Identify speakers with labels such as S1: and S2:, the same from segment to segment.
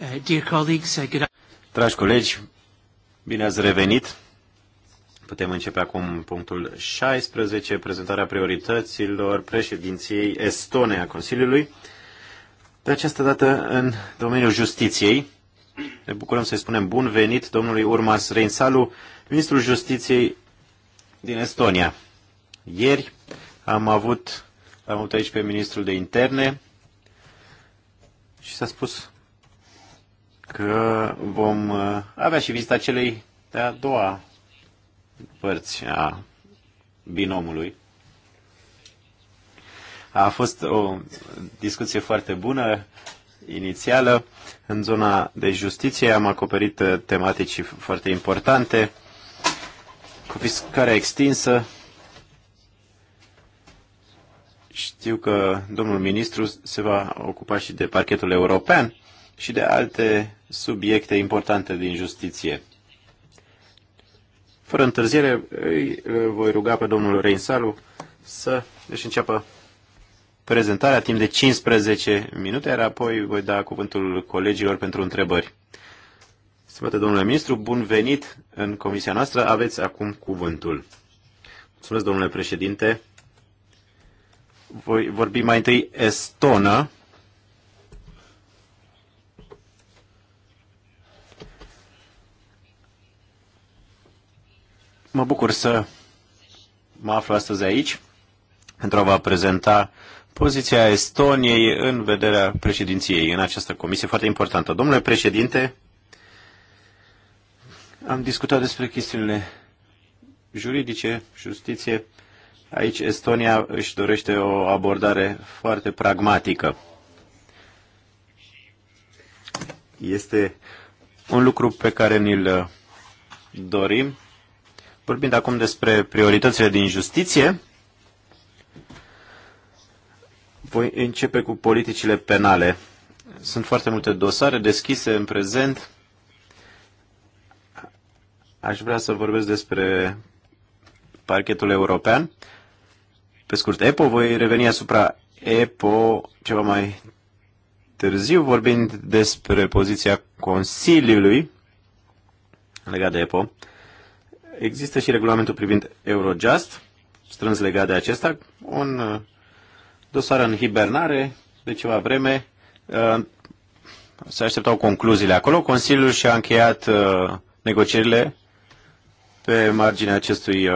S1: Uh, uh,
S2: Dragi colegi, bine ați revenit. Putem începe acum punctul 16, prezentarea priorităților președinției estone a Consiliului. De această dată în domeniul justiției. Ne bucurăm să-i spunem bun venit domnului Urmas Reinsalu, ministrul justiției din Estonia. Ieri am avut, am avut aici pe ministrul de interne și s-a spus că vom uh, avea și vizita celei de-a doua părți a binomului. A fost o discuție foarte bună inițială. În zona de justiție am acoperit uh, tematici foarte importante, confiscarea extinsă. Știu că domnul ministru se va ocupa și de parchetul european și de alte subiecte importante din justiție. Fără întârziere, îi voi ruga pe domnul Reinsalu să își înceapă prezentarea timp de 15 minute, iar apoi voi da cuvântul colegilor pentru întrebări. Stimate domnule ministru, bun venit în comisia noastră. Aveți acum cuvântul. Mulțumesc, domnule președinte. Voi vorbi mai întâi estonă Mă bucur să mă aflu astăzi aici pentru a vă prezenta poziția Estoniei în vederea președinției în această comisie foarte importantă. Domnule președinte, am discutat despre chestiunile juridice, justiție. Aici Estonia își dorește o abordare foarte pragmatică. Este un lucru pe care ni-l dorim Vorbind acum despre prioritățile din justiție, voi începe cu politicile penale. Sunt foarte multe dosare deschise în prezent. Aș vrea să vorbesc despre parchetul european. Pe scurt, EPO, voi reveni asupra EPO ceva mai târziu, vorbind despre poziția Consiliului legat de EPO. Există și regulamentul privind Eurojust, strâns legat de acesta, un uh, dosar în hibernare de ceva vreme. Uh, se așteptau concluziile acolo. Consiliul și-a încheiat uh, negocierile pe marginea acestui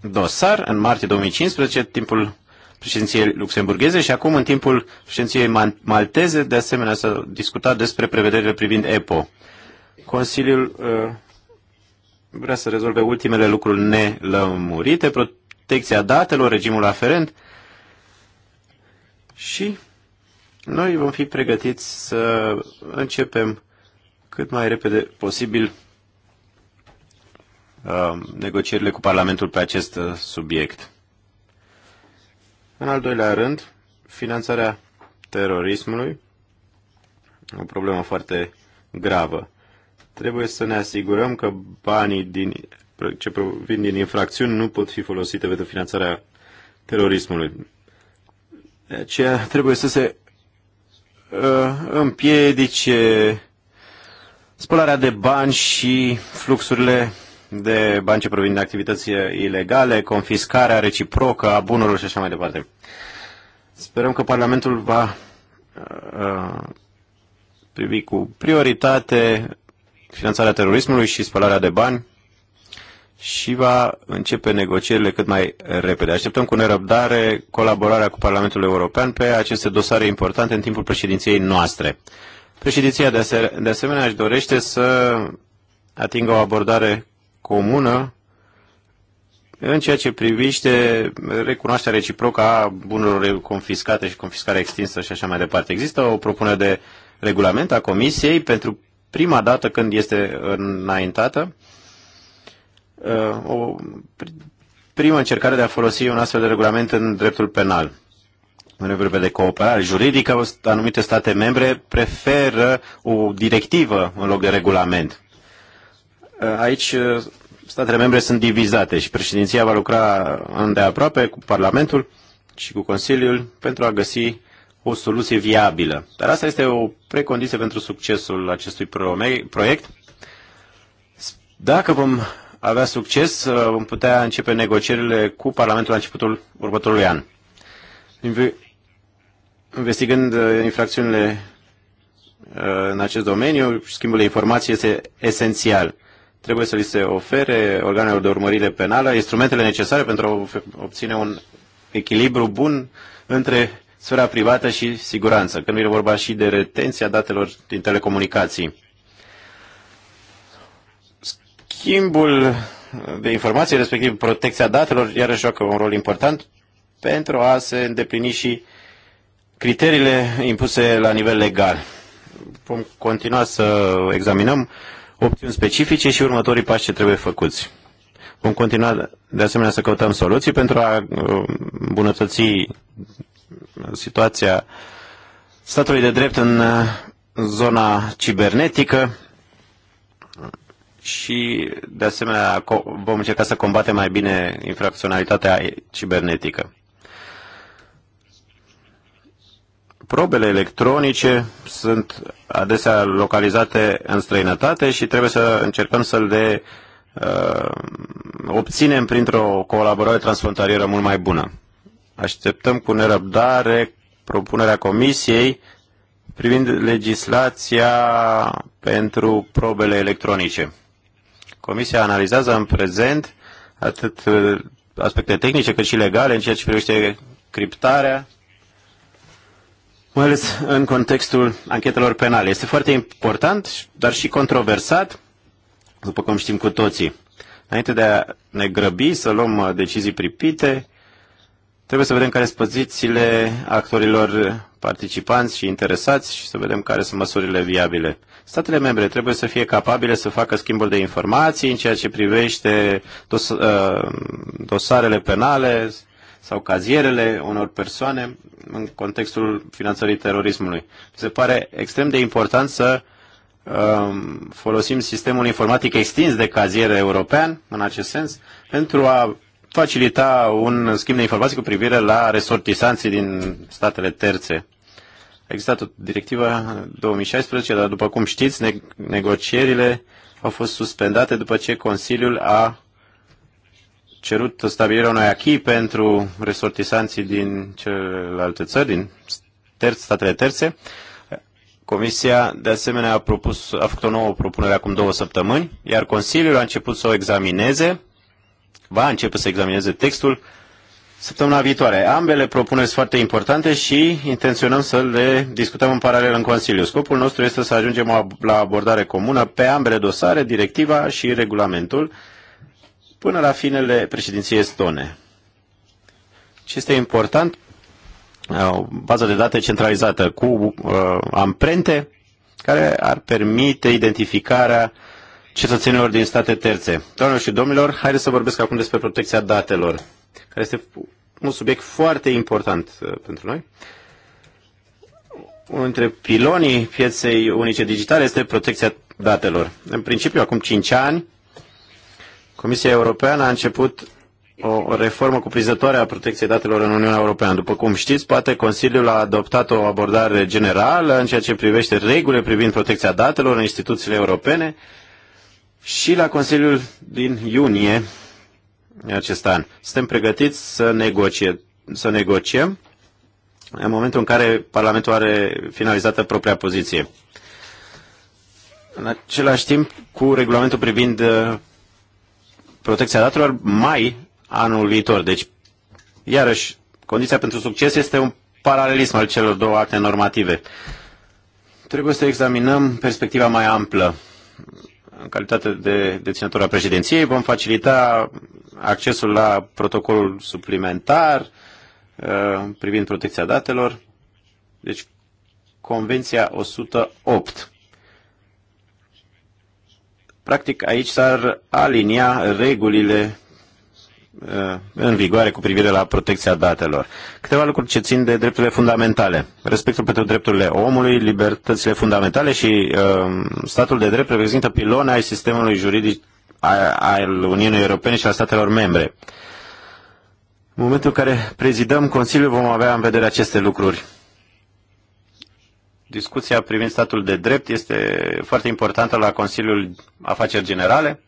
S2: dosar în martie 2015, timpul președinției luxemburgheze și acum în timpul președinției malteze, de asemenea s-a discutat despre prevederile privind EPO. Consiliul vrea să rezolve ultimele lucruri nelămurite, protecția datelor, regimul aferent și noi vom fi pregătiți să începem cât mai repede posibil uh, negocierile cu Parlamentul pe acest uh, subiect. În al doilea rând, finanțarea terorismului, o problemă foarte gravă. Trebuie să ne asigurăm că banii din, ce provin din infracțiuni nu pot fi folosite pentru finanțarea terorismului. De aceea trebuie să se uh, împiedice spălarea de bani și fluxurile de bani ce provin de activități ilegale, confiscarea reciprocă a bunurilor și așa mai departe. Sperăm că Parlamentul va uh, uh privi cu prioritate finanțarea terorismului și spălarea de bani și va începe negocierile cât mai repede. Așteptăm cu nerăbdare colaborarea cu Parlamentul European pe aceste dosare importante în timpul președinției noastre. Președinția de, ase- de asemenea își dorește să atingă o abordare comună în ceea ce privește recunoașterea reciprocă a bunurilor confiscate și confiscarea extinsă și așa mai departe. Există o propunere de regulament a Comisiei pentru prima dată când este înaintată, uh, o primă încercare de a folosi un astfel de regulament în dreptul penal. În vorbe de cooperare juridică, anumite state membre preferă o directivă în loc de regulament. Uh, aici uh, statele membre sunt divizate și președinția va lucra îndeaproape cu Parlamentul și cu Consiliul pentru a găsi o soluție viabilă. Dar asta este o precondiție pentru succesul acestui proiect. Dacă vom avea succes, uh, vom putea începe negocierile cu Parlamentul la începutul următorului an. Investigând uh, infracțiunile uh, în acest domeniu, schimbul de informații este esențial. Trebuie să li se ofere organelor de urmărire penală instrumentele necesare pentru a obține un echilibru bun între sfera privată și siguranță, când vine vorba și de retenția datelor din telecomunicații. Schimbul de informații, respectiv protecția datelor, iarăși joacă un rol important pentru a se îndeplini și criteriile impuse la nivel legal. Vom continua să examinăm opțiuni specifice și următorii pași ce trebuie făcuți. Vom continua de asemenea să căutăm soluții pentru a uh, îmbunătăți situația statului de drept uh, în zona cibernetică și, de asemenea, vom încerca să combatem mai bine infracționalitatea cibernetică. Probele electronice sunt adesea localizate în străinătate și trebuie să încercăm să le uh, obținem printr-o colaborare transfrontalieră mult mai bună. Așteptăm cu nerăbdare propunerea Comisiei privind legislația pentru probele electronice. Comisia analizează în prezent atât uh, aspecte tehnice cât și legale în ceea ce privește criptarea, mai ales în contextul anchetelor penale. Este foarte important, dar și controversat, după cum știm cu toții. Înainte de a ne grăbi să luăm uh, decizii pripite, Trebuie să vedem care sunt pozițiile actorilor participanți și interesați și să vedem care sunt măsurile viabile. Statele membre trebuie să fie capabile să facă schimbul de informații în ceea ce privește dos- uh, dosarele penale sau cazierele unor persoane în contextul finanțării terorismului. Se pare extrem de important să um, folosim sistemul informatic extins de cazier european, în acest sens, pentru a facilita un schimb de informații cu privire la resortisanții din statele terțe. A existat o directivă 2016, dar după cum știți, ne- negocierile au fost suspendate după ce Consiliul a cerut stabilirea unui achii pentru resortisanții din celelalte țări, din ter- statele terțe. Comisia, de asemenea, a, propus, a făcut o nouă propunere acum două săptămâni, iar Consiliul a început să o examineze va începe să examineze textul săptămâna viitoare. Ambele propuneri sunt foarte importante și intenționăm să le discutăm în paralel în Consiliu. Scopul nostru este să ajungem la abordare comună pe ambele dosare, directiva și regulamentul, până la finele președinției estone. Ce este important, uh, o bază de date centralizată cu uh, amprente care ar permite identificarea uh, cetățenilor din state terțe. Doamnelor și domnilor, haideți să vorbesc acum despre protecția datelor, care este un subiect foarte important uh, pentru noi. Unul dintre pilonii pieței unice digitale este protecția datelor. În principiu, acum 5 ani, Comisia Europeană a început o reformă cuprinzătoare a protecției datelor în Uniunea Europeană. După cum știți, poate Consiliul a adoptat o abordare generală în ceea ce privește regulile privind protecția datelor în instituțiile europene și la Consiliul din iunie acest an. Suntem pregătiți să, negocie, să negociem în momentul în care Parlamentul are finalizată propria poziție. În același timp, cu regulamentul privind uh, protecția datelor, mai anul viitor. Deci, iarăși, condiția pentru succes este un paralelism al celor două acte normative. Trebuie să examinăm perspectiva mai amplă în calitate de deținător a președinției, vom facilita accesul la protocolul suplimentar uh, privind protecția datelor, deci Convenția 108. Practic aici s-ar alinia regulile Uh, în vigoare cu privire la protecția datelor. Câteva lucruri ce țin de drepturile fundamentale. Respectul pentru drepturile omului, libertățile fundamentale și uh, statul de drept reprezintă pilone ai sistemului juridic al Uniunii Europene și al statelor membre. În momentul în care prezidăm Consiliul vom avea în vedere aceste lucruri. Discuția privind statul de drept este foarte importantă la Consiliul Afaceri Generale.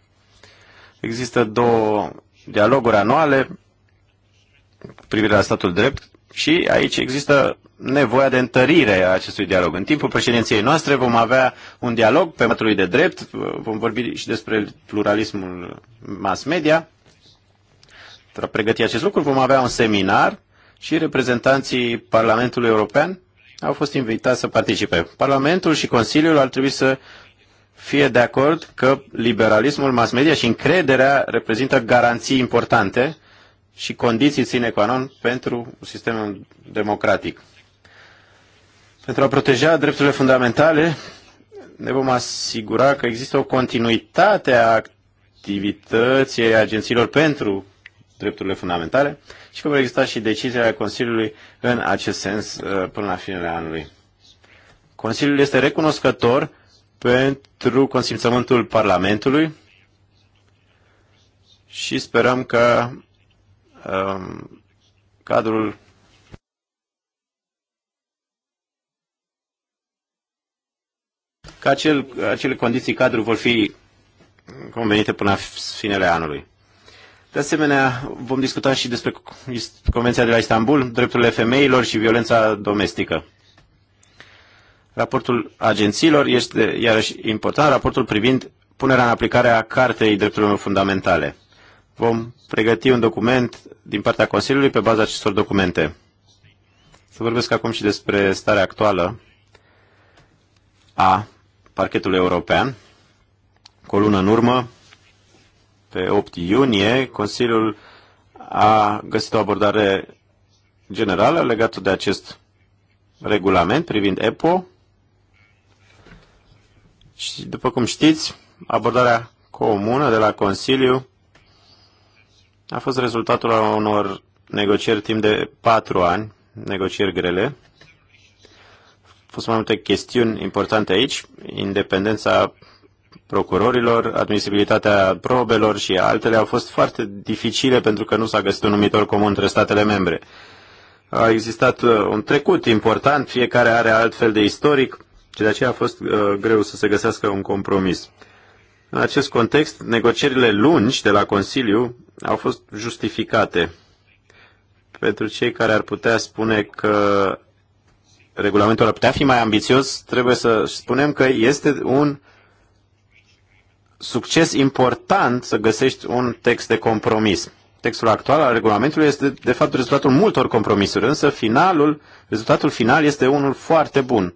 S2: Există două dialoguri anuale cu privire la statul drept și aici există nevoia de întărire a acestui dialog. În timpul președinției noastre vom avea un dialog pe matului de drept, vom vorbi și despre pluralismul mass media. Pentru a pregăti acest lucru vom avea un seminar și reprezentanții Parlamentului European au fost invitați să participe. Parlamentul și Consiliul ar trebui să fie de acord că liberalismul mass media și încrederea reprezintă garanții importante și condiții sine qua non pentru sistemul democratic. Pentru a proteja drepturile fundamentale, ne vom asigura că există o continuitate a activității agențiilor pentru drepturile fundamentale și că vor exista și deciziile Consiliului în acest sens uh, până la finele anului. Consiliul este recunoscător pentru consimțământul Parlamentului și sperăm că um, cadrul că acel, acele condiții cadru vor fi convenite până la finele anului. De asemenea, vom discuta și despre Convenția de la Istanbul, drepturile femeilor și violența domestică. Raportul agențiilor este iarăși important, raportul privind punerea în aplicare a Cartei Drepturilor Fundamentale. Vom pregăti un document din partea Consiliului pe baza acestor documente. Să vorbesc acum și despre starea actuală a parchetului european. Cu o lună în urmă, pe 8 iunie, Consiliul a găsit o abordare generală legată de acest regulament privind EPO, și, după cum știți, abordarea comună de la Consiliu a fost rezultatul a unor negocieri timp de patru ani, negocieri grele. Au fost mai multe chestiuni importante aici, independența procurorilor, admisibilitatea probelor și altele au fost foarte dificile pentru că nu s-a găsit un numitor comun între statele membre. A existat uh, un trecut important, fiecare are altfel de istoric și de aceea a fost uh, greu să se găsească un compromis. În acest context, negocierile lungi de la Consiliu au fost justificate. Pentru cei care ar putea spune că regulamentul ar putea fi mai ambițios, trebuie să spunem că este un succes important să găsești un text de compromis. Textul actual al regulamentului este, de fapt, rezultatul multor compromisuri, însă finalul, rezultatul final este unul foarte bun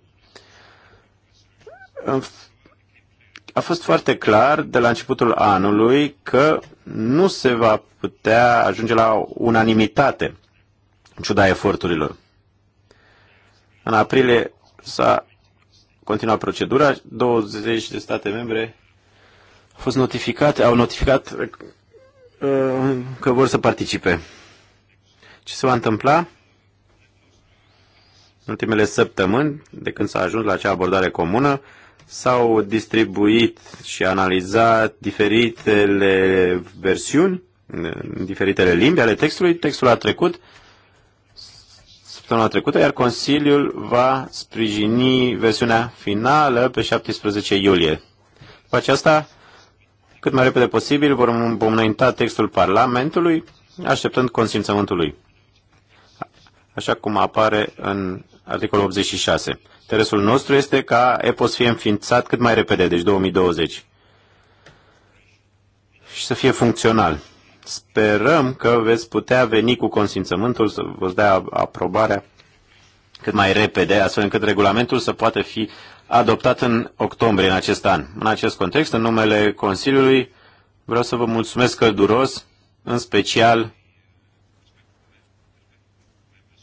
S2: a fost foarte clar de la începutul anului că nu se va putea ajunge la unanimitate, în ciuda eforturilor. În aprilie s-a continuat procedura, 20 de state membre au fost notificate, au notificat uh, că vor să participe. Ce se va întâmpla? În ultimele săptămâni, de când s-a ajuns la acea abordare comună, S-au distribuit și analizat diferitele versiuni, diferitele limbi ale textului. Textul a trecut săptămâna trecută, iar Consiliul va sprijini versiunea finală pe 17 iulie. După aceasta, cât mai repede posibil, vom, vom înainta textul Parlamentului, așteptând consimțământul lui, așa cum apare în articolul 86. Interesul nostru este ca EPOS să fie înființat cât mai repede, deci 2020. Și să fie funcțional. Sperăm că veți putea veni cu consimțământul, să vă dea aprobarea cât mai repede, astfel încât regulamentul să poată fi adoptat în octombrie în acest an. În acest context, în numele Consiliului, vreau să vă mulțumesc călduros, în special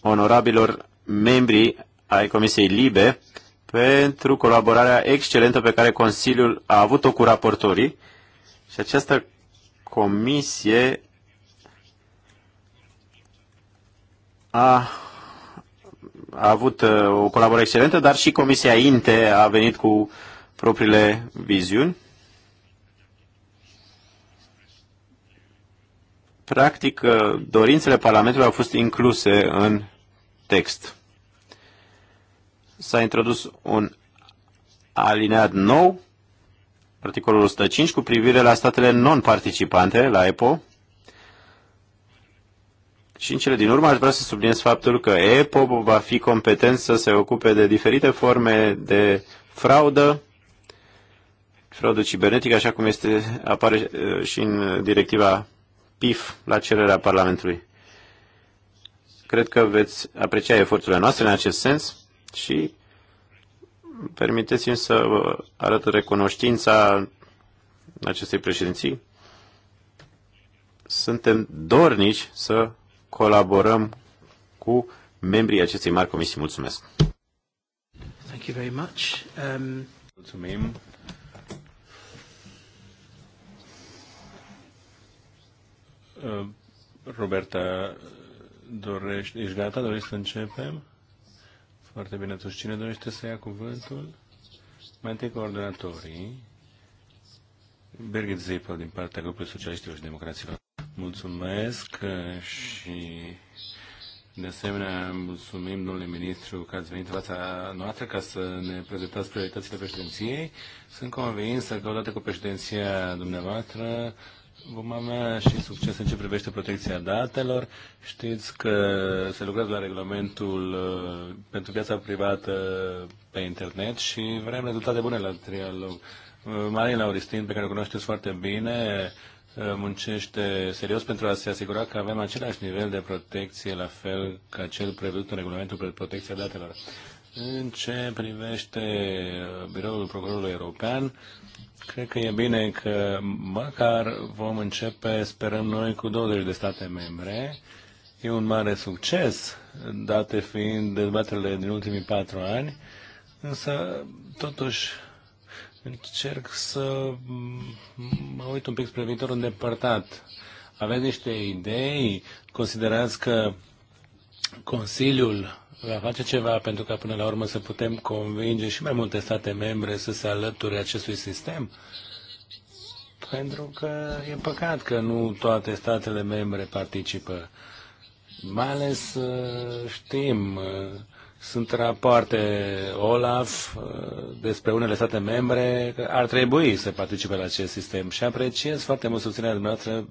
S2: onorabilor membri ai Comisiei Libe pentru colaborarea excelentă pe care Consiliul a avut-o cu raportorii și această comisie a, a avut uh, o colaborare excelentă, dar și Comisia INTE a venit cu propriile viziuni. Practic, uh, dorințele Parlamentului au fost incluse în text s-a introdus un alineat nou, articolul 105, cu privire la statele non-participante la EPO. Și în cele din urmă aș vrea să subliniez faptul că EPO va fi competent să se ocupe de diferite forme de fraudă, fraudă cibernetică, așa cum este, apare uh, și în directiva PIF la cererea Parlamentului. Cred că veți aprecia eforturile noastre în acest sens și permiteți-mi să vă arăt recunoștința acestei președinții. Suntem dornici să colaborăm cu membrii acestei mari comisii. Mulțumesc! Thank you very much. Um...
S1: Mulțumim! Uh, Roberta, dorești, ești gata? Dorești să începem? Foarte bine. Atunci, cine dorește să ia cuvântul? Mai întâi coordonatorii. Birgit Zipel din partea grupului socialiștilor și democraților. Mulțumesc și de asemenea mulțumim domnule ministru că ați venit în fața noastră ca să ne prezentați prioritățile președinției. Sunt convins că odată cu președinția dumneavoastră Vom avea și succes în ce privește protecția datelor. Știți că se lucrează la regulamentul uh, pentru viața privată pe internet și vrem rezultate bune la trialog. Uh, Marin Lauristin, pe care o cunoașteți foarte bine, uh, muncește serios pentru a se asigura că avem același nivel de protecție, la fel ca cel prevăzut în regulamentul pentru protecția datelor. În ce privește Biroul Procurorului European, Cred că e bine că măcar vom începe, sperăm noi, cu 20 de state membre. E un mare succes, date fiind dezbaterile din ultimii patru ani, însă, totuși, încerc să mă uit un pic spre viitorul îndepărtat. Aveți niște idei? Considerați că Consiliul va face ceva pentru ca până la urmă să putem convinge și mai multe state membre să se alăture acestui sistem? Pentru că e păcat că nu toate statele membre participă. Mai ales uh, știm, uh, sunt rapoarte OLAF uh, despre unele state membre că ar trebui să participe la acest sistem și apreciez foarte mult susținerea dumneavoastră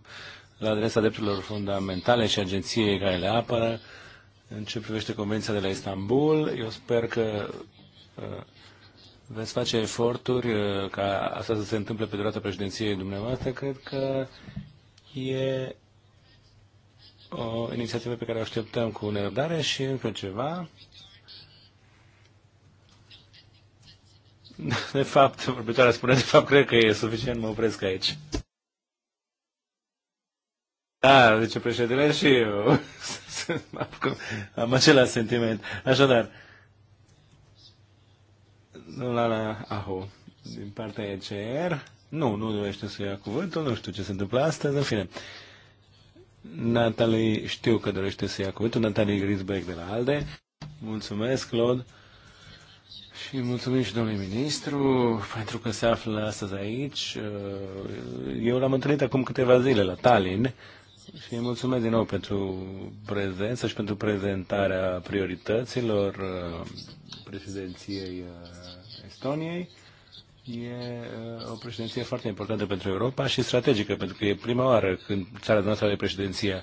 S1: la adresa drepturilor fundamentale și agenției care le apără în ce privește Convenția de la Istanbul, eu sper că uh, veți face eforturi uh, ca asta să se întâmple pe durata președinției dumneavoastră. Cred că e o inițiativă pe care o așteptăm cu nerăbdare și încă ceva. De fapt, vorbitoarea spune, de fapt, cred că e suficient, mă opresc aici. Da, vicepreședinte și eu. Am același sentiment. Așadar, la, la Aho, din partea ECR, nu, nu dorește să ia cuvântul, nu știu ce se întâmplă astăzi, în fine. Natalie știu că dorește să ia cuvântul, Natalie Grisbeck de la ALDE. Mulțumesc, Claude. Și mulțumim și domnului ministru pentru că se află astăzi aici. Eu l-am întâlnit acum câteva zile la Tallinn și mulțumesc din nou pentru prezență și pentru prezentarea priorităților uh, președinției uh, Estoniei. E uh, o președinție foarte importantă pentru Europa și strategică, pentru că e prima oară când țara noastră are președinția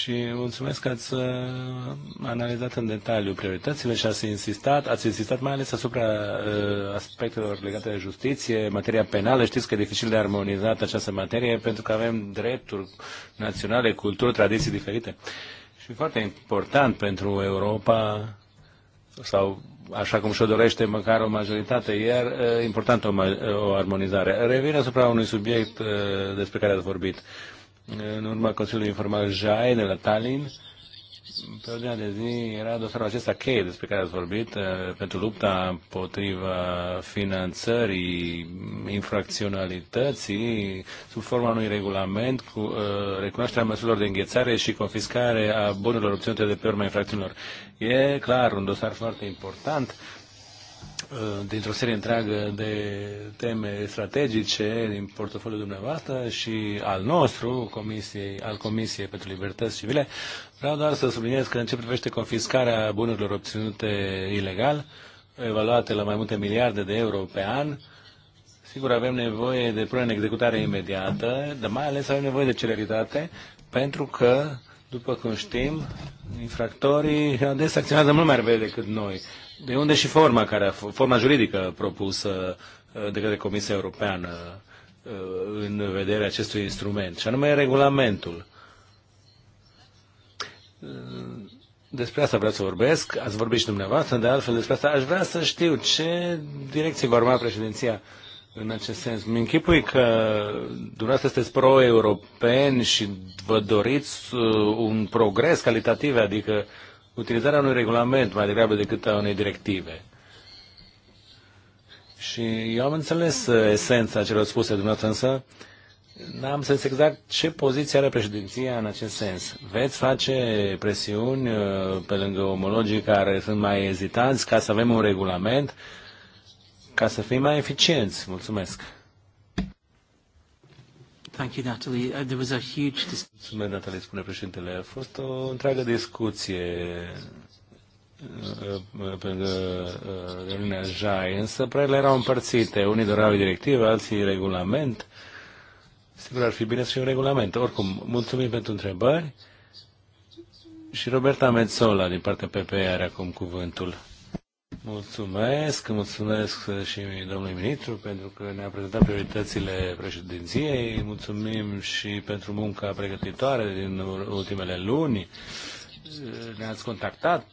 S1: și mulțumesc că ați uh, analizat în detaliu prioritățile și ați insistat, ați insistat mai ales asupra uh, aspectelor legate de justiție, materia penală. Știți că e dificil de armonizat această materie pentru că avem drepturi naționale, culturi, tradiții diferite. Și foarte important pentru Europa sau așa cum și-o dorește măcar o majoritate, iar e uh, importantă o, o armonizare. Revin asupra unui subiect despre care ați vorbit în urma Consiliului Informal JAI de la Tallinn, pe ordinea de zi era dosarul acesta cheie despre care ați vorbit uh, pentru lupta împotriva finanțării infracționalității sub forma unui regulament cu uh, recunoașterea măsurilor de înghețare și confiscare a bunurilor obținute de pe urma infracțiunilor. E clar un dosar foarte important Uh, dintr-o serie întreagă de teme strategice din portofoliul dumneavoastră și al nostru, comisiei, al Comisiei pentru Libertăți Civile. Vreau doar să subliniez că în ce privește confiscarea bunurilor obținute ilegal, evaluate la mai multe miliarde de euro pe an, sigur avem nevoie de punere în executare imediată, dar mai ales avem nevoie de celeritate, pentru că după cum știm, infractorii adesea acționează mult mai repede decât noi. De unde și forma, care a, forma juridică propusă uh, de către Comisia Europeană uh, în vederea acestui instrument, și anume regulamentul. Uh, despre asta vreau să vorbesc, ați vorbit și dumneavoastră, de altfel despre asta aș vrea să știu ce direcție va urma președinția în acest sens. Mi închipui că dumneavoastră sunteți pro-europeni și vă doriți un progres calitativ, adică uh, utilizarea unui regulament mai degrabă decât a unei directive. Și eu am înțeles uh, esența celor spuse dumneavoastră, însă n-am sens exact ce poziție are președinția în acest sens. Veți face presiuni uh, pe lângă omologii care sunt mai ezitanți ca să avem un regulament ca să fim mai eficienți. Mulțumesc! Thank you, Natalie. Uh, there was a huge... Mulțumesc, Natalie, spune președintele. A fost o întreagă discuție pe uh, uh, reuniunea JAI, însă părerile erau împărțite. Unii doreau directive, alții regulament. Sigur, ar fi bine să fie un regulament. Oricum, mulțumim pentru întrebări. Și Roberta Mezzola, din partea PPE, are acum cuvântul. Mulțumesc, mulțumesc și domnului ministru pentru că ne-a prezentat prioritățile președinției. Mulțumim și pentru munca pregătitoare din ultimele luni. Ne-ați contactat,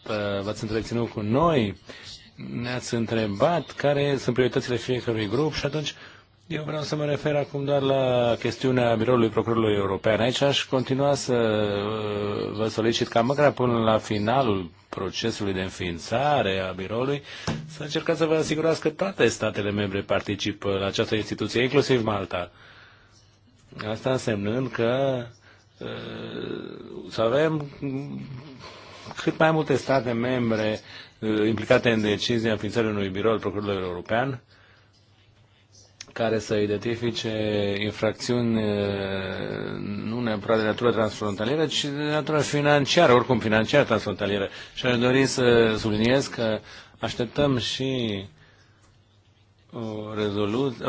S1: v-ați întreținut cu noi, ne-ați întrebat care sunt prioritățile fiecărui grup și atunci eu vreau să mă refer acum doar la chestiunea biroului procurorului european. Aici aș continua să uh, vă solicit ca măcar până la finalul procesului de înființare a biroului să încercați să vă asigurați că toate statele membre participă la această instituție, inclusiv Malta. Asta însemnând că uh, să avem cât mai multe state membre uh, implicate în decizia înființării unui birou al procurorului european care să identifice infracțiuni nu neapărat de natură transfrontalieră, ci de natură financiară, oricum financiară transfrontalieră. Și aș dori să subliniez că așteptăm și o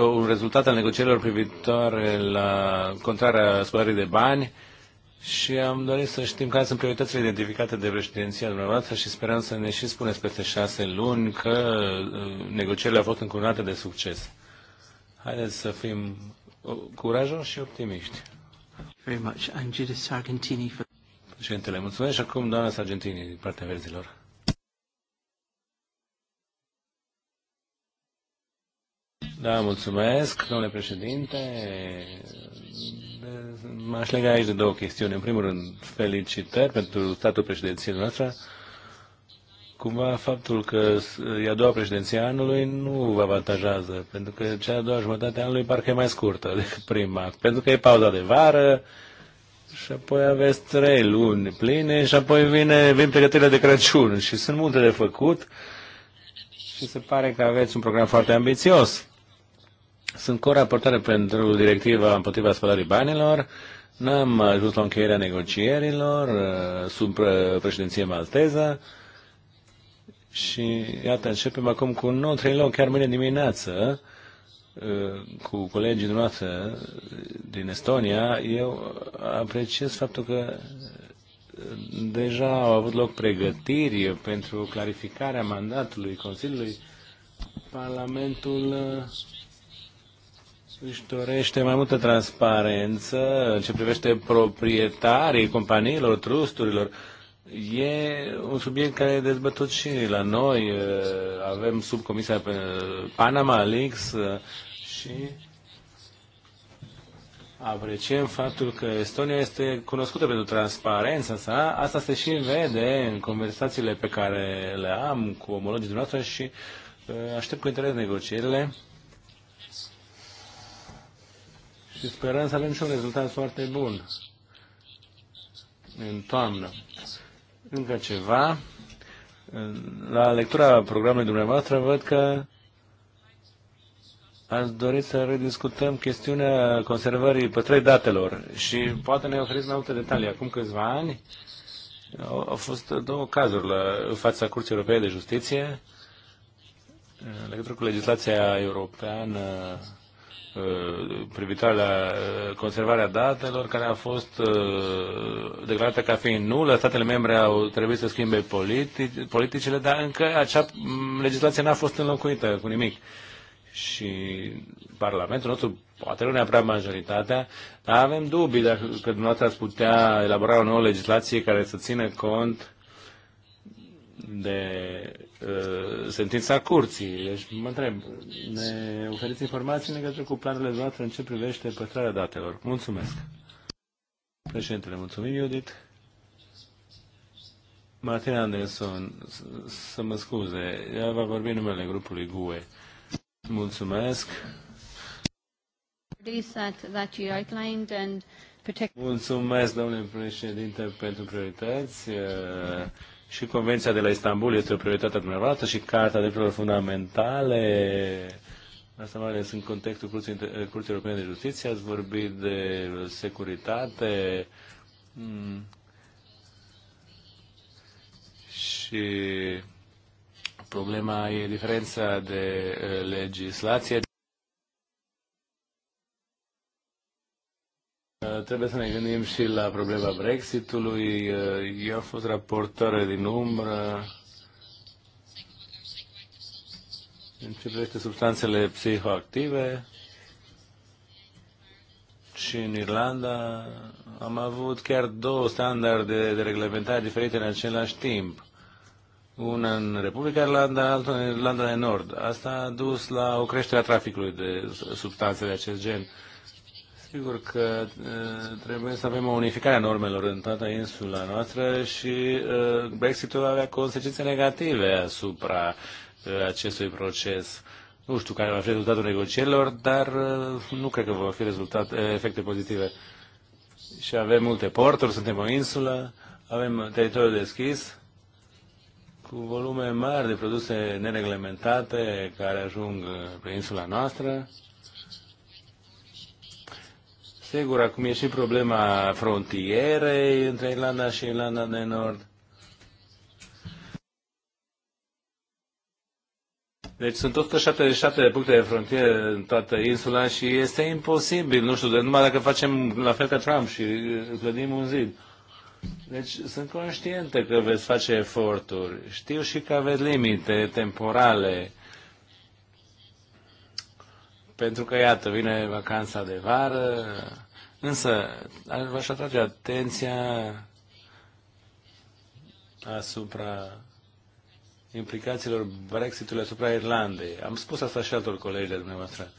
S1: un rezultat al negocierilor privitoare la contrarea spălării de bani și am dorit să știm care sunt prioritățile identificate de președinția dumneavoastră și sperăm să ne și spuneți peste șase luni că negocierile au fost încurnate de succes. Haideți să fim uh, curajoși și optimiști. Very much. And Judith Sargentini for... Președintele, mulțumesc și acum doamna Sargentini din partea verzilor. Da, mulțumesc, domnule președinte. M-aș lega aici de două chestiuni. În primul rând, felicitări pentru statul președinției noastre cumva faptul că e a doua președinție anului nu vă avantajează, pentru că cea a doua jumătate a anului parcă e mai scurtă decât prima, pentru că e pauza de vară și apoi aveți trei luni pline și apoi vine, vin pregătirile de Crăciun și sunt multe de făcut și se pare că aveți un program foarte ambițios. Sunt co-raportare pentru directiva împotriva spălării banilor, n-am ajuns la încheierea negocierilor, uh, sub uh, președinție malteză, și iată, începem acum cu un nou trilog, chiar mâine dimineață, uh, cu colegii dumneavoastră din Estonia. Eu apreciez faptul că uh, deja au avut loc pregătiri pentru clarificarea mandatului Consiliului. Parlamentul uh, își dorește mai multă transparență în ce privește proprietarii companiilor, trusturilor. E un subiect care e dezbătut și la noi. Avem comisia pe Panama Leaks și apreciem faptul că Estonia este cunoscută pentru transparența sa. Asta se și vede în conversațiile pe care le am cu omologii dumneavoastră și aștept cu interes negocierile. Și sperăm să avem și un rezultat foarte bun în toamnă. Încă ceva. La lectura programului dumneavoastră văd că Ați dori să rediscutăm chestiunea conservării pătrăi datelor și poate ne oferiți mai multe detalii. Acum câțiva ani au fost două cazuri la, în fața Curții Europene de Justiție legătură cu legislația europeană Uh, privitoare la uh, conservarea datelor care a fost uh, declarată ca fiind nulă. Statele membre au trebuit să schimbe politi politicile, dar încă acea mm, legislație n-a fost înlocuită cu nimic. Și Parlamentul nostru, poate nu neapărat majoritatea, dar avem dubii dacă că dumneavoastră ați putea elabora o nouă legislație care să țină cont de Uh, sentința curții. Deci mă întreb, ne oferiți informații în legătură cu planurile noastre în ce privește păstrarea datelor? Mulțumesc. Președintele, mulțumim, Iudit. Martin Anderson, să mă scuze, ea va vorbi numele grupului GUE. Mulțumesc. Mulțumesc, domnule președinte, pentru priorități. Uh, și Convenția de la Istanbul este o prioritate a dumneavoastră și Carta Drepturilor Fundamentale, asta mai ales în contextul Curții, Curții Europene de Justiție, ați vorbit de securitate mm, și problema e diferența de eh, legislație Uh, trebuie să ne gândim și la problema Brexitului. Uh, eu am fost raportare din umbră în ce privește substanțele psihoactive și în Irlanda am avut chiar două standarde de reglementare diferite în același timp. Una în Republica Irlanda, alta în Irlanda de Nord. Asta a dus la o creștere a traficului de substanțe de acest gen. Sigur că trebuie să avem o unificare a normelor în toată insula noastră și Brexitul avea consecințe negative asupra acestui proces. Nu știu care va fi rezultatul negocierilor, dar nu cred că vor fi rezultat, efecte pozitive. Și avem multe porturi, suntem o insulă, avem teritoriul deschis cu volume mari de produse nereglementate care ajung pe insula noastră Sigur, acum e și problema frontierei între Irlanda și Irlanda de Nord. Deci sunt 177 de puncte de frontieră în toată insula și este imposibil, nu știu, de numai dacă facem la fel ca Trump și uh, clădim un zid. Deci sunt conștiente că veți face eforturi. Știu și că aveți limite temporale pentru că, iată, vine vacanța de vară, însă v-aș atrage atenția asupra implicațiilor Brexitului asupra Irlandei. Am spus asta și altor colegi de dumneavoastră.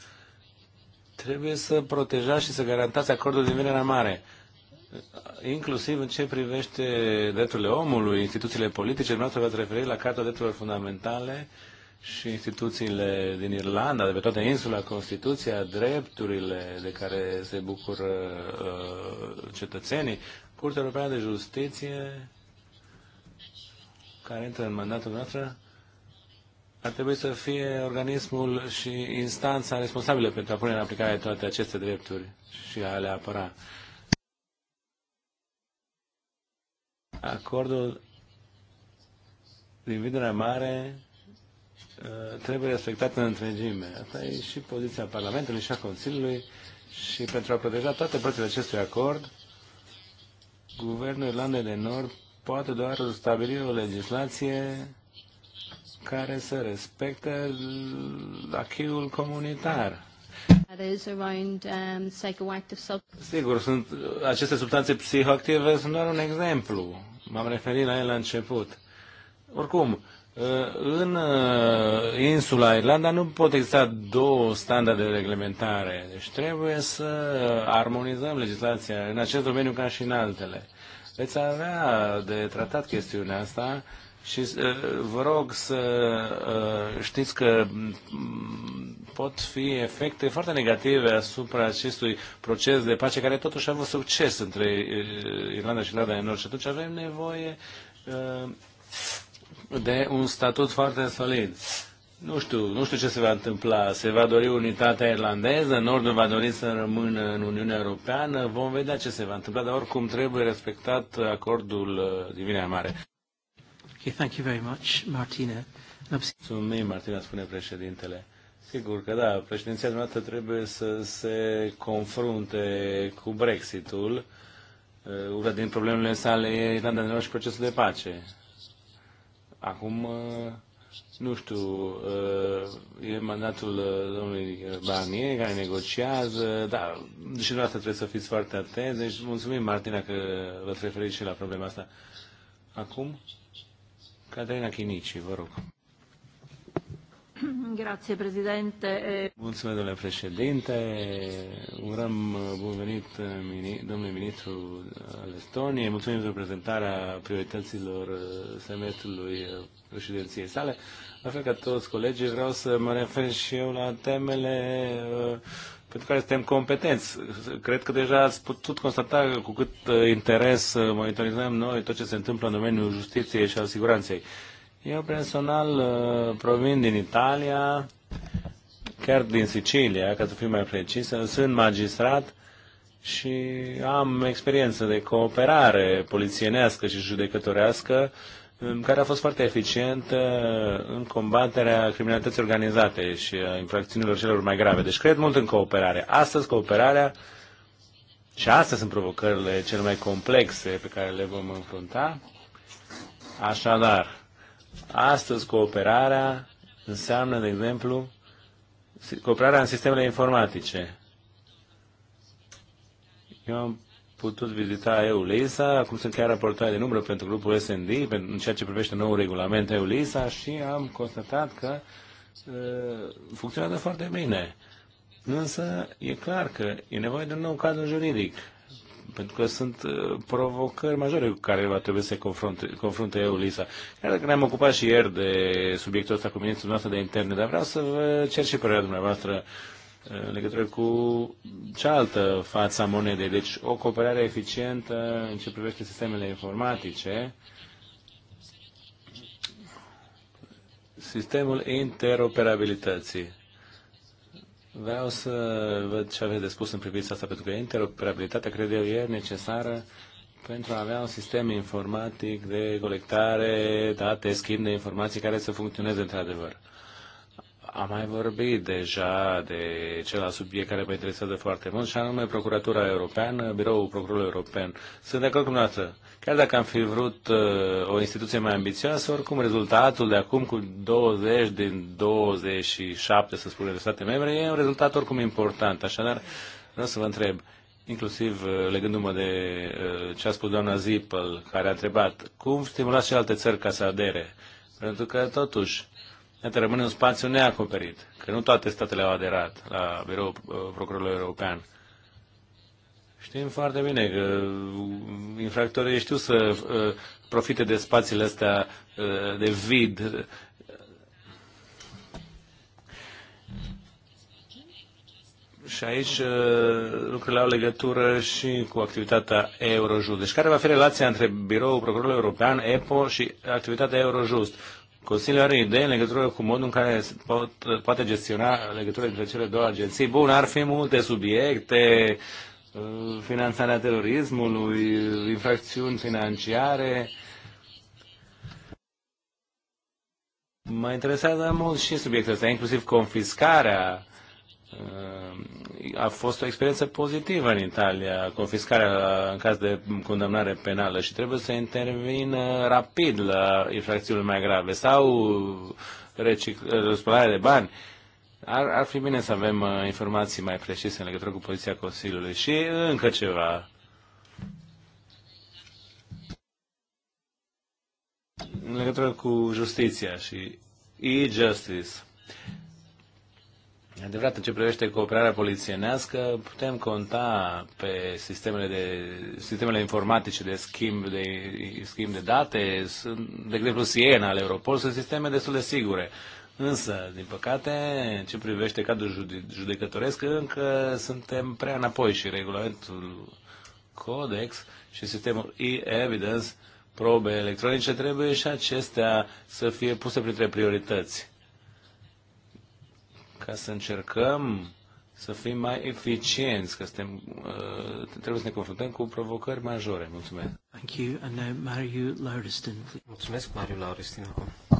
S1: Trebuie să protejați și să garantați acordul din Vinerea Mare, inclusiv în ce privește drepturile omului, instituțiile politice, dumneavoastră v-ați referit la Carta Drepturilor Fundamentale, uh, și instituțiile din Irlanda, de pe toată insula, Constituția, drepturile de care se bucură uh, cetățenii, Curtea Europeană de Justiție, care intră în mandatul noastră, ar trebui să fie organismul și instanța responsabilă pentru a pune în aplicare toate aceste drepturi și a le apăra. Acordul din Vindurea mare trebuie respectat în întregime. Asta e și poziția Parlamentului și a Consiliului și pentru a proteja toate părțile acestui acord, Guvernul Irlandei de Nord poate doar stabili o legislație care să respecte acheiul comunitar.
S2: Um,
S1: Sigur, sunt, aceste substanțe psihoactive sunt doar un exemplu. M-am referit la el la început. Oricum, în uh, insula Irlanda nu pot exista două standarde de reglementare, deci trebuie să armonizăm legislația în acest domeniu ca și în altele. Veți avea de tratat chestiunea asta și uh, vă rog să uh, știți că mm, pot fi efecte foarte negative asupra acestui proces de pace care totuși a avut succes între Irlanda și Irlanda de Nord și atunci avem nevoie de un statut foarte solid. Nu știu, nu știu ce se va întâmpla. Se va dori unitatea irlandeză, Nordul va dori să rămână în Uniunea Europeană, vom vedea ce se va întâmpla, dar oricum trebuie respectat acordul uh, Divinei Mare. Okay, thank you very much, Martina. Mulțumim, Martina, spune președintele. Sigur că da, președinția dumneavoastră trebuie să se confrunte cu Brexitul. Uh, una din problemele sale e Irlanda de Nord și procesul de pace. Acum, uh, nu știu, uh, e mandatul uh, domnului Barnier care negociază, dar și asta trebuie să fiți foarte atenți, deci mulțumim, Martina, că vă referiți și la problema asta. Acum, Caterina Chinici, vă rog.
S2: Grazie, Presidente.
S1: Mulțumesc, domnule președinte. Urăm uh, bun venit uh, domnului ministru uh, al Estoniei. Mulțumim pentru prezentarea priorităților semestrului președinției sale. La fel ca toți colegii, vreau să mă refer și eu la temele pentru care suntem competenți. Cred că deja ați putut constata cu cât interes monitorizăm noi tot ce se întâmplă în domeniul justiției și al siguranței. Eu personal uh, provin din Italia, chiar din Sicilia, ca să fiu mai precis, sunt magistrat și am experiență de cooperare polițienească și judecătorească um, care a fost foarte eficientă în combaterea criminalității organizate și a infracțiunilor celor mai grave. Deci cred mult în cooperare. Astăzi cooperarea și astea sunt provocările cele mai complexe pe care le vom înfrunta. Așadar, Astăzi cooperarea înseamnă, de exemplu, cooperarea în sistemele informatice. Eu am putut vizita EULISA, acum sunt chiar raportoare de număr pentru grupul SND, în ceea ce privește nou regulament EULISA și am constatat că uh, funcționează foarte bine. Însă e clar că e nevoie de un nou cadru juridic pentru că sunt uh, provocări majore cu care va trebui să se confrunte, confrunte eu, Lisa. Chiar dacă ne-am ocupat și ieri de subiectul ăsta cu ministrul noastră de interne, dar vreau să vă cer și părerea dumneavoastră uh, în legătură cu cealaltă fața monedei. Deci o cooperare eficientă în ce privește sistemele informatice, sistemul interoperabilității. Vreau să văd ce aveți de spus în privința asta, pentru că interoperabilitatea, cred eu, e necesară pentru a avea un sistem informatic de colectare, date, schimb de informații care să funcționeze într-adevăr. Am mai vorbit deja de celălalt subiect care mă interesează foarte mult, și anume Procuratura Europeană, Biroul Procurorului European. Sunt de acord cu dumneavoastră. Chiar dacă am fi vrut uh, o instituție mai ambițioasă, oricum rezultatul de acum cu 20 din 27, să spunem, de state membre, e un rezultat oricum important. Așadar, vreau să vă întreb, inclusiv uh, legându-mă de uh, ce a spus doamna Zippel, care a întrebat, cum stimulați și alte țări ca să adere? Pentru că, totuși, Iată, rămâne un spațiu neacoperit, că nu toate statele au aderat la Biroul Procurorului European. Știm foarte bine că uh, infractorii știu să uh, profite de spațiile astea uh, de vid. Și aici lucrurile au legătură și cu activitatea Eurojust. Deci care va fi relația între Biroul Procurorului European, EPO și activitatea Eurojust? Consiliul are idei în legătură cu modul în care pot, poate gestiona legătura între cele două agenții. Bun, ar fi multe subiecte, uh, finanțarea terorismului, infracțiuni financiare. Mă interesează mult și subiectul ăsta, inclusiv confiscarea. Uh, a fost o experiență pozitivă în Italia, confiscarea în caz de condamnare penală și trebuie să intervină rapid la infracțiunile mai grave sau recicl- de bani. Uh, ar, ar fi bine să avem uh, informații mai precise în legătură cu poziția Consiliului. Și uh, încă ceva. În legătură cu justiția și e-justice. Adevărat, în ce privește cooperarea polițienească, putem conta pe sistemele, de, sistemele informatice de schimb de, schimb de date. Sunt, de exemplu, Siena al Europol sunt sisteme destul de sigure. Însă, din păcate, ce privește cadrul judecătoresc, încă suntem prea înapoi și regulamentul Codex și sistemul e-evidence, probe electronice, trebuie și acestea să fie puse printre priorități. Ca să încercăm să fim mai eficienți, că suntem, uh, trebuie să ne confruntăm cu provocări majore.
S3: Mulțumesc. Thank you. And now Mariu Lauristin. Mulțumesc, Mariu Lauristin, acum.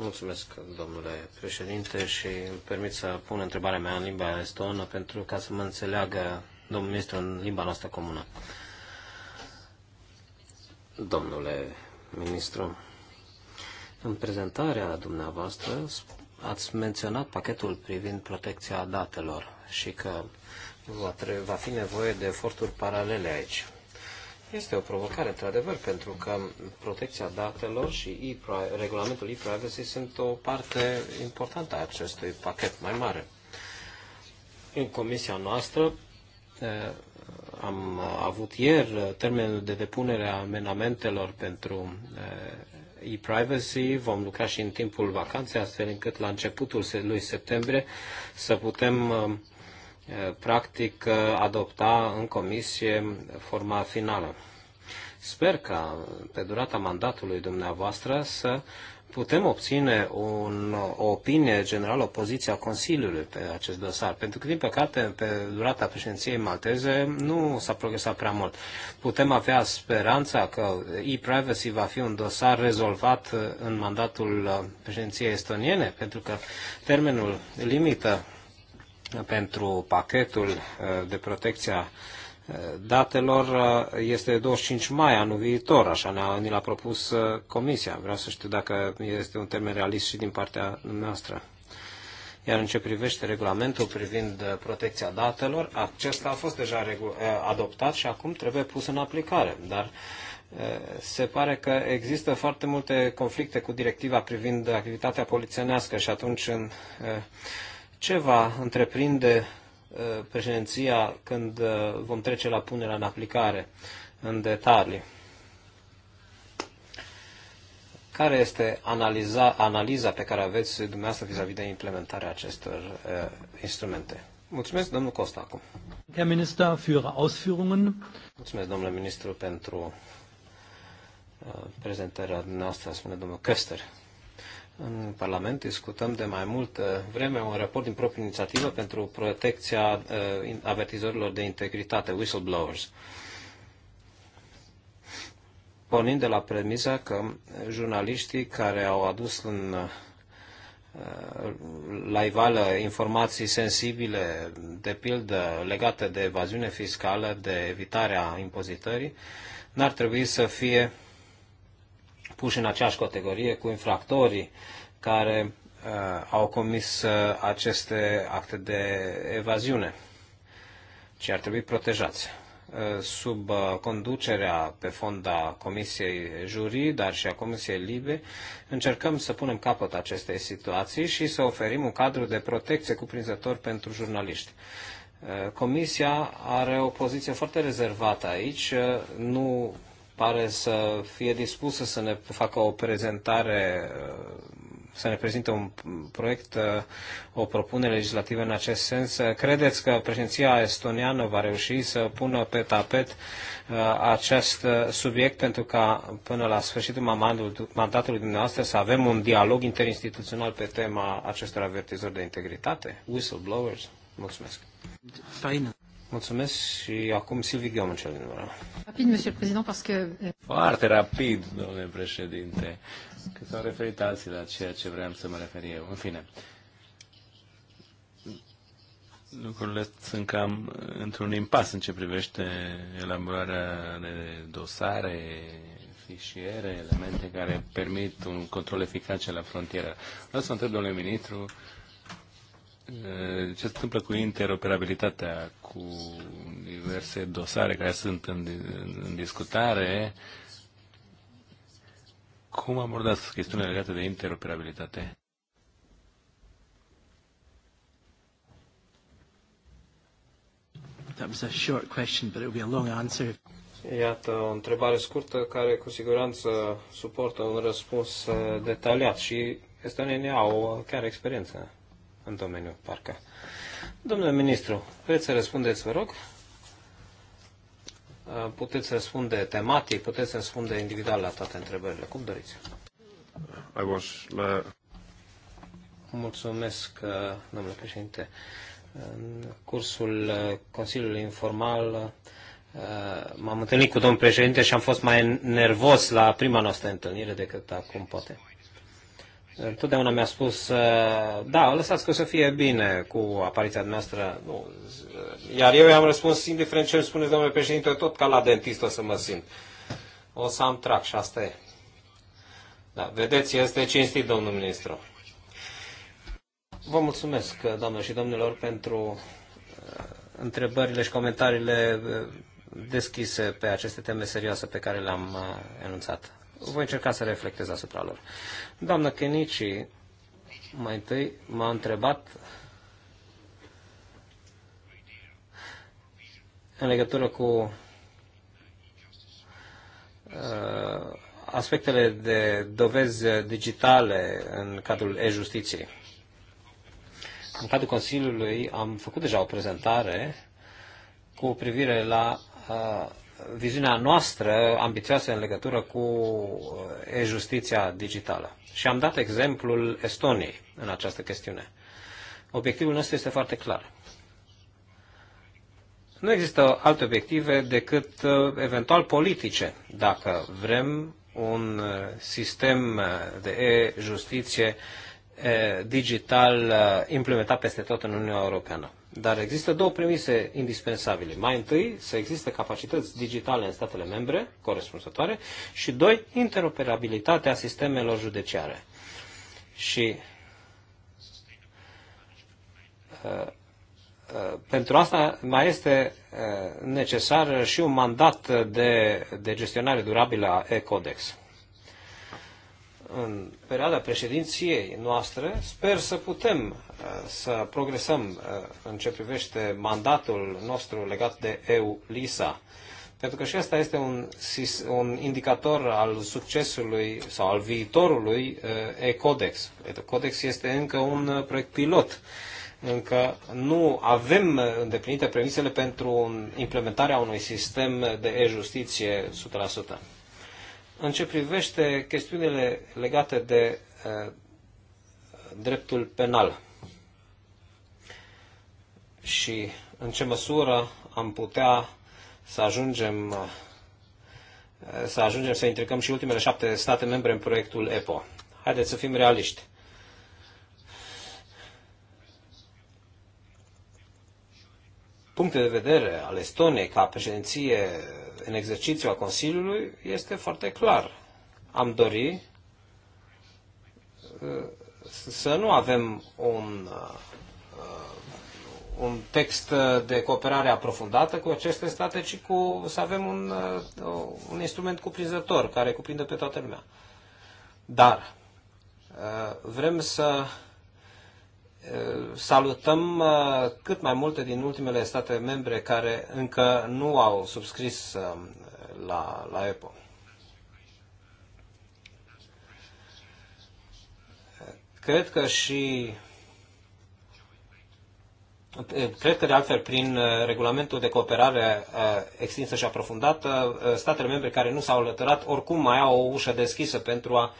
S3: Mulțumesc, domnule președinte, și îmi permit să pun întrebarea mea în limba estonă pentru ca să mă înțeleagă domnul ministru în limba noastră comună. Domnule ministru, în prezentarea dumneavoastră ați menționat pachetul privind protecția datelor și că va fi nevoie de eforturi paralele aici. Este o provocare, într-adevăr, pentru că protecția datelor și e regulamentul e-privacy sunt o parte importantă a acestui pachet mai mare. În comisia noastră eh, am avut ieri termenul de depunere a amenamentelor pentru eh, e-privacy, vom lucra și în timpul vacanței, astfel încât la începutul lui septembrie să putem eh, Eh, practic eh, adopta în comisie forma finală. Sper ca pe durata mandatului dumneavoastră să putem obține un, o opinie generală, o poziție a Consiliului pe acest dosar. Pentru că, din păcate, pe durata președinției malteze nu s-a progresat prea mult. Putem avea speranța că e-privacy va fi un dosar rezolvat eh, în mandatul președinției estoniene, pentru că termenul limită pentru pachetul uh, de protecție a uh, datelor uh, este 25 mai anul viitor, așa ne-a, ni l-a propus Comisia. Vreau să știu dacă este un termen realist și din partea noastră. Iar în ce privește regulamentul privind protecția datelor, acesta a fost deja adoptat și acum trebuie pus în aplicare. Dar se pare că există foarte multe conflicte cu directiva privind activitatea polițienească și atunci în ce va întreprinde uh, președinția când uh, vom trece la punerea în aplicare în detalii. Care este analiza, analiza pe care aveți dumneavoastră vis-a-vis de implementarea acestor uh, instrumente? Mulțumesc, domnul Costa, acum. Herr Minister, für Ausführungen. Mulțumesc, domnule ministru, pentru uh, prezentarea dumneavoastră, spune domnul Köster. În Parlament discutăm de mai multă vreme un raport din proprie inițiativă pentru protecția uh, avertizorilor de integritate, whistleblowers pornind de la premisa că jurnaliștii care au adus în uh, la ivală informații sensibile, de pildă legate de evaziune fiscală, de evitarea impozitării, n-ar trebui să fie puși în aceeași categorie cu infractorii care uh, au comis uh, aceste acte de evaziune, ci ar trebui protejați. Uh, sub uh, conducerea pe fond a Comisiei Jurii, dar și a Comisiei Libe, încercăm să punem capăt acestei situații și să oferim un cadru de protecție cuprinzător pentru jurnaliști. Uh, Comisia are o poziție foarte rezervată aici, uh, nu pare să fie dispusă să ne facă o prezentare, să ne prezinte un proiect, o propunere legislativă în acest sens. Credeți că președinția estoniană va reuși să pună pe tapet uh, acest uh, subiect pentru ca până la sfârșitul mandatului dumneavoastră să avem un dialog interinstituțional pe tema acestor avertizori de integritate? Whistleblowers? Mulțumesc! Faină! Mulțumesc și acum Silvi Gheomă, cel din urmă. Rapid, monsieur président, parce que... Euh, Foarte rapid, domnule președinte, că s-au referit
S1: alții la ceea ce vreau să mă refer eu. În fine, lucrurile sunt cam într-un impas în ce privește elaborarea de dosare, fișiere, elemente care permit un control eficace la frontieră. Vreau să întreb, domnule ministru, Eh, ce se întâmplă cu interoperabilitatea, cu diverse dosare care sunt în, în discutare, cum abordați chestiunea legată de interoperabilitate?
S2: That was a short question, but it will be a long answer.
S3: Iată o întrebare scurtă care cu siguranță suportă un răspuns eh, detaliat și este au chiar experiență în domeniu, parcă. Domnule ministru, vreți să răspundeți, vă rog? Uh, puteți răspunde tematic, puteți răspunde individual la toate întrebările, cum doriți. I was la... Uh, Mulțumesc, uh, domnule președinte. În cursul Consiliului Informal m-am întâlnit cu domnul președinte și am fost mai nervos la prima noastră întâlnire decât acum poate. Întotdeauna mi-a spus, uh, da, lăsați că o să fie bine cu apariția noastră. Nu. Uh, iar eu i-am răspuns, indiferent ce îmi spuneți, domnule președinte, tot ca la dentist o să mă simt. O să am trac și asta e. Da, vedeți, este cinstit, domnul ministru. Vă mulțumesc, doamnelor și domnilor, pentru uh, întrebările și comentariile deschise pe aceste teme serioase pe care le-am enunțat voi încerca să reflectez asupra lor. Doamnă Kenichi, mai întâi m-a întrebat în legătură cu uh, aspectele de dovezi digitale în cadrul e-justiției. În cadrul Consiliului am făcut deja o prezentare cu privire la uh, viziunea noastră ambițioasă în legătură cu uh, e-justiția digitală. Și am dat exemplul Estoniei în această chestiune. Obiectivul nostru este foarte clar. Nu există alte obiective decât uh, eventual politice. Dacă vrem un uh, sistem de e-justiție digital implementat peste tot în Uniunea Europeană. Dar există două premise indispensabile. Mai întâi, să existe capacități digitale în statele membre, corespunzătoare, și doi, interoperabilitatea sistemelor judeciare. Și uh, uh, pentru asta mai este uh, necesar și un mandat de, de gestionare durabilă a e-codex în perioada președinției noastre, sper să putem uh, să progresăm uh, în ce privește mandatul nostru legat de EU-LISA. Pentru că și asta este un, un indicator al succesului sau al viitorului uh, E-Codex. Codex este încă un proiect pilot. Încă nu avem îndeplinite premisele pentru implementarea unui sistem de e-justiție 100%. În ce privește chestiunile legate de eh, dreptul penal și în ce măsură am putea să ajungem eh, să ajungem să intricăm și ultimele șapte state membre în proiectul EPO. Haideți să fim realiști. puncte de vedere al Estoniei ca președinție în exercițiu a Consiliului este foarte clar. Am dori uh, să nu avem un, uh, un text de cooperare aprofundată cu aceste state, ci cu, să avem un, uh, un instrument cuprinzător care cuprinde pe toată lumea. Dar vrem să salutăm uh, cât mai multe din ultimele state membre care încă nu au subscris uh, la, la EPO. Cred că și Cred că, de altfel, prin uh, regulamentul de cooperare extinsă și aprofundată, statele membre care nu s-au alăturat oricum mai au o ușă deschisă pentru a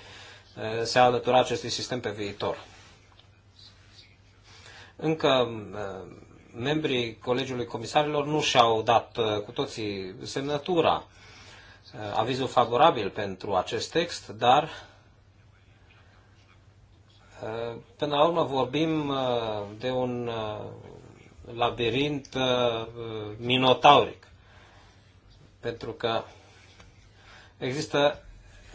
S3: se alătura acestui sistem pe viitor. Încă uh, membrii Colegiului Comisarilor nu și-au dat uh, cu toții semnătura, uh, avizul favorabil pentru acest text, dar până la urmă vorbim de un labirint minotauric. Pentru că există,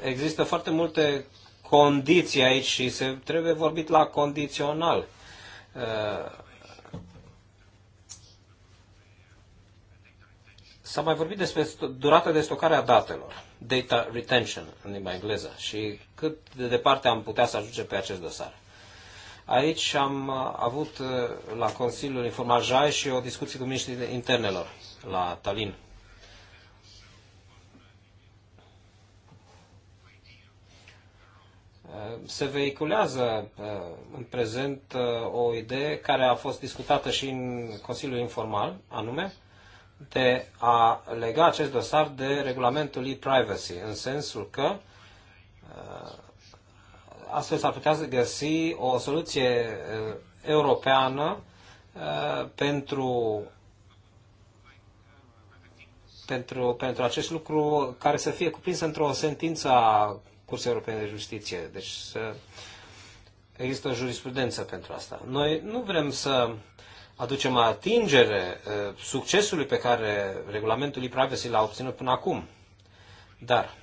S3: există foarte multe condiții aici și se trebuie vorbit la condițional. Uh, s-a mai vorbit despre durata de stocare a datelor, data retention în limba engleză, și cât de departe am putea să ajungem pe acest dosar. Aici am uh, avut uh, la Consiliul Informajai și o discuție cu miniștrii internelor la Tallinn se vehiculează uh, în prezent uh, o idee care a fost discutată și în Consiliul Informal, anume de a lega acest dosar de regulamentul e-privacy, în sensul că uh, astfel s-ar putea găsi o soluție europeană pentru, pentru, pentru acest lucru care să fie cuprins într-o sentință a Curții Europene de Justiție. Deci să există jurisprudență pentru asta. Noi nu vrem să aducem atingere eh, succesului pe care regulamentul e-privacy l-a obținut până acum. Dar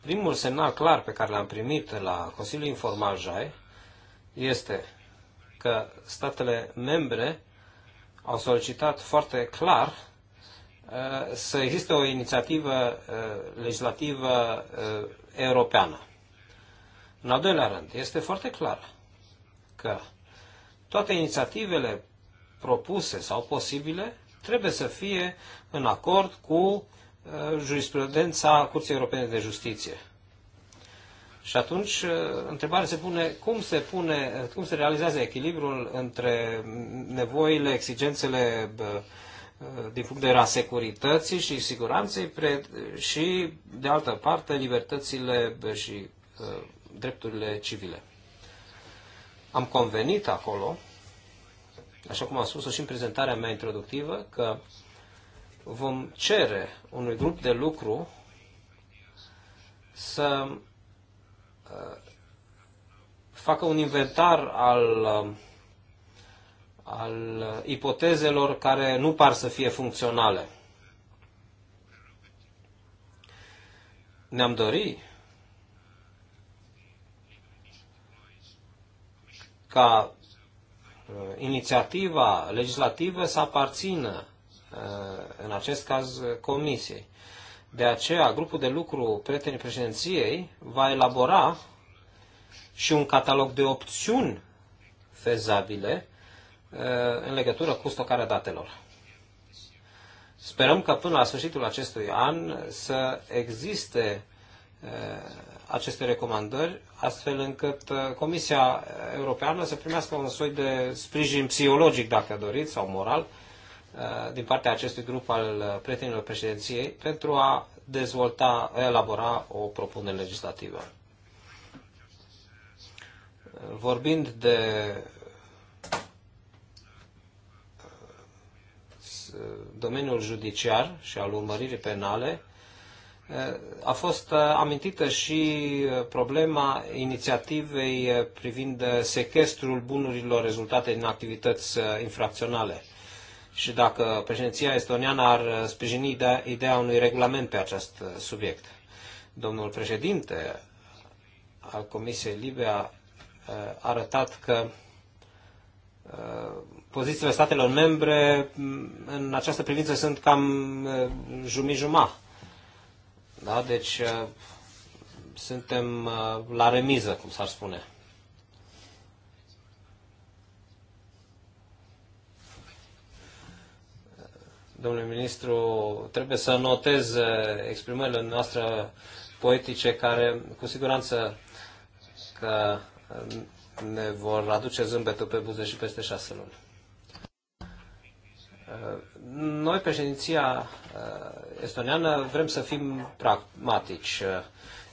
S3: primul semnal clar pe care l-am primit la Consiliul Informal JAI este că statele membre au solicitat foarte clar Uh, să existe o inițiativă uh, legislativă uh, europeană. În al doilea rând, este foarte clar că toate inițiativele propuse sau posibile trebuie să fie în acord cu jurisprudența Curții Europene de Justiție. Și atunci întrebarea se pune cum se pune, cum se realizează echilibrul între nevoile, exigențele Uh, din punct de vedere a securității și siguranței și, de altă parte, libertățile și uh, drepturile civile. Am convenit acolo, așa cum am spus și în prezentarea mea introductivă, că vom cere unui grup de lucru să uh, facă un inventar al al ipotezelor care nu par să fie funcționale. Ne-am dorit ca uh, inițiativa legislativă să aparțină, uh, în acest caz, Comisiei. De aceea, grupul de lucru Prietenii Președinției va elabora și un catalog de opțiuni fezabile Eh, în legătură cu stocarea datelor. Sperăm că până la sfârșitul acestui an să existe eh, aceste recomandări, astfel încât eh, Comisia Europeană să primească un soi de sprijin psihologic, dacă doriți, sau moral, din partea acestui grup al prietenilor președinției, pentru a dezvolta, a elabora o propunere legislativă. Vorbind de domeniul judiciar și al urmăririi penale, a fost amintită și problema inițiativei privind sequestrul bunurilor rezultate din activități infracționale. Și dacă președinția estoniană ar sprijini ideea unui regulament pe acest subiect. Domnul președinte al Comisiei Libe a arătat că pozițiile statelor membre mm, în această privință sunt cam jumii Da? Deci suntem la remiză, cum s-ar spune. Domnule ministru, trebuie să notez exprimările noastre poetice care, cu siguranță, că ne vor aduce zâmbetul pe buze și peste șase luni. Noi, președinția uh, estoniană, vrem să fim pragmatici. Uh,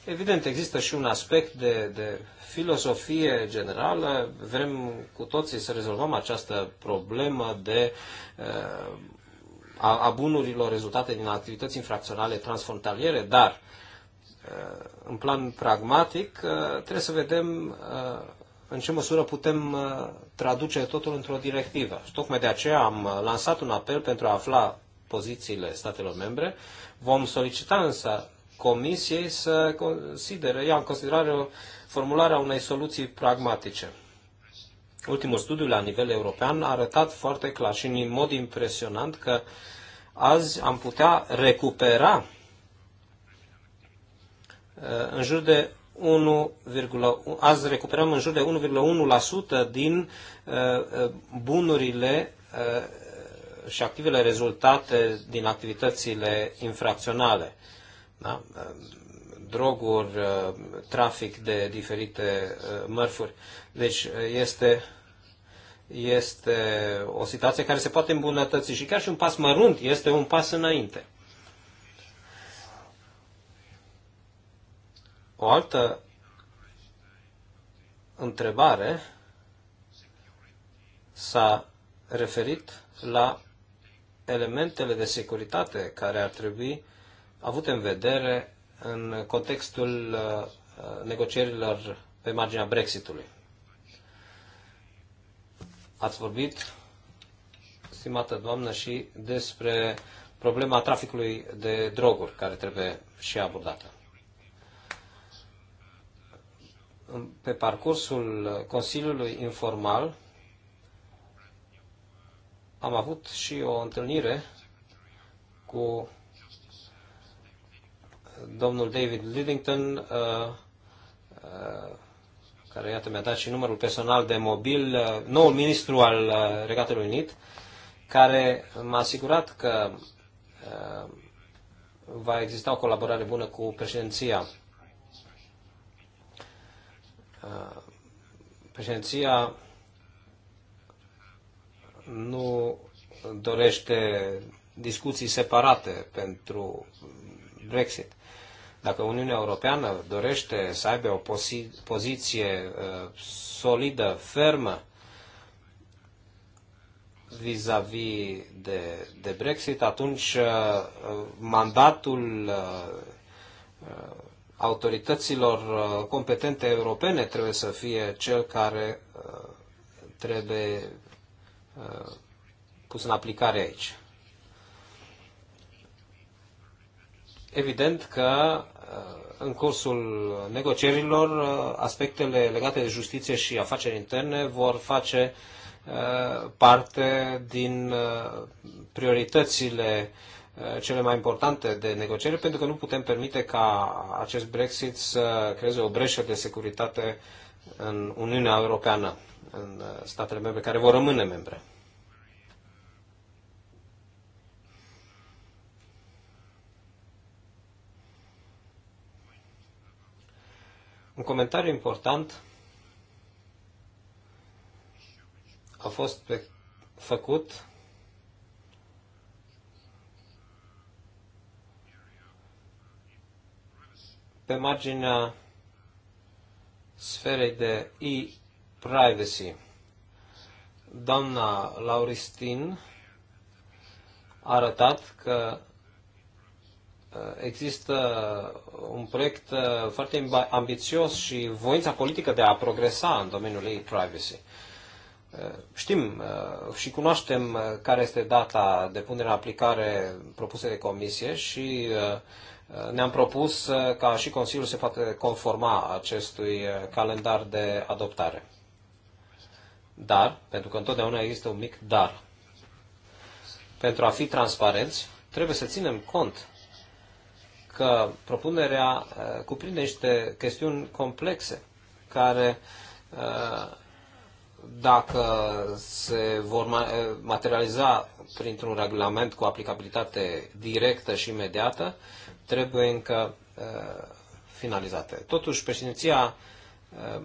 S3: evident, există și un aspect de, de filosofie generală. Vrem cu toții să rezolvăm această problemă de uh, a, a bunurilor rezultate din activități infracționale transfrontaliere, dar în plan pragmatic trebuie să vedem în ce măsură putem uh, traduce totul într-o directivă. Și tocmai de aceea am uh, lansat un apel pentru a afla pozițiile statelor membre. Vom solicita însă Comisiei să considere, ia în considerare formularea unei soluții pragmatice. Ultimul studiu la nivel european a arătat foarte clar și în mod impresionant că azi am putea recupera uh, în jur de 1, azi recuperăm în jur de 1,1% din uh, uh, bunurile uh, și activele rezultate din activitățile infracționale. Da? Droguri, trafic de diferite mărfuri. Deci este, este o situație care se poate îmbunătăți și chiar și un pas mărunt este un pas înainte. O altă întrebare s-a referit la elementele de securitate care ar trebui avute în vedere în contextul uh, negocierilor pe marginea Brexitului. Ați vorbit, stimată doamnă, și despre problema traficului de droguri care trebuie și abordată. pe parcursul Consiliului Informal am avut și o întâlnire cu domnul David Livington, uh, uh, care iată mi-a dat și numărul personal de mobil, uh, noul ministru al Regatului Unit, care m-a asigurat că va exista o colaborare bună cu președinția Președinția nu dorește discuții separate pentru Brexit. Dacă Uniunea Europeană dorește să aibă o poziție uh, solidă, fermă, vis-a-vis -vis de, de Brexit, atunci uh, mandatul uh, autorităților uh, competente europene trebuie să fie cel care uh, trebuie uh, pus în aplicare aici. Evident că în cursul negocierilor aspectele legate de justiție și afaceri interne vor face parte din prioritățile uh, Uh, cele mai importante de negociere, pentru că nu putem permite ca acest Brexit să creeze o breșă de securitate în Uniunea Europeană, în uh, statele membre care vor rămâne membre. Un comentariu important a fost făcut pe marginea sferei de e-privacy. Doamna Lauristin a arătat că uh, există un proiect uh, foarte ambițios și voința politică de a progresa în domeniul e-privacy. Uh, știm și cunoaștem care este data de punere în aplicare propusă de comisie și ne-am propus uh, ca și Consiliul se poate conforma acestui uh, calendar de adoptare. Dar, pentru că întotdeauna există un mic dar, pentru a fi transparenți, trebuie să ținem cont că propunerea uh, cuprinde niște chestiuni complexe care dacă se vor materializa printr-un regulament cu aplicabilitate directă și imediată, trebuie încă uh, finalizate. Totuși, președinția uh,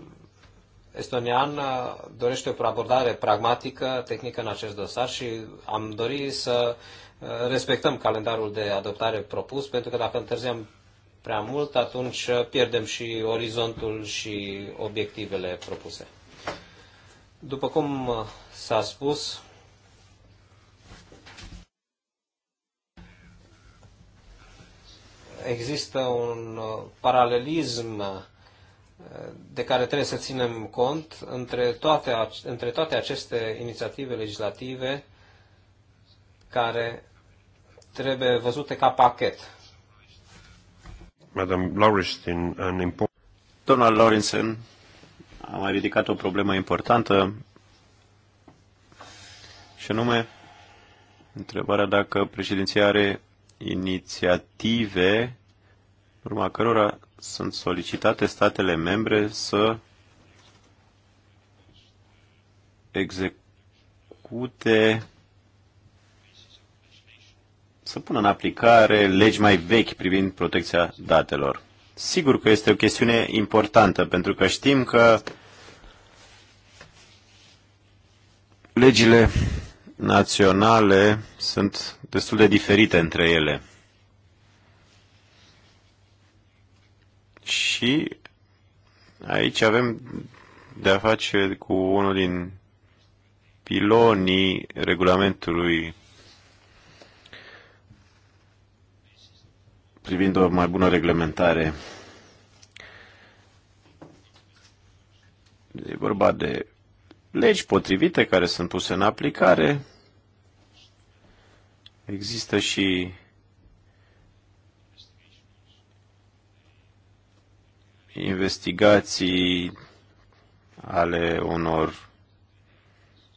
S3: estoniană dorește o abordare pragmatică, tehnică în acest dosar și am dorit să uh, respectăm calendarul de adoptare propus, pentru că dacă întârziam prea mult, atunci pierdem și orizontul și obiectivele propuse. După cum s-a spus, există un uh, paralelism uh, de care trebuie să ținem cont între toate, între toate aceste inițiative legislative care trebuie văzute ca pachet.
S2: important... Uh, Doamna Laurinsen a mai ridicat o problemă importantă și anume întrebarea dacă președinția are inițiative urma cărora sunt solicitate statele membre să execute, să pună în aplicare legi mai vechi privind protecția datelor. Sigur că este o chestiune importantă, pentru că știm că legile naționale sunt destul de diferite între ele. Și aici avem de a face cu unul din pilonii regulamentului privind o mai bună reglementare. E vorba de legi potrivite care sunt puse în aplicare. Există și investigații ale unor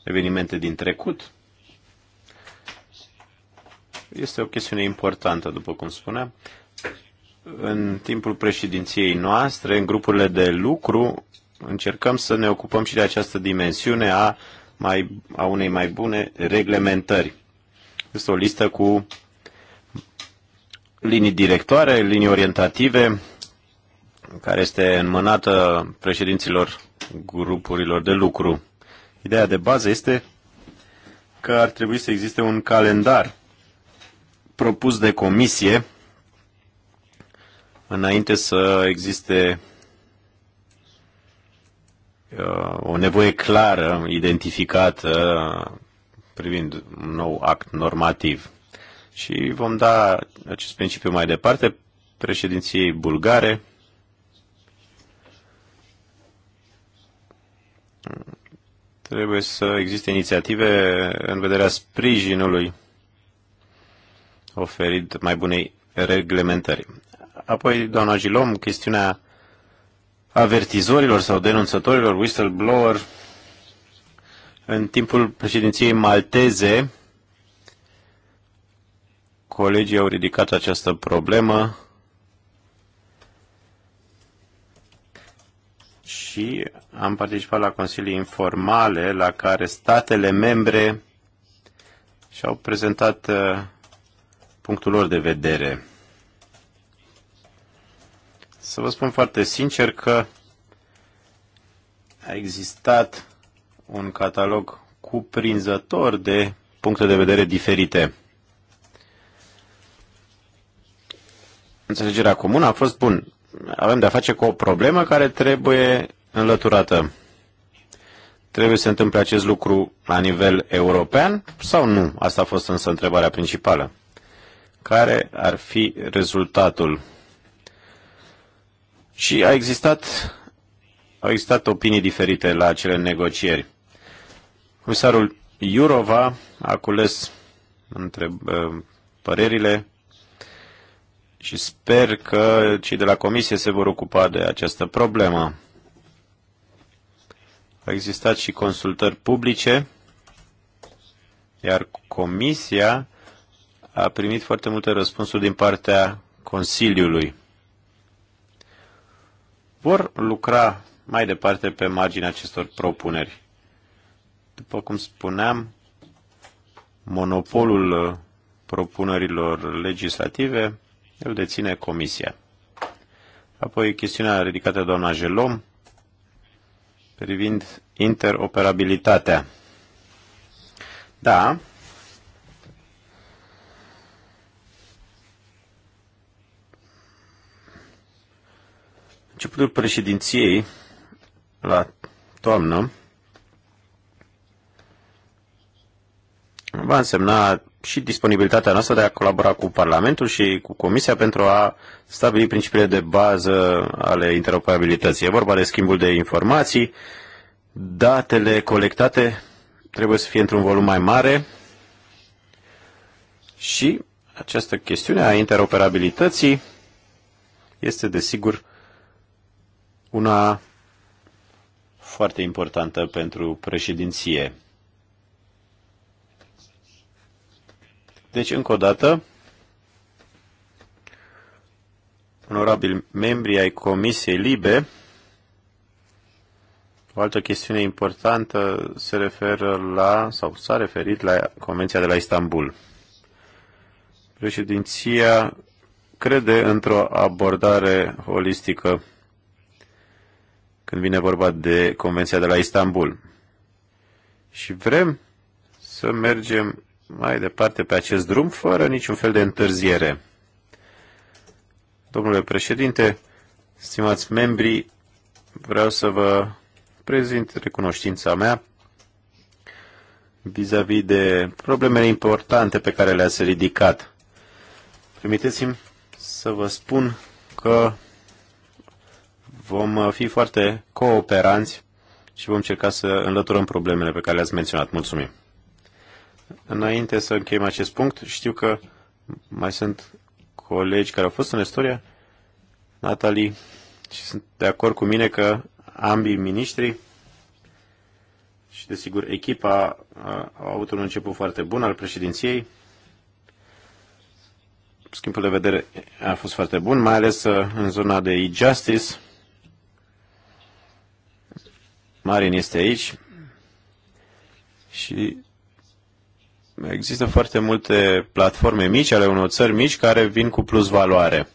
S2: evenimente din trecut. Este o chestiune importantă, după cum spuneam. În timpul președinției noastre, în grupurile de lucru, încercăm să ne ocupăm și de această dimensiune a, mai, a unei mai bune reglementări. Este o listă cu linii directoare, linii orientative, care este înmânată președinților grupurilor de lucru. Ideea de bază este că ar trebui să existe un calendar propus de comisie înainte să existe uh, o nevoie clară, identificată privind un nou act normativ. Și vom da acest principiu mai departe președinției bulgare trebuie să existe inițiative în vederea sprijinului oferit mai bunei reglementări. Apoi, doamna Gilom, chestiunea avertizorilor sau denunțătorilor, whistleblower, în timpul președinției malteze, colegii au ridicat această problemă și am participat la consilii informale la care statele membre și-au prezentat uh, punctul lor de vedere. Să vă spun foarte sincer că a existat un catalog cuprinzător de puncte de vedere diferite. Înțelegerea comună a fost bun avem de-a face cu o problemă care trebuie înlăturată. Trebuie să întâmple acest lucru la nivel european sau nu? Asta a fost însă întrebarea principală. Care ar fi rezultatul? Și a existat, au existat opinii diferite la acele negocieri. Comisarul Iurova a cules între părerile și sper că cei de la comisie se vor ocupa de această problemă. Au existat și consultări publice, iar comisia a primit foarte multe răspunsuri din partea Consiliului. Vor lucra mai departe pe marginea acestor propuneri. După cum spuneam, monopolul propunerilor legislative îl deține Comisia. Apoi chestiunea ridicată de doamna Gelom privind interoperabilitatea. Da, începutul președinției la toamnă, va însemna și disponibilitatea noastră de a colabora cu Parlamentul și cu Comisia pentru a stabili principiile de bază ale interoperabilității. E vorba de schimbul de informații, datele colectate trebuie să fie într-un volum mai mare și această chestiune a interoperabilității este, desigur, una foarte importantă pentru președinție. Deci, încă o dată, onorabili membri ai Comisiei Libe, o altă chestiune importantă se referă la, sau s-a referit la Convenția de la Istanbul. Președinția crede într-o abordare holistică când vine vorba de Convenția de la Istanbul. Și vrem să mergem mai departe pe acest drum fără niciun fel de întârziere. Domnule președinte, stimați membri, vreau să vă prezint recunoștința mea vis-a-vis -vis de problemele importante pe care le-ați ridicat. Permiteți-mi să vă spun că vom fi foarte cooperanți și vom încerca să înlăturăm problemele pe care le-ați menționat. Mulțumim! Înainte să încheiem acest punct, știu că mai sunt colegi care au fost în Estonia, Natalie, și sunt de acord cu mine că ambii miniștri și, desigur, echipa au avut un început foarte bun al președinției. Schimbul de vedere a fost foarte bun, mai ales uh, în zona de e-justice. Marin este aici și Există foarte multe platforme mici ale unor țări mici care vin cu plus valoare.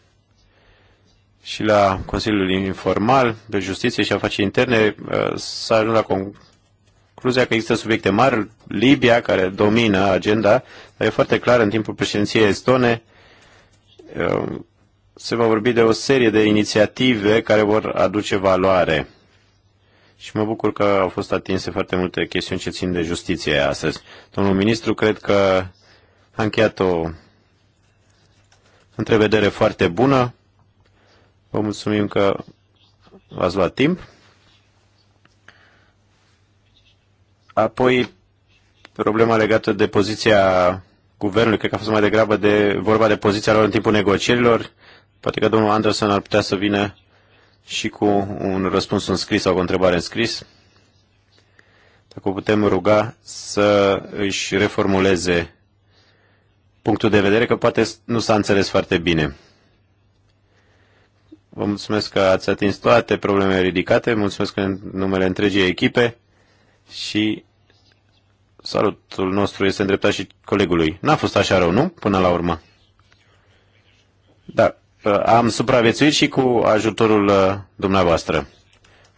S2: Și la Consiliul Informal de Justiție și Afaceri Interne uh, s-a ajuns la concluzia că există subiecte mari, Libia, care domină agenda, dar e foarte clar în timpul președinției estone uh, se va vorbi de o serie de inițiative care vor aduce valoare și mă bucur că au fost atinse foarte multe chestiuni ce țin de justiție astăzi. Domnul ministru, cred că a încheiat o întrevedere foarte bună. Vă mulțumim că v-ați luat timp. Apoi, problema legată de poziția guvernului, cred că a fost mai degrabă de vorba de poziția lor în timpul negocierilor. Poate că domnul Anderson ar putea să vină și cu un răspuns în scris sau cu o întrebare în scris, dacă o putem ruga să își reformuleze punctul de vedere, că poate nu s-a înțeles foarte bine. Vă mulțumesc că ați atins toate problemele ridicate, mulțumesc în numele întregii echipe și salutul nostru este îndreptat și colegului. N-a fost așa rău, nu? Până la urmă. Da, am supraviețuit și cu ajutorul uh, dumneavoastră.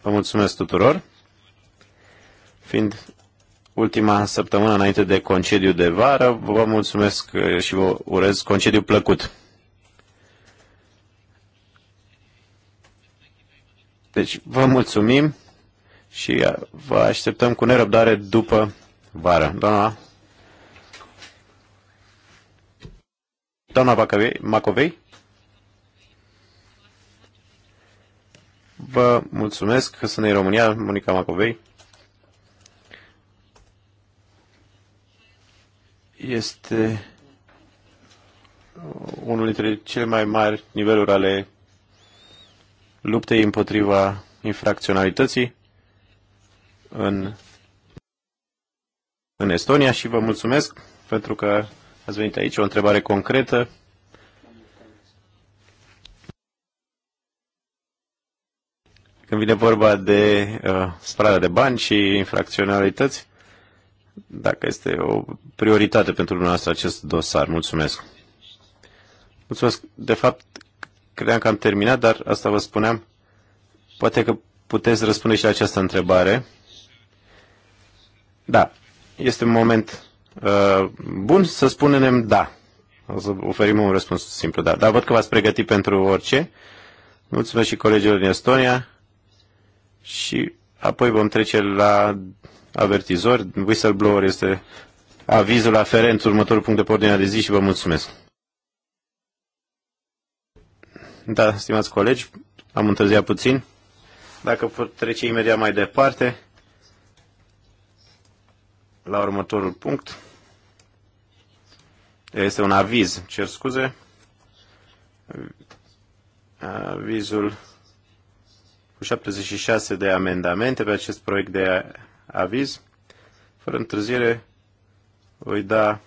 S2: Vă mulțumesc tuturor. Fiind ultima săptămână înainte de concediu de vară, vă mulțumesc uh, și vă urez concediu plăcut. Deci vă mulțumim și uh, vă așteptăm cu nerăbdare după vară. Doamna, doamna Macovei? Vă mulțumesc că sunt în România, Monica Macovei. Este unul dintre cele mai mari niveluri ale luptei împotriva infracționalității în, în Estonia și vă mulțumesc pentru că ați venit aici. O întrebare concretă când vine vorba de uh, spălarea de bani și infracționalități, dacă este o prioritate pentru dumneavoastră acest dosar. Mulțumesc. Mulțumesc. De fapt, credeam că am terminat, dar asta vă spuneam. Poate că puteți răspunde și la această întrebare. Da, este un moment uh, bun să spunem da. O să oferim un răspuns simplu, da. Dar văd că v-ați pregătit pentru orice. Mulțumesc și colegilor din Estonia și apoi vom trece la avertizori. Whistleblower este avizul aferent următorul punct de pe ordinea de zi și vă mulțumesc. Da, stimați colegi, am întârziat puțin. Dacă pot trece imediat mai departe la următorul punct. Este un aviz, cer scuze. Avizul cu 76 de amendamente pe acest proiect de aviz. Fără întârziere, voi da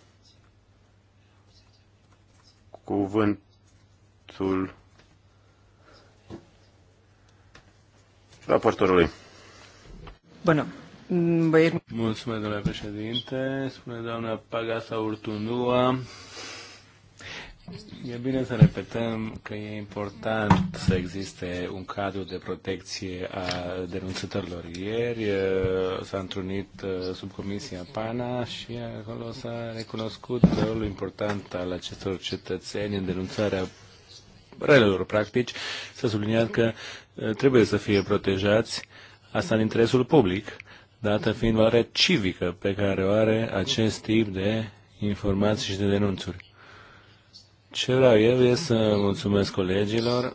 S2: cuvântul raportorului.
S1: Bună. Băie... Mulțumesc, domnule președinte. Spune doamna Pagasa Urtundua. E bine să repetăm că e important să existe un cadru de protecție a denunțătorilor. Ieri uh, s-a întrunit uh, subcomisia PANA și acolo s-a recunoscut rolul important al acestor cetățeni în denunțarea relelor practici. S-a subliniat că uh, trebuie să fie protejați, asta în interesul public, dată fiind valoarea civică pe care o are acest tip de informații și de denunțuri. Ce vreau eu e să mulțumesc colegilor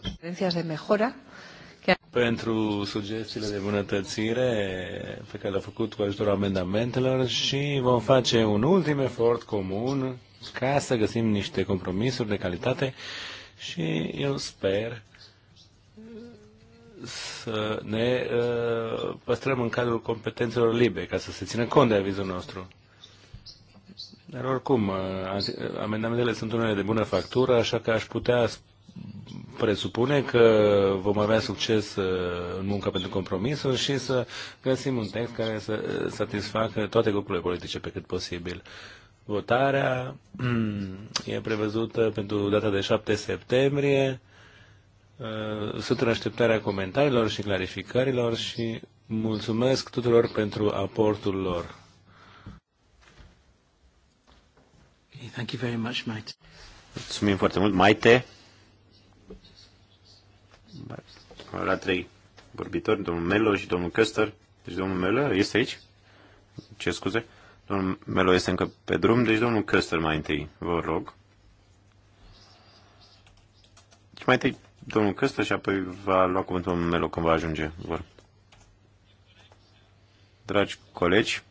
S1: pentru sugestiile de bunătățire pe care le au făcut cu ajutorul amendamentelor și vom face un ultim efort comun ca să găsim niște compromisuri de calitate și eu sper să ne uh, păstrăm în cadrul competențelor libe, ca să se țină cont de avizul nostru. Dar oricum, uh, uh, amendamentele sunt unele de bună factură, așa că aș putea presupune că vom avea succes uh, în munca pentru compromisuri și să găsim un text care să satisfacă toate grupurile politice pe cât posibil. Votarea mm, e prevăzută pentru data de 7 septembrie. Sunt în așteptarea comentariilor și clarificărilor și mulțumesc tuturor pentru aportul lor. thank you very much, Maite. Mulțumim foarte mult, Maite.
S2: La trei vorbitori, domnul Melo și domnul Căster. Deci domnul Melo este aici? Ce scuze? Domnul Melo este încă pe drum, deci domnul Căster mai întâi, vă rog. Și deci mai întâi domnul Căster și apoi va lua cuvântul domnul Melo când va ajunge. Vor. Dragi colegi,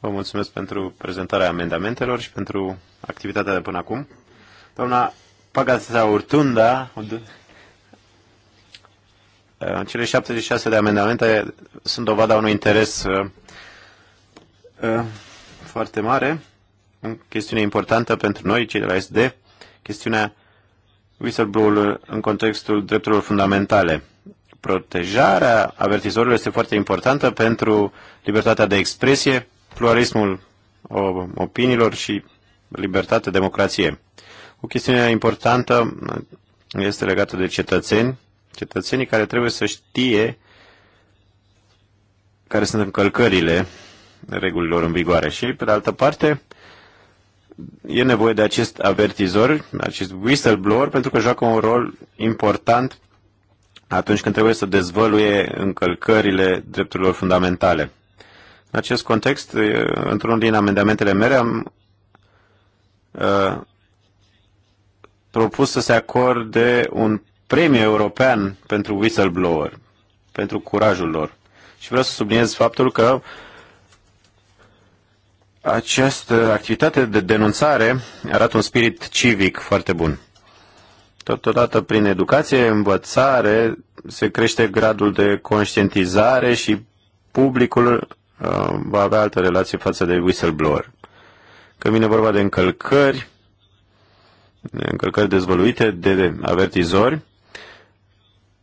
S2: vă mulțumesc pentru prezentarea amendamentelor și pentru activitatea de până acum. Doamna Pagasa Urtunda, cele 76 de amendamente sunt dovada unui interes uh, uh, foarte mare, o chestiune importantă pentru noi, cei de la SD, chestiunea whistleblower în contextul drepturilor fundamentale. Protejarea avertizorilor este foarte importantă pentru libertatea de expresie, pluralismul opiniilor și libertate, democrație. O chestiune importantă este legată de cetățeni, cetățenii care trebuie să știe care sunt încălcările regulilor în vigoare. Și, pe de altă parte, e nevoie de acest avertizor, acest whistleblower, pentru că joacă un rol important atunci când trebuie să dezvăluie încălcările drepturilor fundamentale. În acest context, într-unul din amendamentele mele am Uh, propus să se acorde un premiu european pentru whistleblower, pentru curajul lor. Și vreau să subliniez faptul că această activitate de denunțare arată un spirit civic foarte bun. Totodată, prin educație, învățare, se crește gradul de conștientizare și publicul uh, va avea altă relație față de whistleblower. Când vine vorba de încălcări, de încălcări dezvăluite de avertizori,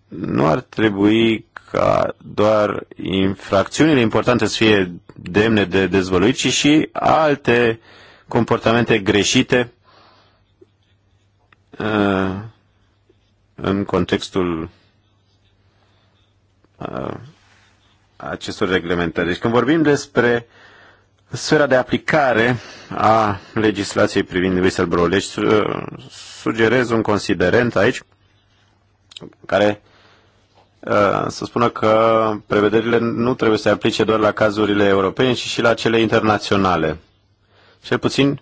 S2: nu ar trebui ca doar infracțiunile importante să fie demne de dezvăluit, ci și alte comportamente greșite uh, în contextul uh, acestor reglementări. Deci când vorbim despre Sfera de aplicare a legislației privind whistleblower. Deci sugerez un considerent aici care uh, să spună că prevederile nu trebuie să se aplice doar la cazurile europene, ci și la cele internaționale. Cel puțin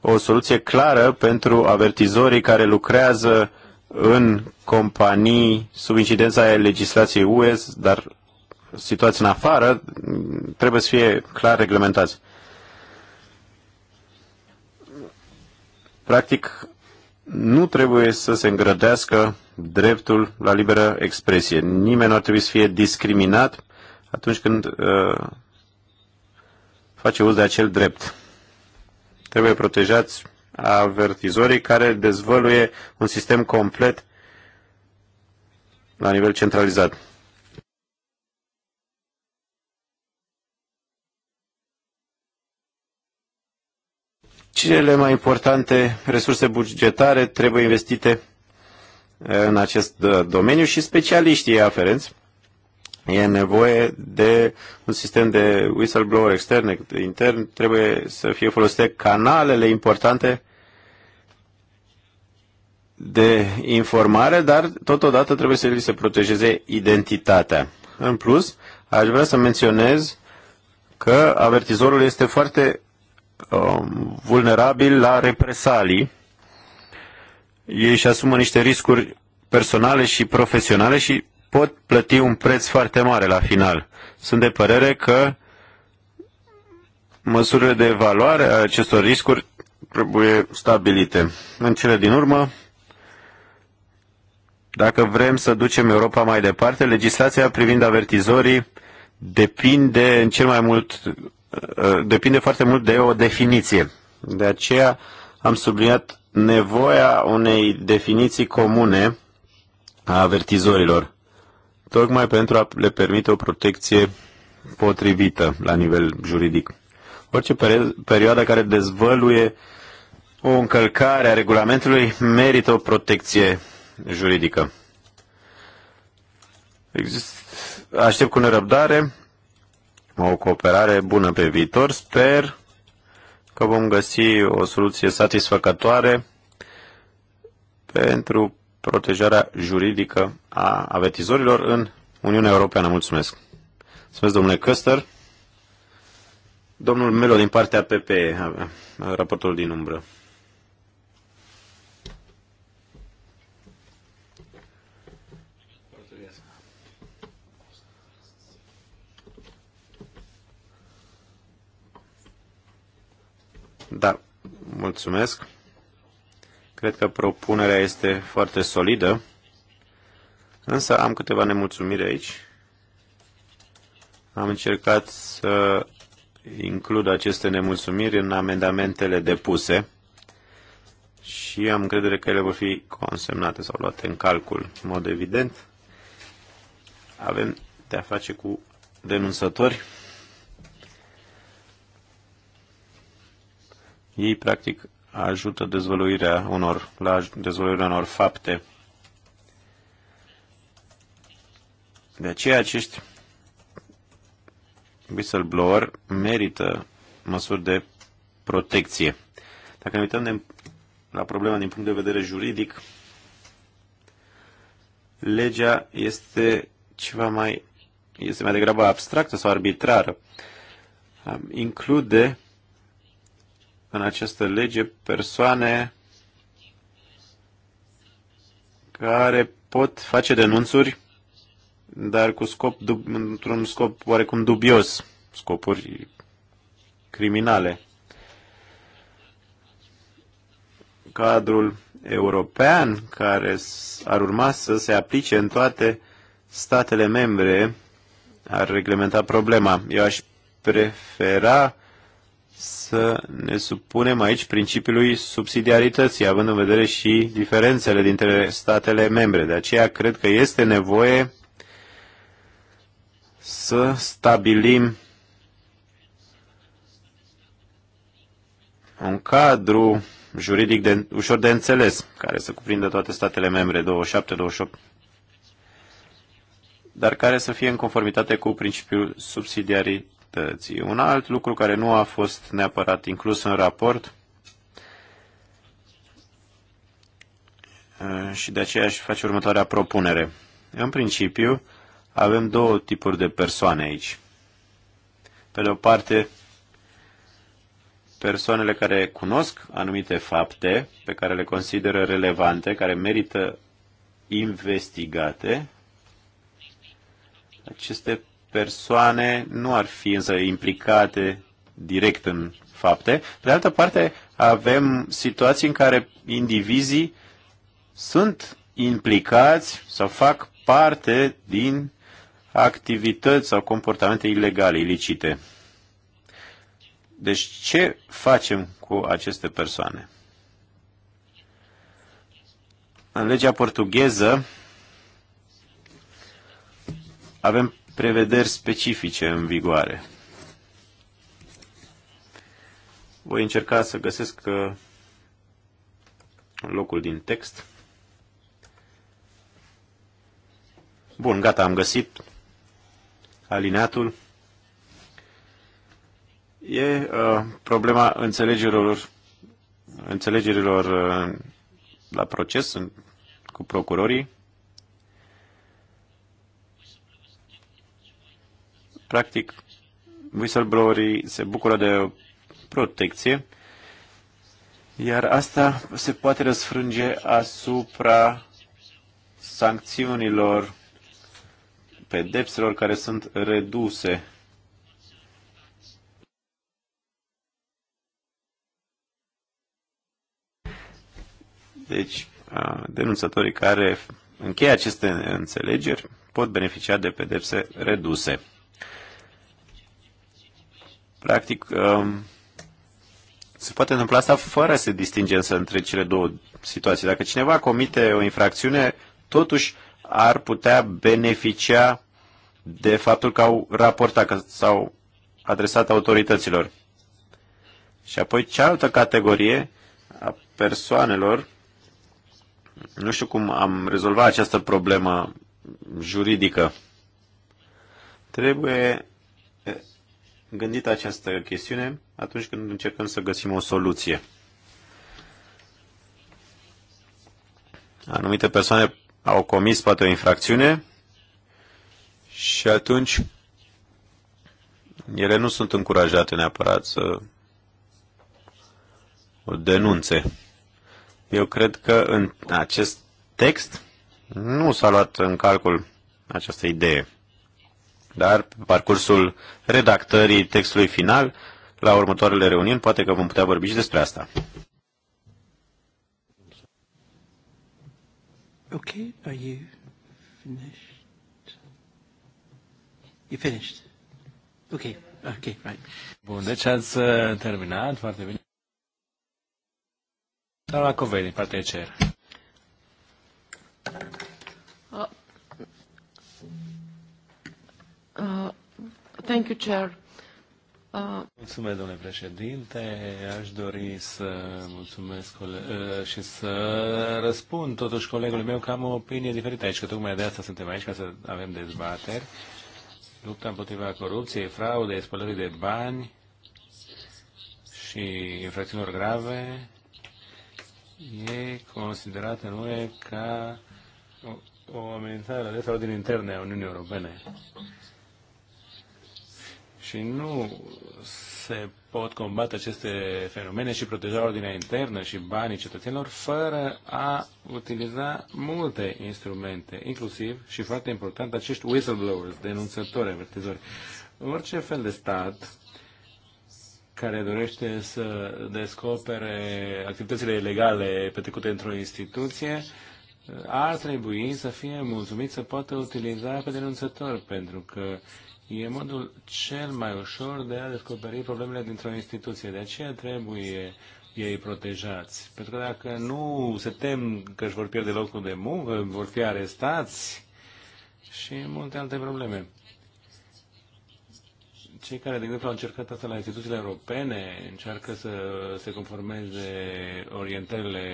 S2: o soluție clară pentru avertizorii care lucrează în companii sub incidența legislației U.S. dar situați în afară trebuie să fie clar reglementați. Practic, nu trebuie să se îngrădească dreptul la liberă expresie. Nimeni nu ar trebui să fie discriminat atunci când uh, face uz de acel drept. Trebuie protejați avertizorii care dezvăluie un sistem complet la nivel centralizat. Cele mai importante resurse bugetare trebuie investite eh, în acest eh, domeniu și specialiștii aferenți. E nevoie de un sistem de whistleblower extern, intern, trebuie să fie folosite canalele importante de informare, dar totodată trebuie să li se protejeze identitatea. În plus, aș vrea să menționez că avertizorul este foarte Um, vulnerabil la represalii. Ei își asumă niște riscuri personale și profesionale și pot plăti un preț foarte mare la final. Sunt de părere că măsurile de evaluare a acestor riscuri trebuie stabilite. În cele din urmă, dacă vrem să ducem Europa mai departe, legislația privind avertizorii depinde în cel mai mult Eh, depinde foarte mult de o definiție. De aceea am subliniat nevoia unei definiții comune a avertizorilor, tocmai pentru a le permite o protecție potrivită la nivel juridic. Orice perioadă care dezvăluie o încălcare a regulamentului merită o protecție juridică. Exist... Aștept cu nerăbdare o cooperare bună pe viitor. Sper că vom găsi o soluție satisfăcătoare pentru protejarea juridică a avetizorilor în Uniunea Europeană. Mulțumesc! Mulțumesc, domnule Căster. Domnul Melo din partea PP, raportul din umbră. Da, mulțumesc. Cred că propunerea este foarte solidă, însă am câteva nemulțumiri aici. Am încercat să includ aceste nemulțumiri în amendamentele depuse și am încredere că ele vor fi consemnate sau luate în calcul. În mod evident, avem de a face cu denunțători Ei, practic, ajută dezvăluirea unor, la dezvăluirea unor fapte. De aceea acești whistleblower merită măsuri de protecție. Dacă ne uităm de, la problema din punct de vedere juridic, legea este ceva mai, este mai degrabă abstractă sau arbitrară. Include în această lege persoane care pot face denunțuri, dar cu scop, într-un scop oarecum dubios, scopuri criminale. Cadrul european care ar urma să se aplice în toate statele membre ar reglementa problema. Eu aș prefera să ne supunem aici principiului subsidiarității, având în vedere și diferențele dintre statele membre. De aceea cred că este nevoie să stabilim un cadru juridic de, ușor de înțeles, care să cuprindă toate statele membre, 27-28, dar care să fie în conformitate cu principiul subsidiarității societății. Un alt lucru care nu a fost neapărat inclus în raport uh, și de aceea aș face următoarea propunere. În principiu, avem două tipuri de persoane aici. Pe de o parte, persoanele care cunosc anumite fapte pe care le consideră relevante, care merită investigate, aceste persoane nu ar fi însă implicate direct în fapte. Pe de altă parte, avem situații în care indivizii sunt implicați sau fac parte din activități sau comportamente ilegale, ilicite. Deci ce facem cu aceste persoane? În legea portugheză avem prevederi specifice în vigoare. Voi încerca să găsesc uh, locul din text. Bun, gata, am găsit alineatul. E uh, problema înțelegerilor, înțelegerilor uh, la proces în, cu procurorii. Practic, whistleblowerii se bucură de protecție, iar asta se poate răsfrânge asupra sancțiunilor, pedepselor care sunt reduse. Deci, denunțătorii care încheie aceste înțelegeri pot beneficia de pedepse reduse. Practic, um, se poate întâmpla asta fără să distingem să între cele două situații. Dacă cineva comite o infracțiune, totuși ar putea beneficia de faptul că au raportat, că s-au adresat autorităților. Și apoi cealaltă categorie a persoanelor, nu știu cum am rezolvat această problemă juridică. Trebuie gândit această chestiune atunci când încercăm să găsim o soluție. Anumite persoane au comis poate o infracțiune și atunci ele nu sunt încurajate neapărat să o denunțe. Eu cred că în acest text nu s-a luat în calcul această idee. Dar pe parcursul redactării textului final, la următoarele reuniuni, poate că vom putea vorbi și despre asta.
S1: Okay, are
S3: you finished? You finished? Okay, okay, right.
S1: Bun, deci ați uh, terminat foarte bine. la Covei, din partea ECR.
S3: Uh, thank you, Chair. Uh,
S1: mulțumesc, domnule președinte. Aș dori să mulțumesc uh, și să răspund totuși colegului meu că am o opinie diferită aici, că tocmai de asta suntem aici, ca să avem dezbateri. Lupta împotriva corupției, fraudei, spălării de bani și infracțiunilor grave e considerată nu e ca o, o amenințare de ordinii interne a Uniunii Europene și nu se pot combate aceste fenomene și proteja ordinea internă și banii cetățenilor fără a utiliza multe instrumente, inclusiv și foarte important acești whistleblowers, denunțători, avertizori. Orice fel de stat care dorește să descopere activitățile ilegale petrecute într-o instituție, ar trebui să fie mulțumit să poată utiliza pe denunțător, pentru că e modul cel mai ușor de a descoperi problemele dintr-o instituție. De aceea trebuie ei protejați. Pentru că dacă nu se tem că își vor pierde locul de muncă, vor fi arestați și multe alte probleme. Cei care, de exemplu, au încercat asta la instituțiile europene, încearcă să se conformeze orientările,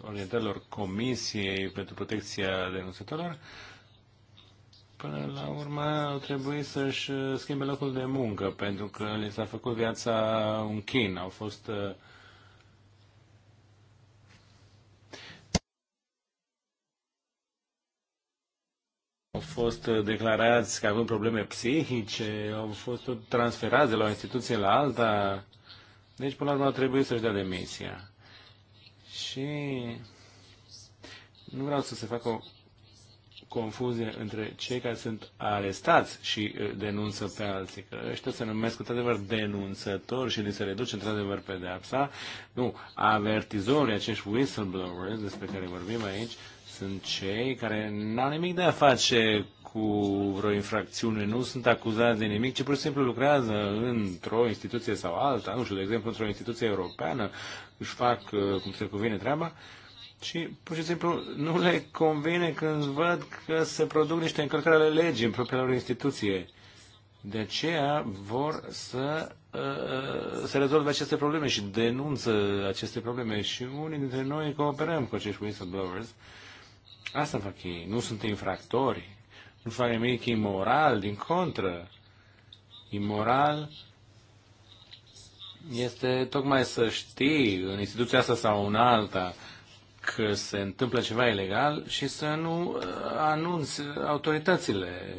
S1: orientărilor Comisiei pentru Protecția Denunțătorilor, până la urmă au trebuit să-și uh, schimbe locul de muncă, pentru că li s-a făcut viața un chin. Au fost uh, au fost uh, declarați că având probleme psihice, au fost transferați de la o instituție la alta. Deci, până la urmă, trebuit să-și dea demisia. Și nu vreau să se facă o confuzie între cei care sunt arestați și uh, denunță pe alții. Că ăștia se numesc într-adevăr denunțători și li se reduce într-adevăr pedeapsa. Nu, avertizorii, acești whistleblowers despre care vorbim aici, sunt cei care n-au nimic de a face cu vreo infracțiune, nu sunt acuzați de nimic, ci pur și simplu lucrează într-o instituție sau alta, nu știu, de exemplu, într-o instituție europeană, își fac uh, cum se cuvine treaba, uh, și pur și simplu nu le convine când văd că se produc niște încălcări ale legii în propria lor instituție. De aceea vor să uh, uh se rezolve aceste probleme și denunță aceste probleme și unii dintre noi cooperăm cu acești whistleblowers. Asta fac ei. Nu sunt infractori, nu fac nimic imoral, din contră. Imoral este tocmai să știi în instituția asta sau în alta că se întâmplă ceva ilegal și să nu uh, anunți autoritățile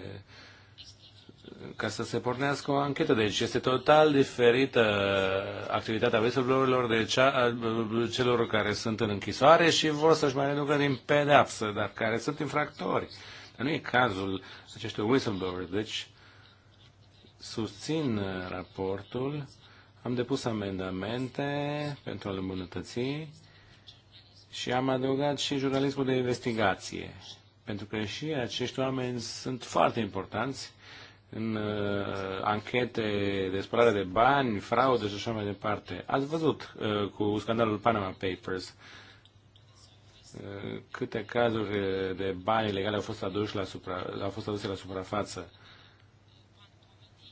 S1: ca să se pornească o anchetă. Deci este total diferită activitatea whistleblowerilor de cea uh, celor care sunt în închisoare și vor să-și mai reducă din pedeapsă, dar care sunt infractori. Dar nu e cazul acestui whistleblower. Deci susțin uh, raportul, am depus amendamente pentru a-l îmbunătăți și am adăugat și jurnalismul de investigație, pentru că și acești oameni sunt foarte importanți în uh, anchete de spălare de bani, fraude și așa mai departe. Ați văzut uh, cu scandalul Panama Papers uh, câte cazuri de bani ilegale au fost, aduși la supra, au fost aduse la suprafață.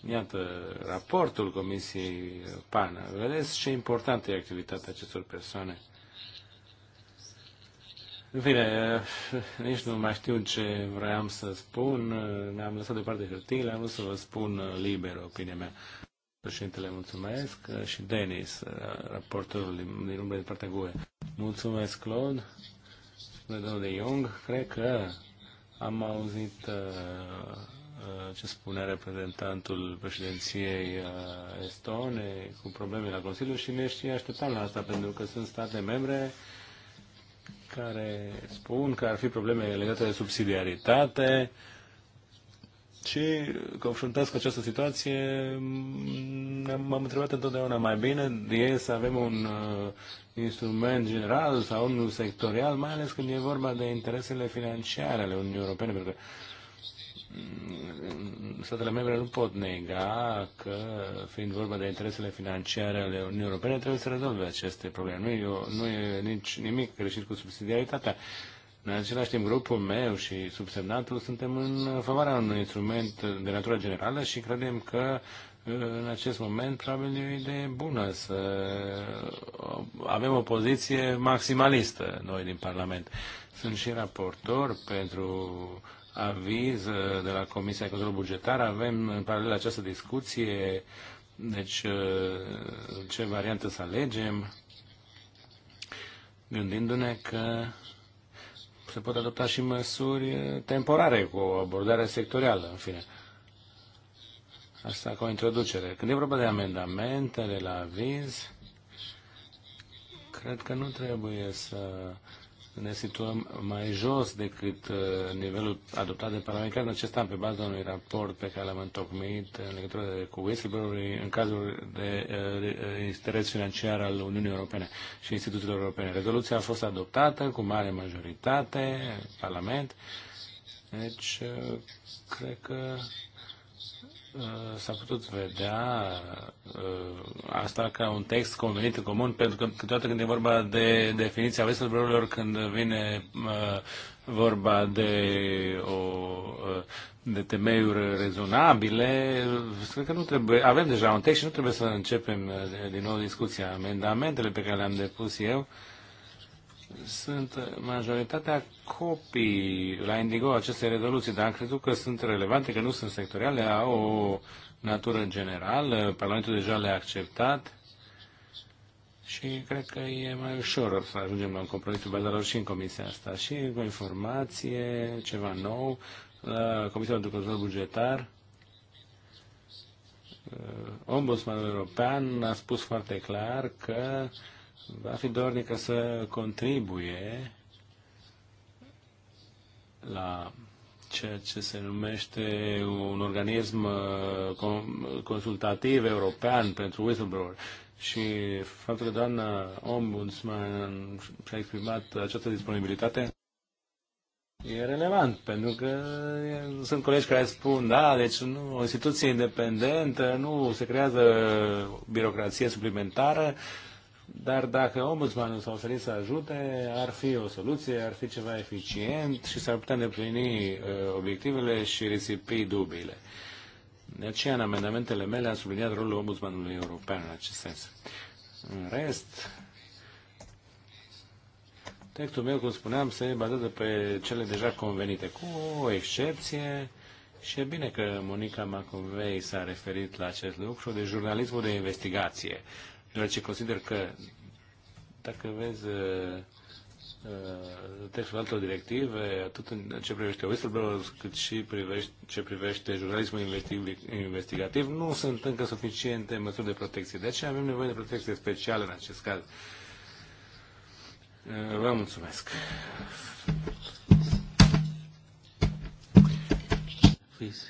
S1: Iată, raportul Comisiei PAN. Vedeți ce importantă e activitatea acestor persoane. În fine, eh, nici nu mai știu ce vreau să spun. ne am lăsat deoparte hârtiile, am vrut să vă spun eh, liber opinia mea. Președintele, mulțumesc eh, și Denis, raportorul din, din umbră de partea GUE. Mulțumesc, Claude, spune domnul de Jung. Cred că am auzit ce spunea reprezentantul președinției estone cu probleme la Consiliu și ne și așteptam la asta, pentru că sunt state membre care spun că ar fi probleme legate de subsidiaritate și confruntați cu această situație, m-am întrebat întotdeauna mai bine e să avem un uh, instrument general sau unul sectorial, mai ales când e vorba de interesele financiare ale Uniunii Europene, pentru că statele membre nu pot nega că, fiind vorba de interesele financiare ale Uniunii Europene, trebuie să rezolve aceste probleme. Nu e, o, nu e nici nimic greșit cu subsidiaritatea. În același timp, grupul meu și subsemnatul suntem în favoarea unui instrument de natură generală și credem că în acest moment probabil e o idee bună să avem o poziție maximalistă noi din Parlament. Sunt și raportor pentru aviz uh, de la Comisia de Control Bugetar. Avem în paralel această discuție, deci uh, ce variantă să alegem, gândindu-ne că se pot adopta și măsuri uh, temporare cu o abordare sectorială, în fine. Asta ca o introducere. Când e vorba de amendamentele la aviz, cred că nu trebuie să ne situăm mai jos decât uh, nivelul adoptat de Parlament în acest an pe baza unui raport pe care l-am întocmit în legătură cu whistleblowery în cazul de uh, uh, interes financiar al Uniunii Europene și instituțiilor europene. Rezoluția a fost adoptată cu mare majoritate în Parlament, deci cred că Uh, s-a putut vedea uh, asta ca un text convenit în comun, pentru că câteodată când e vorba de definiția whistleblower când vine uh, vorba de, o, de temeiuri rezonabile, cred că nu trebuie, avem deja un text și nu trebuie să începem din nou discuția. Amendamentele pe care le-am depus eu, sunt eh, majoritatea copii la Indigo aceste rezoluții, dar am crezut că sunt relevante, că nu sunt sectoriale, au o natură generală, Parlamentul deja le-a acceptat și cred că e mai ușor să ajungem la un compromis pe baza lor și în comisia asta. Și cu informație, ceva nou, la Comisia de Control Bugetar, eh, Ombudsmanul European a spus foarte clar că uh, va fi dornică să contribuie la ceea ce se numește un organism uh, consultativ european pentru whistleblower. Și faptul că doamna ombudsman și-a exprimat această disponibilitate e relevant, pentru că sunt colegi care spun, da, deci nu, o instituție independentă, nu se creează birocrație suplimentară, uh, dar dacă ombudsmanul s-a oferit să ajute, ar fi o soluție, ar fi ceva eficient și s-ar putea îndeplini uh, obiectivele și risipi dubiile. De aceea, în amendamentele mele, am subliniat rolul ombudsmanului european în acest sens. În rest, textul meu, cum spuneam, se bazează pe cele deja convenite, cu o excepție, și e bine că Monica Macovei s-a referit la acest lucru, de jurnalismul de investigație deoarece consider că dacă vezi uh, uh, textul altor directive, atât în ce privește whistleblowers, cât și privește, ce privește jurnalismul investigativ, nu sunt încă suficiente măsuri de protecție. De aceea avem nevoie de protecție specială în acest caz. Uh, vă mulțumesc. Please.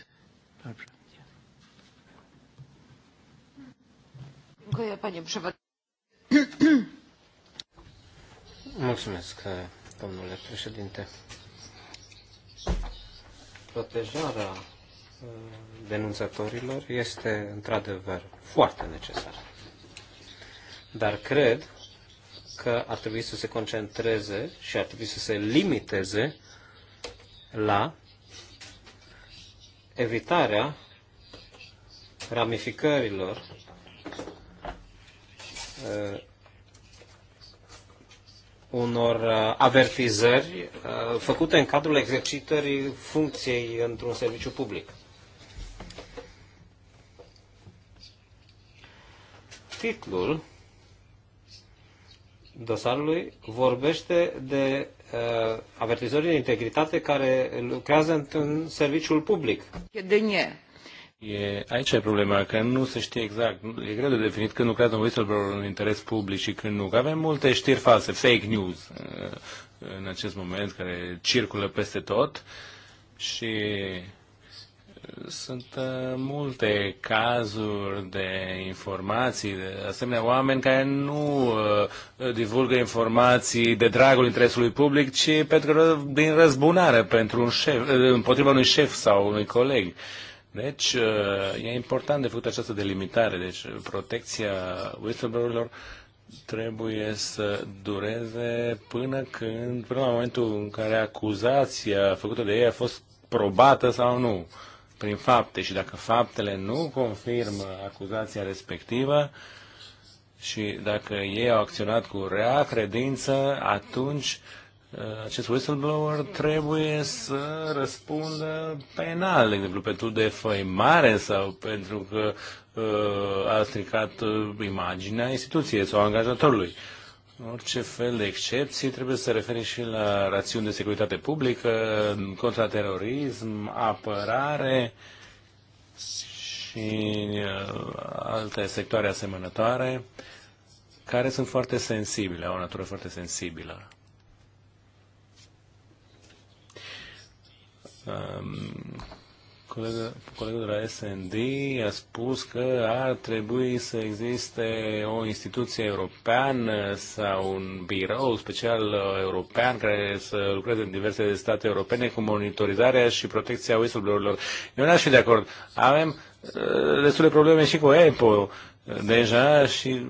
S3: domnule președinte. Protejarea uh, denunțătorilor este într-adevăr foarte necesară. Dar cred că ar trebui să se concentreze și ar trebui să se limiteze la evitarea ramificărilor Uh, unor uh, avertizări uh, făcute în cadrul exercitării funcției într-un serviciu public. Titlul dosarului vorbește de avertizări de integritate care lucrează în serviciul public. E,
S1: aici e problema, că nu se știe exact. E greu de definit când lucrează un whistleblower în interes public și când nu. Că avem multe știri false, fake news, uh, în acest moment, care circulă peste tot și uh, sunt uh, multe cazuri de informații, de asemenea oameni care nu divulgă informații de dragul interesului public, ci pentru din răzbunare pentru un șef, împotriva unui șef sau unui coleg. Deci, uh, e important de făcut această delimitare. Deci, protecția whistleblower trebuie să dureze până când, până la momentul în care acuzația făcută de ei a fost probată sau nu, prin fapte. Și dacă faptele nu confirmă acuzația respectivă și dacă ei au acționat cu rea credință, atunci uh, Uh, acest whistleblower trebuie să răspundă penal, de exemplu, pentru defăimare sau pentru că uh, a stricat uh, imaginea instituției sau angajatorului. Orice fel de excepții trebuie să se referi și la rațiuni de securitate publică, contraterorism, apărare și alte sectoare asemănătoare care sunt foarte sensibile, au o natură foarte sensibilă. Um, colegă, colegul de la SND a spus că ar trebui să existe o instituție europeană sau un birou special european care să lucreze în diverse state europene cu monitorizarea și protecția whistleblowerilor. Eu n-aș fi de acord. Avem uh, destule probleme și cu EPO uh, deja și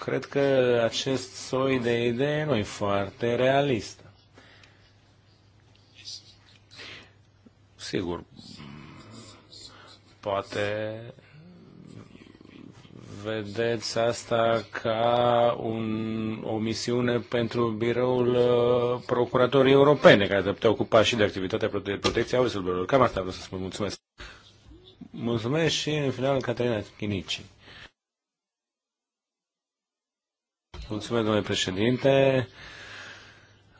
S1: cred că acest soi de idee nu e foarte realistă. Sigur, poate vedeți asta ca un, o misiune pentru biroul uh, procuratorii europene, care te ocupa și de activitatea prote- protecției whistleblower Cam asta vreau să spun. Mulțumesc. Mulțumesc și, în final, Caterina Chinici. Mulțumesc, domnule președinte.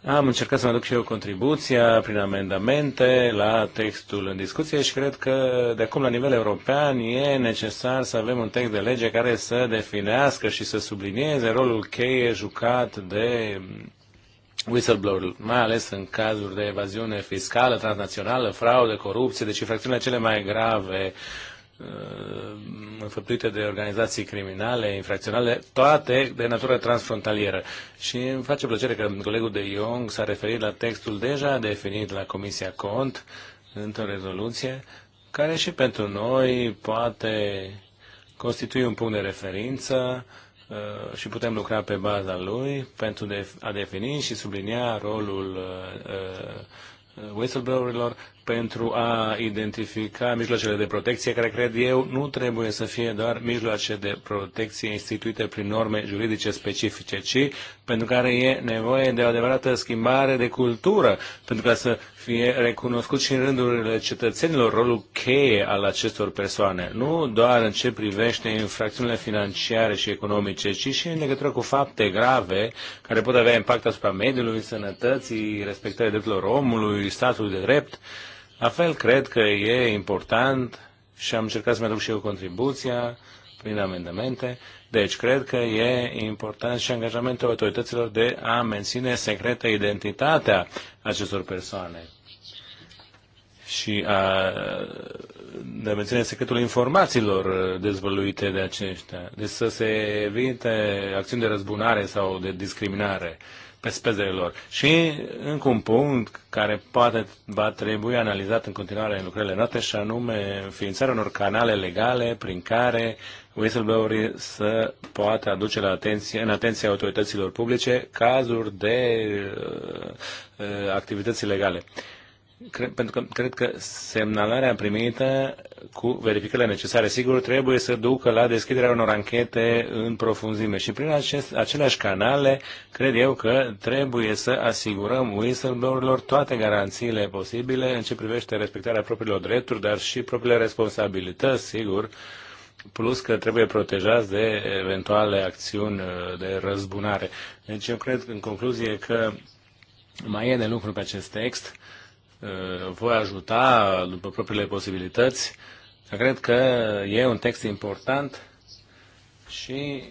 S1: Am încercat să-mi aduc și eu contribuția prin amendamente la textul în discuție și cred că de acum la nivel european e necesar să avem un text de lege care să definească și să sublinieze rolul cheie jucat de whistleblower, mai ales în cazuri de evaziune fiscală, transnațională, fraudă, corupție, deci infracțiunile cele mai grave Uh, înfăptuite de organizații criminale, infracționale, toate de natură transfrontalieră. Și îmi face plăcere că colegul de Iong s-a referit la textul deja definit la Comisia Cont într-o rezoluție, care și pentru noi poate constitui un punct de referință uh, și putem lucra pe baza lui pentru a defini și sublinia rolul uh, whistleblowerilor pentru a identifica mijloacele de protecție, care cred eu nu trebuie să fie doar mijloace de protecție instituite prin norme juridice specifice, ci pentru care e nevoie de o adevărată schimbare de cultură, pentru ca să fie recunoscut și în rândurile cetățenilor rolul cheie al acestor persoane, nu doar în ce privește infracțiunile financiare și economice, ci și în legătură cu fapte grave care pot avea impact asupra mediului, sănătății, respectării drepturilor omului, statului de drept. La fel, cred că e important și am încercat să-mi aduc și eu contribuția prin amendamente. Deci, cred că e important și angajamentul autorităților de a menține secretă identitatea acestor persoane și a, de a menține secretul informațiilor dezvăluite de aceștia. Deci să se evite acțiuni de răzbunare sau de discriminare pe spezele lor. Și încă un punct care poate va trebui analizat în continuare în lucrările noastre și anume înființarea unor canale legale prin care whistleblowerii să poată aduce la atenție, în atenția autorităților publice cazuri de uh, uh activități legale. Uh, cred, pentru că cred că semnalarea primită cu verificările necesare, sigur, trebuie să ducă la deschiderea unor anchete în profunzime. Și prin acest, aceleași canale, cred eu că trebuie să asigurăm whistleblowerilor toate garanțiile posibile în ce privește respectarea propriilor drepturi, dar și propriile responsabilități, sigur, plus că trebuie protejați de eventuale acțiuni uh, de răzbunare. Deci eu cred, în concluzie, că mai e de lucru pe acest text Uh, voi ajuta după propriile posibilități. Cred că e un text important și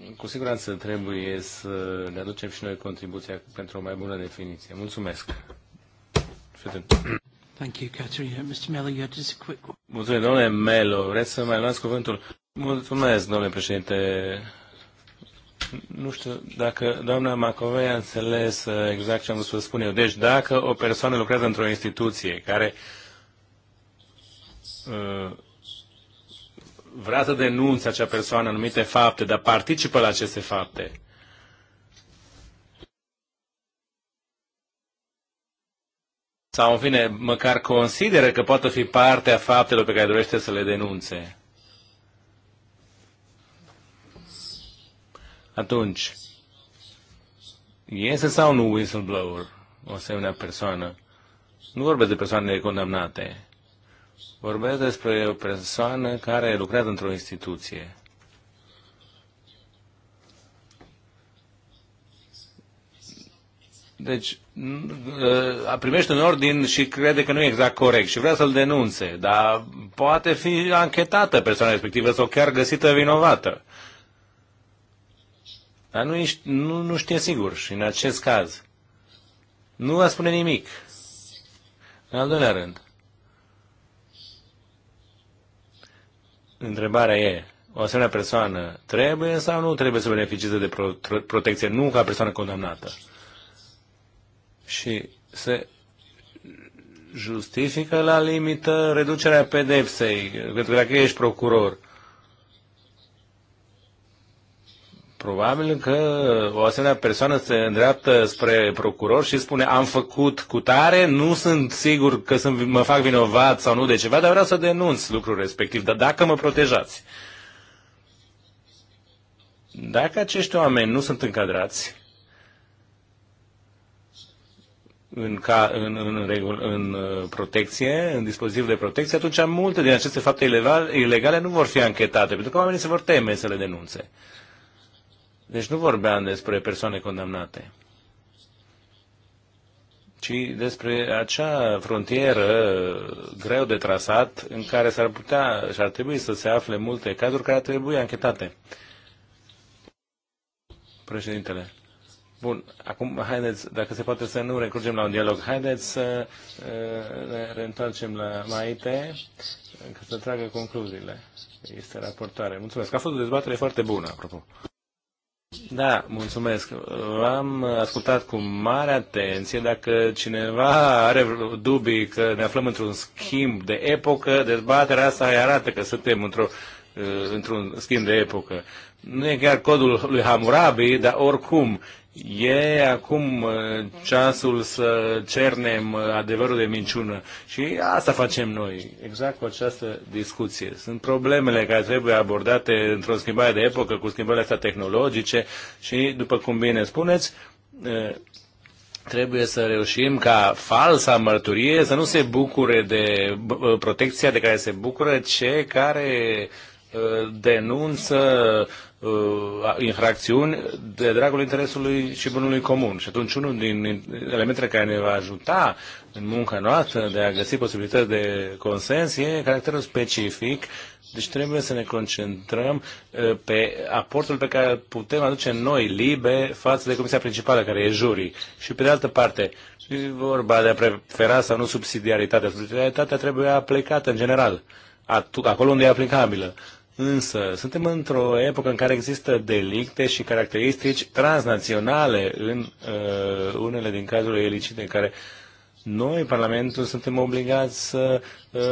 S1: uh, cu siguranță trebuie să ne aducem și noi contribuția pentru o mai bună definiție. Mulțumesc!
S2: Thank you, Catherine. Uh, Mr. Mello, you had just a quick...
S1: Mulțumesc, domnule Melo. Vreți să mai luați cuvântul? Mulțumesc, domnule președinte. Nu știu dacă doamna Macovei a înțeles uh, exact ce am vrut să spun eu. Deci dacă o persoană lucrează într-o instituție care uh, vrea să denunțe acea persoană anumite fapte, dar participă la aceste fapte, sau în fine, măcar consideră că poate fi parte a faptelor pe care dorește să le denunțe. Atunci, este sau nu whistleblower o asemenea persoană? Nu vorbesc de persoane condamnate. Vorbesc despre o persoană care lucrează într-o instituție. Deci, a primește un ordin și crede că nu e exact corect și vrea să-l denunțe, dar poate fi anchetată persoana respectivă sau chiar găsită vinovată. Dar nu, nu, nu știe sigur și în acest caz nu va spune nimic. În al doilea rând, întrebarea e, o asemenea persoană trebuie sau nu trebuie să beneficieze de pro- protecție, nu ca persoană condamnată? Și se justifică la limită reducerea pedepsei, pentru că dacă ești procuror, Probabil că o asemenea persoană se îndreaptă spre procuror și spune am făcut cu tare, nu sunt sigur că sunt, mă fac vinovat sau nu de ceva, dar vreau să denunț lucrul respectiv, dar dacă mă protejați. Dacă acești oameni nu sunt încadrați în, ca, în, în, regul, în uh, protecție, în dispozitiv de protecție, atunci multe din aceste fapte ilegale nu vor fi anchetate, pentru că oamenii se vor teme să le denunțe. Deci nu vorbeam despre persoane condamnate, ci despre acea frontieră greu de trasat în care s-ar putea și ar trebui să se afle multe cazuri care trebuie anchetate. Președintele. Bun, acum haideți, dacă se poate să nu recurgem la un dialog, haideți să uh, ne reîntoarcem la Maite ca să tragă concluziile. Este raportare. Mulțumesc. A fost o dezbatere foarte bună, apropo. Da, mulțumesc. Am ascultat cu mare atenție. Dacă cineva are dubii că ne aflăm într-un schimb de epocă, dezbaterea asta îi arată că suntem într-o, într-un schimb de epocă. Nu e chiar codul lui Hammurabi, dar oricum E acum uh, ceasul să cernem uh, adevărul de minciună. Și asta facem noi, exact cu această discuție. Sunt problemele care trebuie abordate într-o schimbare de epocă, cu schimbările astea tehnologice și, după cum bine spuneți, uh, trebuie să reușim ca falsa mărturie să nu se bucure de protecția de care se bucură cei care denunță Uh, infracțiuni de dragul interesului și bunului comun. Și atunci unul din elementele care ne va ajuta în munca noastră de a găsi posibilități de consens e caracterul specific deci trebuie să ne concentrăm uh, pe aportul pe care putem aduce noi, libe, față de comisia principală, care e jurii. Și pe de altă parte, e vorba de a prefera sau nu subsidiaritatea. Subsidiaritatea trebuie aplicată în general, acolo unde e aplicabilă. Însă, suntem într-o epocă în care există delicte și caracteristici transnaționale în uh, unele din cazurile ilicite, în care noi, Parlamentul, suntem obligați să uh,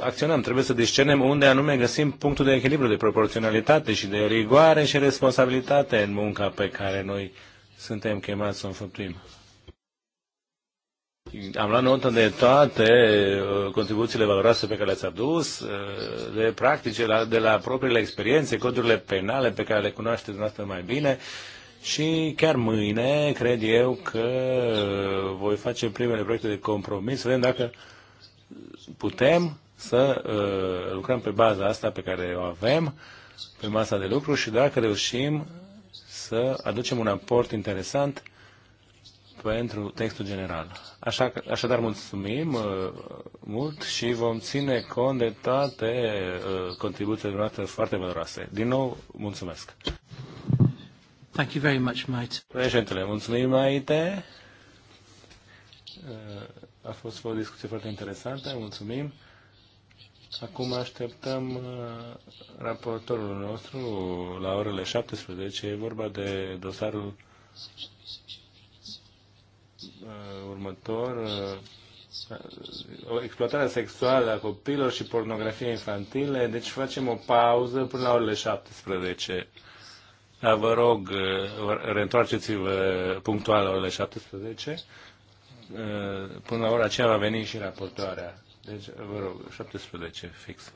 S1: acționăm. Trebuie să discernem unde anume găsim punctul de echilibru, de proporționalitate și de rigoare și responsabilitate în munca pe care noi suntem chemați să o înfăptuim. Am luat notă de toate uh, contribuțiile valoroase pe care le-ați adus, uh, de practice, de la propriile experiențe, codurile penale pe care le cunoașteți dumneavoastră mai bine. Și chiar mâine, cred eu, că uh, voi face primele proiecte de compromis, să vedem dacă putem să lucrăm pe baza asta pe care o avem, pe masa de lucru și dacă reușim să aducem un aport interesant pentru textul general. Așa, așadar, mulțumim uh, mult și vom ține cont de toate uh, contribuțiile noastre foarte valoroase. Din nou, mulțumesc! Thank you very much, Maite. Președintele, mulțumim, Maite. Uh, a fost o discuție foarte interesantă, mulțumim. Acum așteptăm raportorul nostru la orele 17. E vorba de dosarul Uh, următor, uh, uh, exploatarea sexuală a copiilor și pornografie infantile. Deci facem o pauză până la orele 17. Dar vă rog, reîntoarceți-vă punctual la orele 17. Până la ora aceea va veni și raportoarea. Deci, vă rog, 17 fix.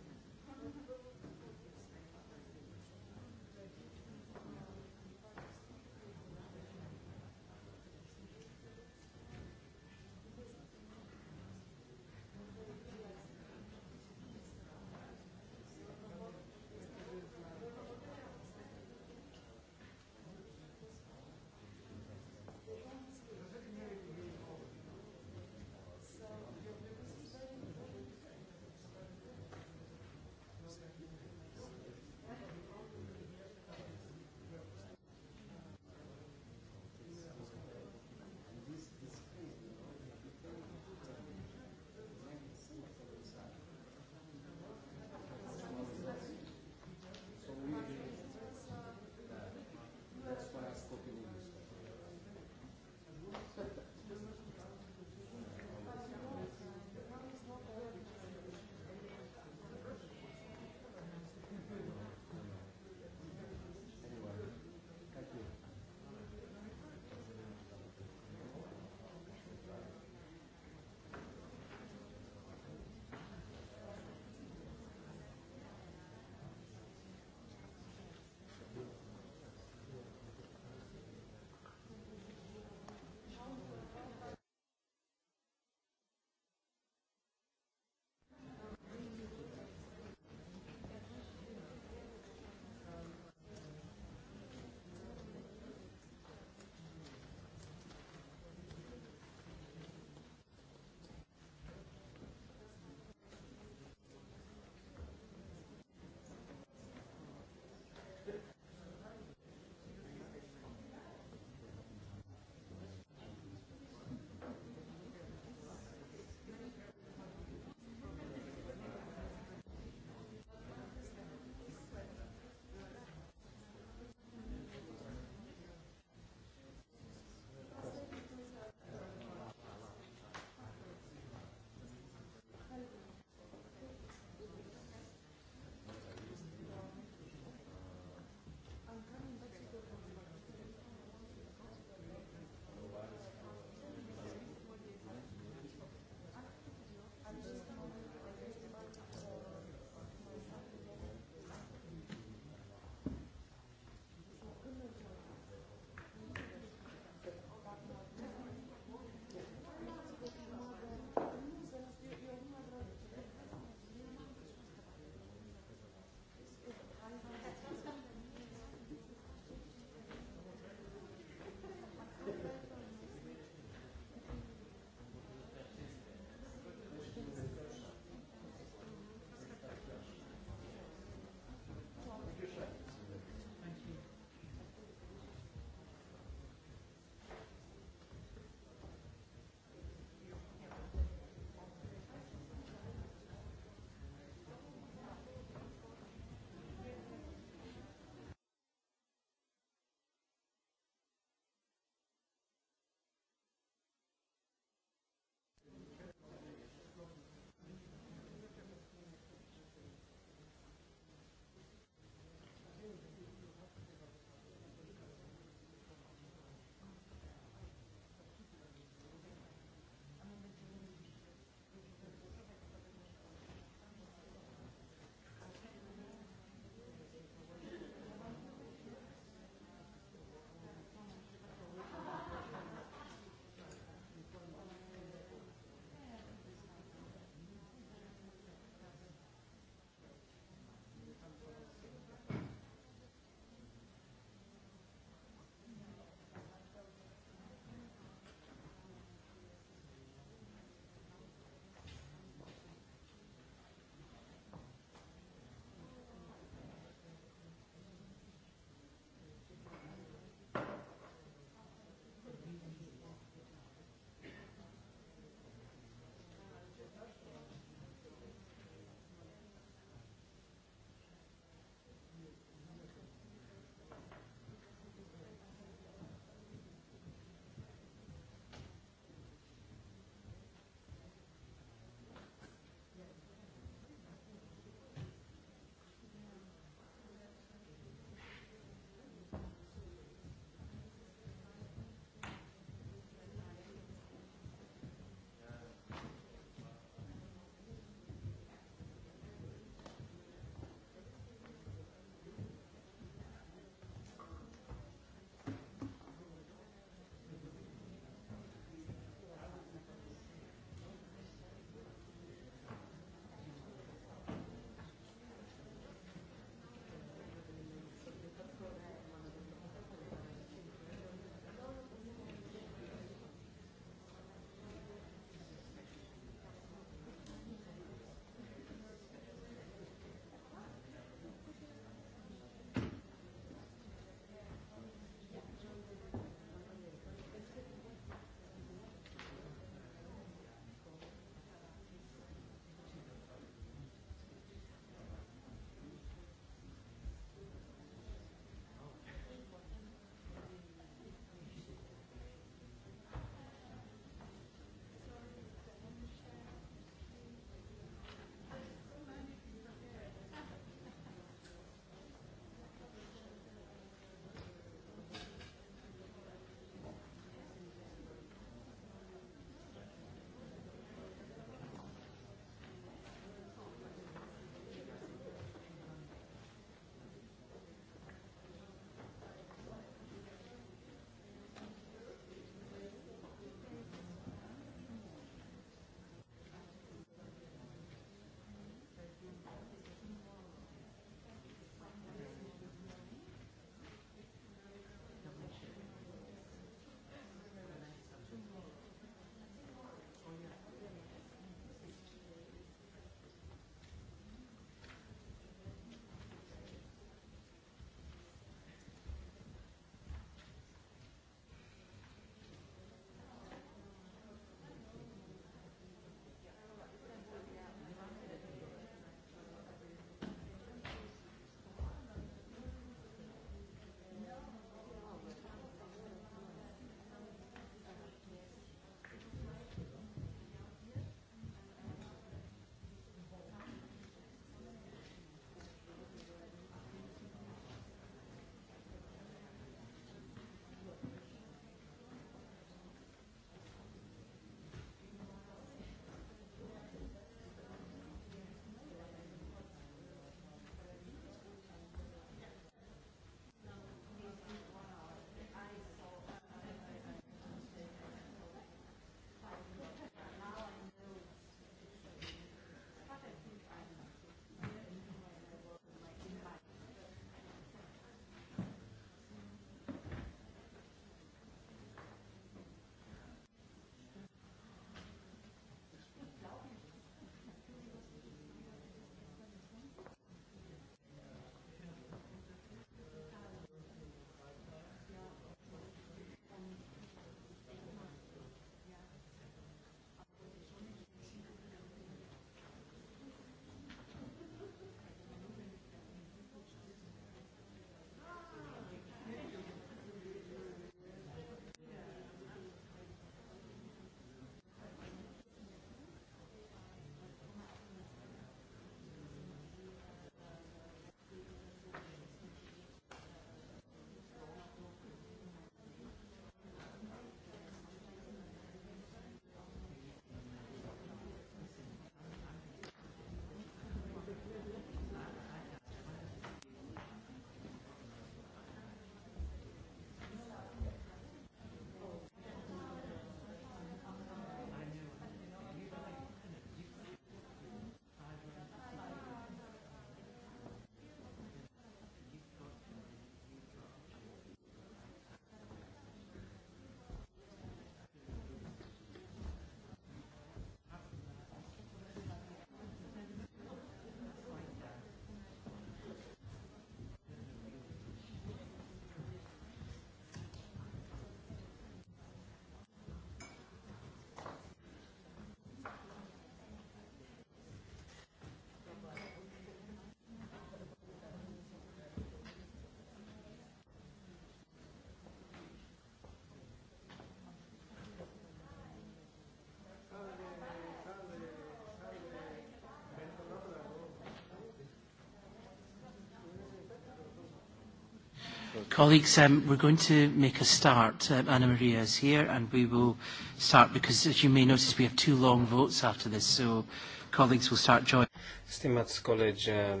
S1: Colleagues, um, we're going to make a start. Um,
S3: Anna Maria is here and we will start because, as you may notice, we have two long votes after this, so colleagues will start joining. Stimați colegi, uh,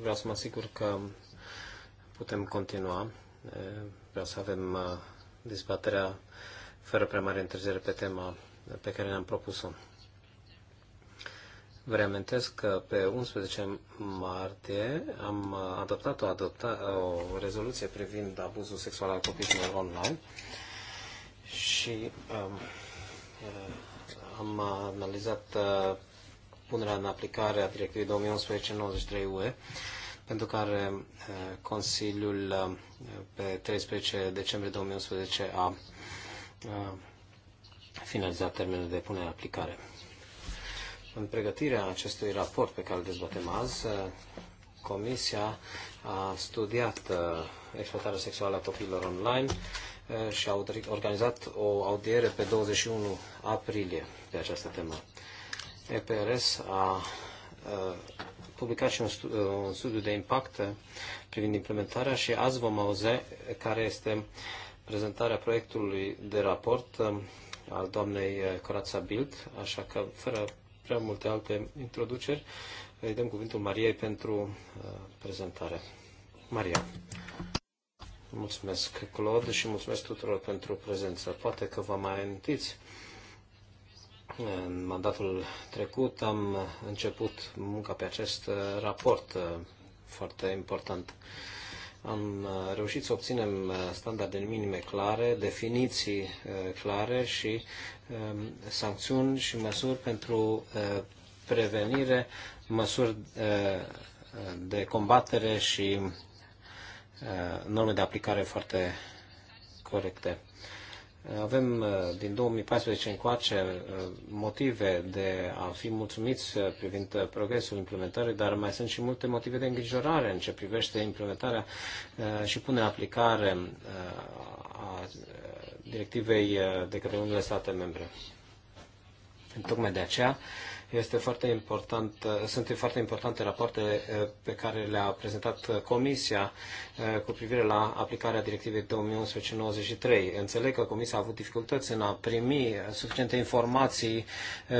S3: vreau să mă asigur că putem continua. Uh, vreau să avem dezbaterea fără prea mare întârziere pe tema pe care ne-am propus-o. Vă reamintesc că pe 11 martie am adoptat o, adopta, o rezoluție privind abuzul sexual al copiilor online și um, uh, am analizat uh, punerea în aplicare a directivei 2011-93 UE, pentru care uh, Consiliul pe 13 decembrie 2011 a finalizat termenul de punere în aplicare. În pregătirea acestui raport pe care îl dezbatem azi, eh, Comisia a studiat eh, exploatarea sexuală a copiilor online eh, și a organizat o audiere pe 21 aprilie de această temă. EPRS a publicat și un, studiu, un studiu de impact privind implementarea și azi vom auzi care este prezentarea proiectului de raport al doamnei Corața Bild, așa că fără prea multe alte introduceri. Îi dăm cuvântul Mariei pentru uh, prezentare. Maria. Mulțumesc, Claude, și mulțumesc tuturor pentru prezență. Poate că vă mai amintiți, în mandatul trecut am început munca pe acest uh, raport uh, foarte important. Am reușit să obținem standarde minime clare, definiții clare și Um, sancțiuni și măsuri pentru uh, prevenire, măsuri uh, de combatere și uh, norme de aplicare foarte corecte. Avem din 2014 încoace motive de a fi mulțumiți privind progresul implementării, dar mai sunt și multe motive de îngrijorare în ce privește implementarea și punerea aplicare a directivei uh, de către unele state membre. Tocmai de aceea este foarte important, uh, sunt foarte importante rapoartele uh, pe care le-a prezentat Comisia cu privire la aplicarea directivei 2011-93. Înțeleg că Comisia a avut dificultăți în a primi suficiente informații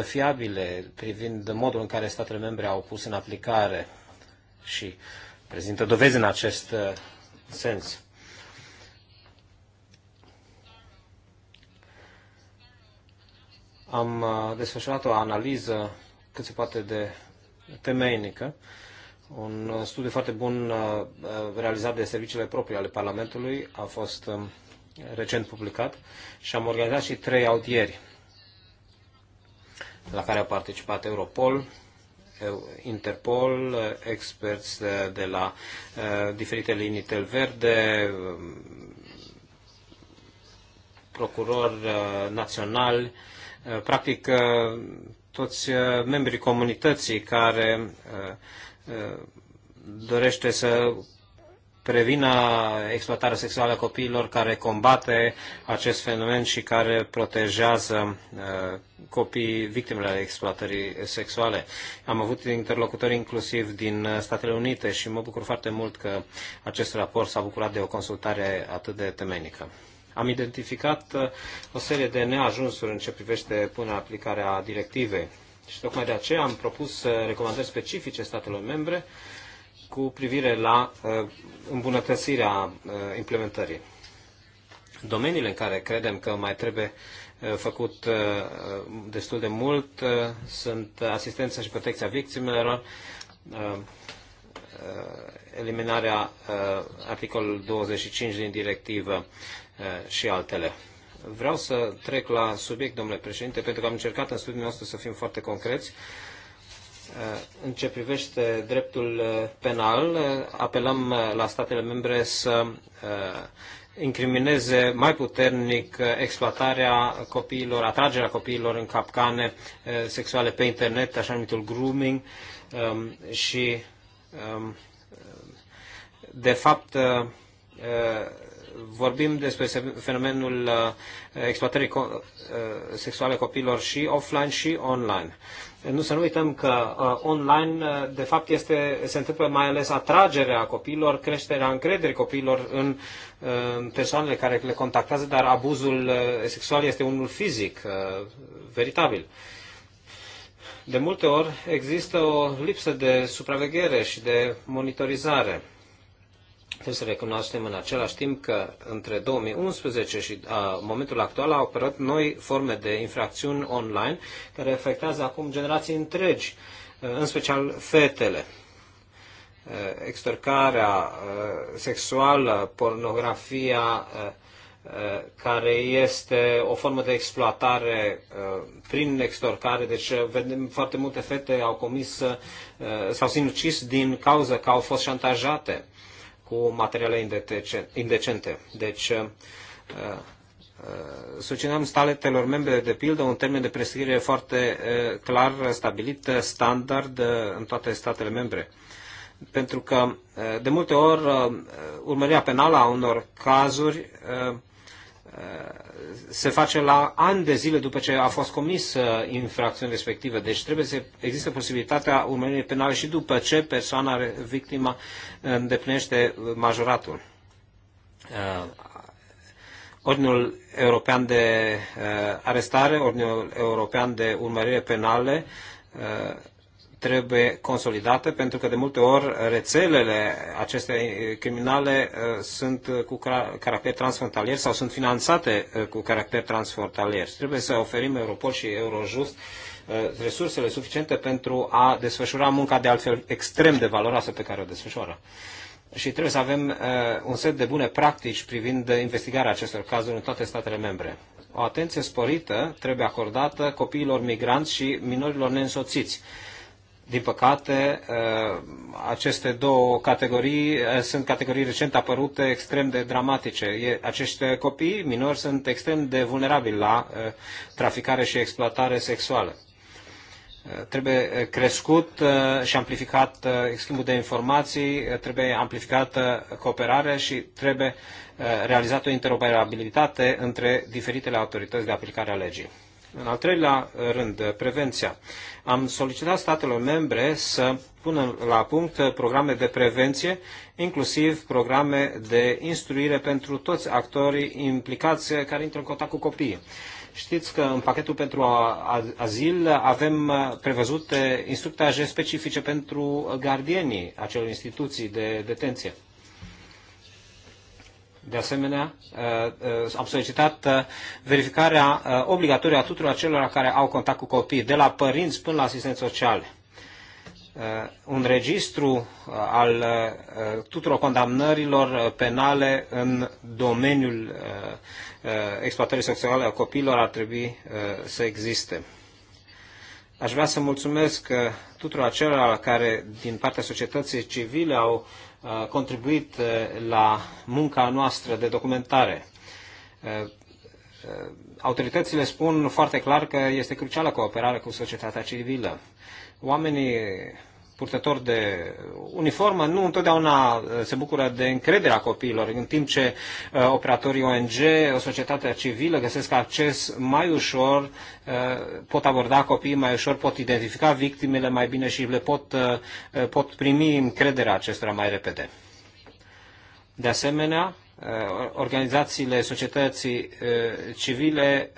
S3: fiabile privind modul în care statele membre au pus în aplicare și prezintă dovezi în acest sens. am uh, desfășurat o analiză cât se poate de temeinică, un uh, studiu foarte bun uh, realizat de serviciile proprii ale Parlamentului, a fost um, recent publicat și am organizat și trei audieri la care au participat Europol, Interpol, experți de, de la uh, diferite linii tel verde, um, procurori uh, naționali Eh, practic, eh, toți eh, membrii comunității care dorește să prevină exploatarea sexuală a copiilor, care combate acest fenomen și care protejează copiii victimele ale exploatării sexuale. Am avut interlocutori inclusiv din Statele Unite și mă bucur foarte mult că acest raport s-a bucurat de o consultare atât de temenică. Am identificat uh, o serie de neajunsuri în ce privește punerea aplicarea directivei. Și tocmai de aceea am propus uh, recomandări specifice statelor membre cu privire la uh, îmbunătățirea implementării. Domeniile în care credem că mai trebuie făcut destul de mult sunt asistența și protecția victimelor, eliminarea articolului 25 din directivă, Eh, și altele. Vreau să trec la subiect, domnule președinte, pentru că am încercat în studiul nostru să fim foarte concreți. Eh, în ce privește dreptul eh, penal, apelăm la statele membre să incrimineze mai puternic exploatarea copiilor, atragerea copiilor în capcane sexuale pe internet, așa numitul grooming ehm, și ehm, de fapt vorbim despre fenomenul uh, exploatării uh, sexuale copiilor și offline și online. Nu să nu uităm că uh, online, de fapt, este, se întâmplă mai ales atragerea copiilor, creșterea încrederii copiilor în persoanele care le contactează, dar abuzul sexual este unul fizic, veritabil. De multe ori există o lipsă de supraveghere și de monitorizare. Trebuie să recunoaștem în același timp că între 2011 și a, momentul actual au apărut noi forme de infracțiuni online care afectează acum generații întregi, în special fetele. Extorcarea sexuală, pornografia, care este o formă de exploatare prin extorcare. Deci vedem foarte multe fete au comis sau sinucis din cauza că au fost șantajate cu materiale indecente. Deci, uh, uh, Sugerăm statelor membre, de pildă, un termen de prescriere foarte uh, clar stabilit, standard în toate statele membre. Pentru că, de multe ori, urmăria penală a unor cazuri se face la ani de zile după ce a fost comis uh, infracțiunea respectivă. Deci trebuie să există posibilitatea urmăririi penale și după ce persoana, victima, uh, îndeplinește uh, majoratul. Ordinul European de Arestare, Ordinul European de Urmărire Penale trebuie consolidate, pentru că de multe ori rețelele acestea criminale uh, sunt uh, cu caracter transfrontalier sau sunt finanțate uh, cu caracter transfrontalier. Trebuie să oferim Europol și Eurojust resursele suficiente pentru a desfășura munca de altfel extrem de valoroasă pe care o desfășoară. Și trebuie să avem un set de bune practici privind investigarea acestor cazuri în toate statele membre. O atenție sporită trebuie acordată copiilor migranți și minorilor neînsoțiți din păcate, eh, aceste două categorii eh, sunt categorii recent apărute extrem de dramatice. Acești copii minori sunt extrem de vulnerabili la eh, traficare și exploatare sexuală. Trebuie crescut și amplificat schimbul de informații, trebuie amplificată cooperarea și trebuie realizată o interoperabilitate între diferitele autorități de aplicare a legii. În al treilea rând, prevenția. Am solicitat statelor membre să pună la punct programe de prevenție, inclusiv programe de instruire pentru toți actorii implicați care intră în contact cu copiii. Știți că în pachetul pentru azil avem prevăzute instructaje specifice pentru gardienii acelor instituții de detenție. De asemenea, uh, uh, am solicitat uh, verificarea obligatorie a tuturor celor care au contact cu copii, de la părinți până la asistenți sociale. Un registru al tuturor condamnărilor penale în domeniul exploatării sexuale a copiilor ar trebui să existe. Aș vrea să mulțumesc tuturor acelora care, din partea societății civile, au contribuit la munca noastră de documentare. Autoritățile spun foarte clar că este crucială cooperarea cu societatea civilă. Oamenii Purtător de uniformă nu întotdeauna uh, se bucură de încrederea copiilor, în timp ce uh, operatorii ONG, o societate civilă găsesc acces mai ușor, uh, pot aborda copiii mai ușor, pot identifica victimele mai bine și le pot, pot primi încrederea acestora mai repede. De asemenea, organizațiile societății civile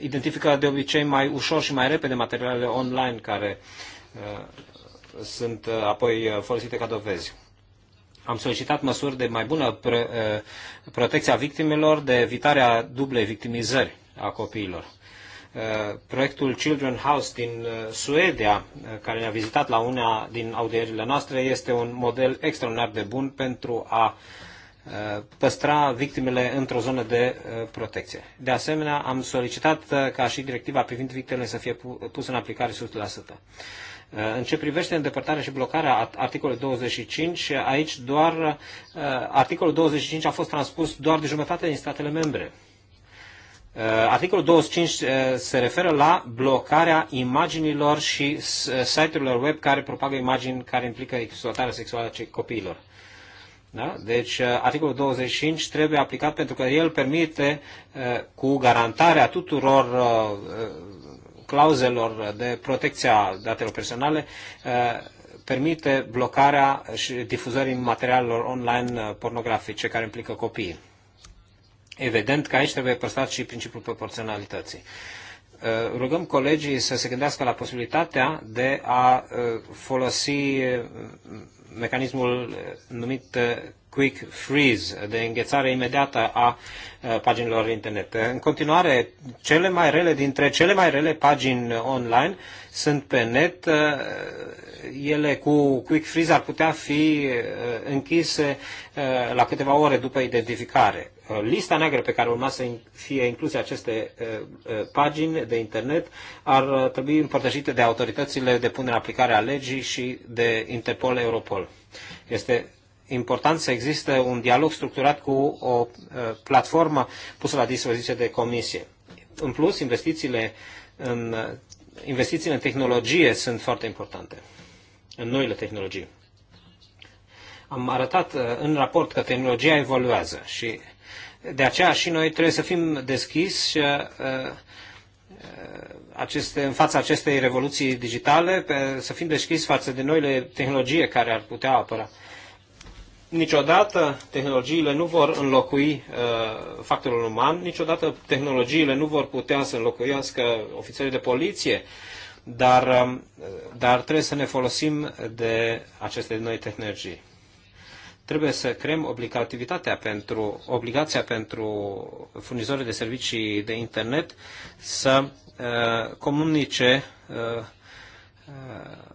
S3: identifică de obicei mai ușor și mai repede materialele online care sunt uh, apoi uh, folosite ca dovezi. Am solicitat măsuri de mai bună uh, protecție a victimelor, de evitarea dublei victimizări a copiilor. Proiectul Children House din Suedia, care ne-a vizitat la una din audierile noastre, este un model extraordinar de bun pentru a păstra victimele într-o zonă de protecție. De asemenea, am solicitat ca și directiva privind victimele să fie pusă în aplicare 100%. Uh, în ce privește îndepărtarea și blocarea articolului 25, aici doar uh, articolul 25 a fost transpus doar de jumătate din statele membre. Uh, articolul 25 se referă la blocarea imaginilor și site-urilor web care propagă imagini care implică exploatarea sexuală a copiilor. Da? Deci articolul 25 trebuie aplicat pentru că el permite cu garantarea tuturor clauzelor de protecție a datelor personale uh, permite blocarea și difuzării materialelor online uh, pornografice care implică copiii. Evident că aici trebuie păstrat și principiul proporționalității. Uh, rugăm colegii să se gândească la posibilitatea de a folosi mecanismul numit quick freeze, de înghețare imediată a paginilor internet. În continuare, cele mai rele dintre cele mai rele pagini online sunt pe net. Ele cu quick freeze ar putea fi închise la câteva ore după identificare. Lista neagră pe care urma să fie incluse aceste pagini de internet ar trebui împărtășite de autoritățile de punere în aplicare a legii și de Interpol Europol. Este important să existe un dialog structurat cu o uh, platformă pusă la dispoziție de comisie. În plus, investițiile în, uh, investițiile în tehnologie sunt foarte importante, în noile tehnologii. Am arătat uh, în raport că tehnologia evoluează și de aceea și noi trebuie să fim deschiși și aceste, în fața acestei revoluții digitale, pe, să fim deschiși față de noile tehnologie care ar putea apăra niciodată tehnologiile nu vor înlocui uh, factorul uman, niciodată tehnologiile nu vor putea să înlocuiască ofițerii de poliție, dar, uh, dar trebuie să ne folosim de aceste noi tehnologii. Trebuie să creăm obligativitatea pentru, obligația pentru furnizorii de servicii de internet să uh, comunice uh, uh,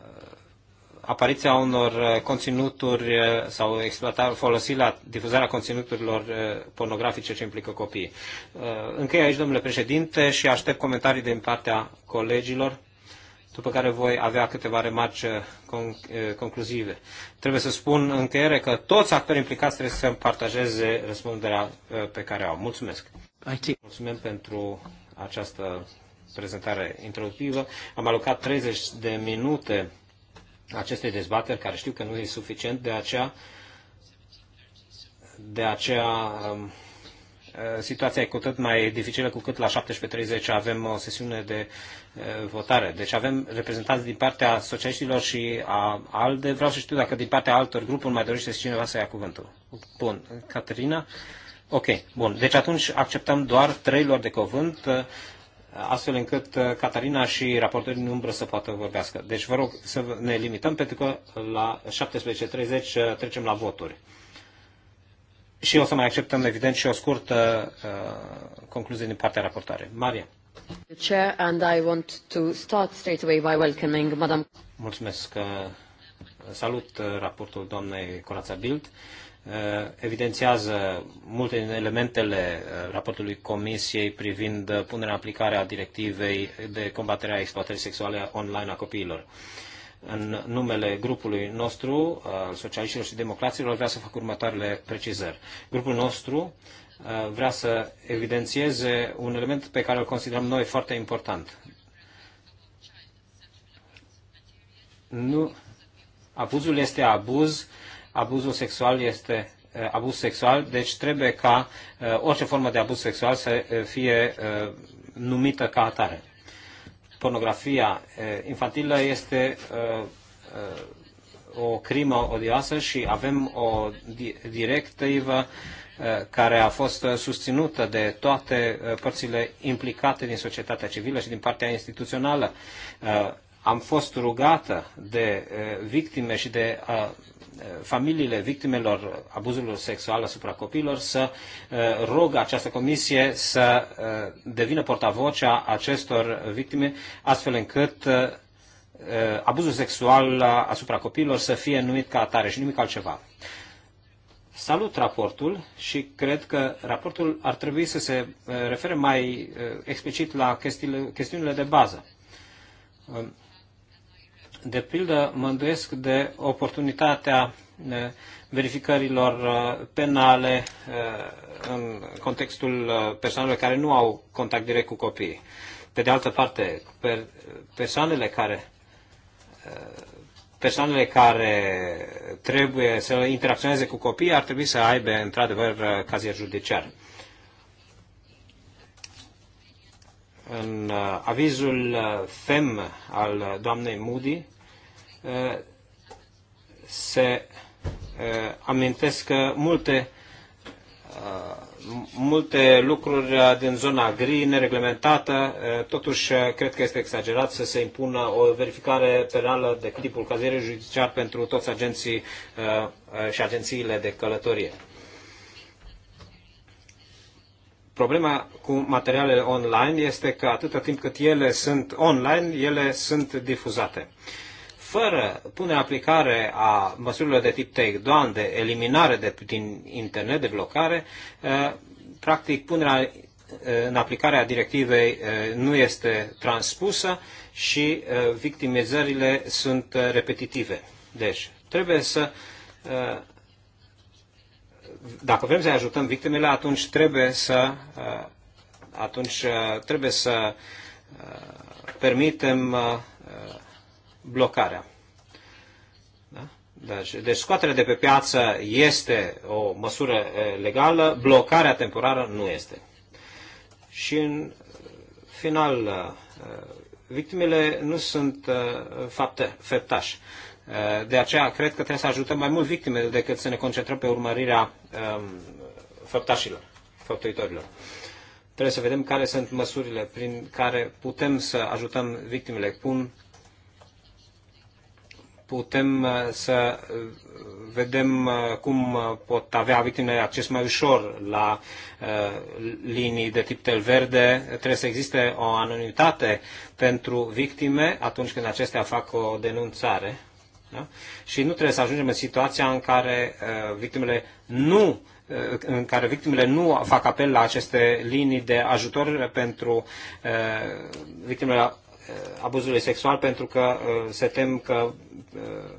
S3: apariția unor uh, conținuturi uh, sau folosit folosirea, difuzarea conținuturilor uh, pornografice ce implică copiii. Închei aici, domnule președinte, și aștept comentarii din partea colegilor, după care voi avea câteva remarci concluzive. Trebuie să spun în încheiere că toți actorii implicați trebuie să împartajeze răspunderea pe care au. Mulțumesc! Mulțumim pentru această prezentare introductivă. Am alocat 30 de minute acestei dezbateri, care știu că nu e suficient, de aceea, de aceea um, uh, situația e cu atât mai dificilă cu cât la 17.30 avem o sesiune de uh, votare. Deci avem reprezentanți din partea socialiștilor și a ALDE. Vreau să știu dacă din partea altor grupuri mai dorește cineva să ia cuvântul. Bun. Caterina? Ok, bun. Deci atunci acceptăm doar trei luări de cuvânt astfel încât uh, Catarina și raportorii în umbră să poată vorbească. Deci vă rog să ne limităm, pentru că la 17.30 uh, trecem la voturi. Și o să mai acceptăm, evident, și o scurtă uh, concluzie din partea raportare. Maria. Chair, and I want to start straight away by welcoming Madam. Mulțumesc. Uh, salut raportul doamnei Corața Bild. Uh, Uh, evidențiază multe din elementele uh, raportului Comisiei privind uh, punerea în aplicare a directivei de combatere a exploatării sexuale online a copiilor. În numele grupului nostru, socialiștilor și democraților, vreau să fac următoarele precizări. Grupul nostru vrea să evidențieze un element pe care îl considerăm noi foarte important. Nu, abuzul este abuz abuzul sexual este uh, abuz sexual, deci trebuie ca uh, orice formă de abuz sexual să uh, fie numită ca atare. Pornografia infantilă este o crimă odioasă și avem o directivă care a fost susținută de toate părțile implicate din societatea civilă și din partea instituțională am fost rugată de eh, victime și de eh, familiile victimelor abuzurilor sexuale asupra copiilor să eh, rog această comisie să devină portavocea acestor victime, astfel încât abuzul sexual asupra copiilor să fie numit ca atare și nimic altceva. Salut raportul și cred că raportul ar trebui să se refere mai explicit la chestiunile de bază. De pildă, mă îndoiesc de oportunitatea verificărilor penale în contextul persoanelor care nu au contact direct cu copiii. Pe de altă parte, persoanele care persoanele care trebuie să interacționeze cu copiii ar trebui să aibă într-adevăr cazier judiciar. în uh, avizul uh, FEM al doamnei Moody uh, se amintesc multe, multe lucruri din zona gri, nereglementată. Totuși, cred că este exagerat să se impună o verificare penală de tipul cazierei judiciar pentru toți agenții și agențiile de călătorie. Problema cu materialele online este că atâta timp cât ele sunt online, ele sunt difuzate. Fără punerea aplicare a măsurilor de tip takedown, de eliminare de, din internet, de blocare, eh, practic punerea eh, în aplicarea directivei eh, nu este transpusă și victimizările sunt repetitive. Deci, trebuie să dacă vrem să ajutăm victimele, atunci trebuie să, uh, atunci uh, trebuie să uh, permitem blocarea. Da? Deci, deci scoaterea de pe piață este o măsură legală, blocarea temporară nu este. Și în final, victimele nu sunt fapte, feptași. Eh, de aceea cred că trebuie să ajutăm mai mult victimele decât să ne concentrăm pe urmărirea ehm, făptașilor, făptuitorilor. Trebuie să vedem care sunt măsurile prin care putem să ajutăm victimele. Cum putem eh, să eh, vedem cum pot avea victimele acces mai ușor la linii de tip tel verde. Trebuie să existe o anonimitate pentru victime atunci când acestea fac o denunțare. Da? Și nu trebuie să ajungem în situația în care uh, victimele nu uh, în care victimele nu fac apel la aceste linii de ajutor pentru uh, victimele uh, abuzului sexual pentru că uh, se tem că uh,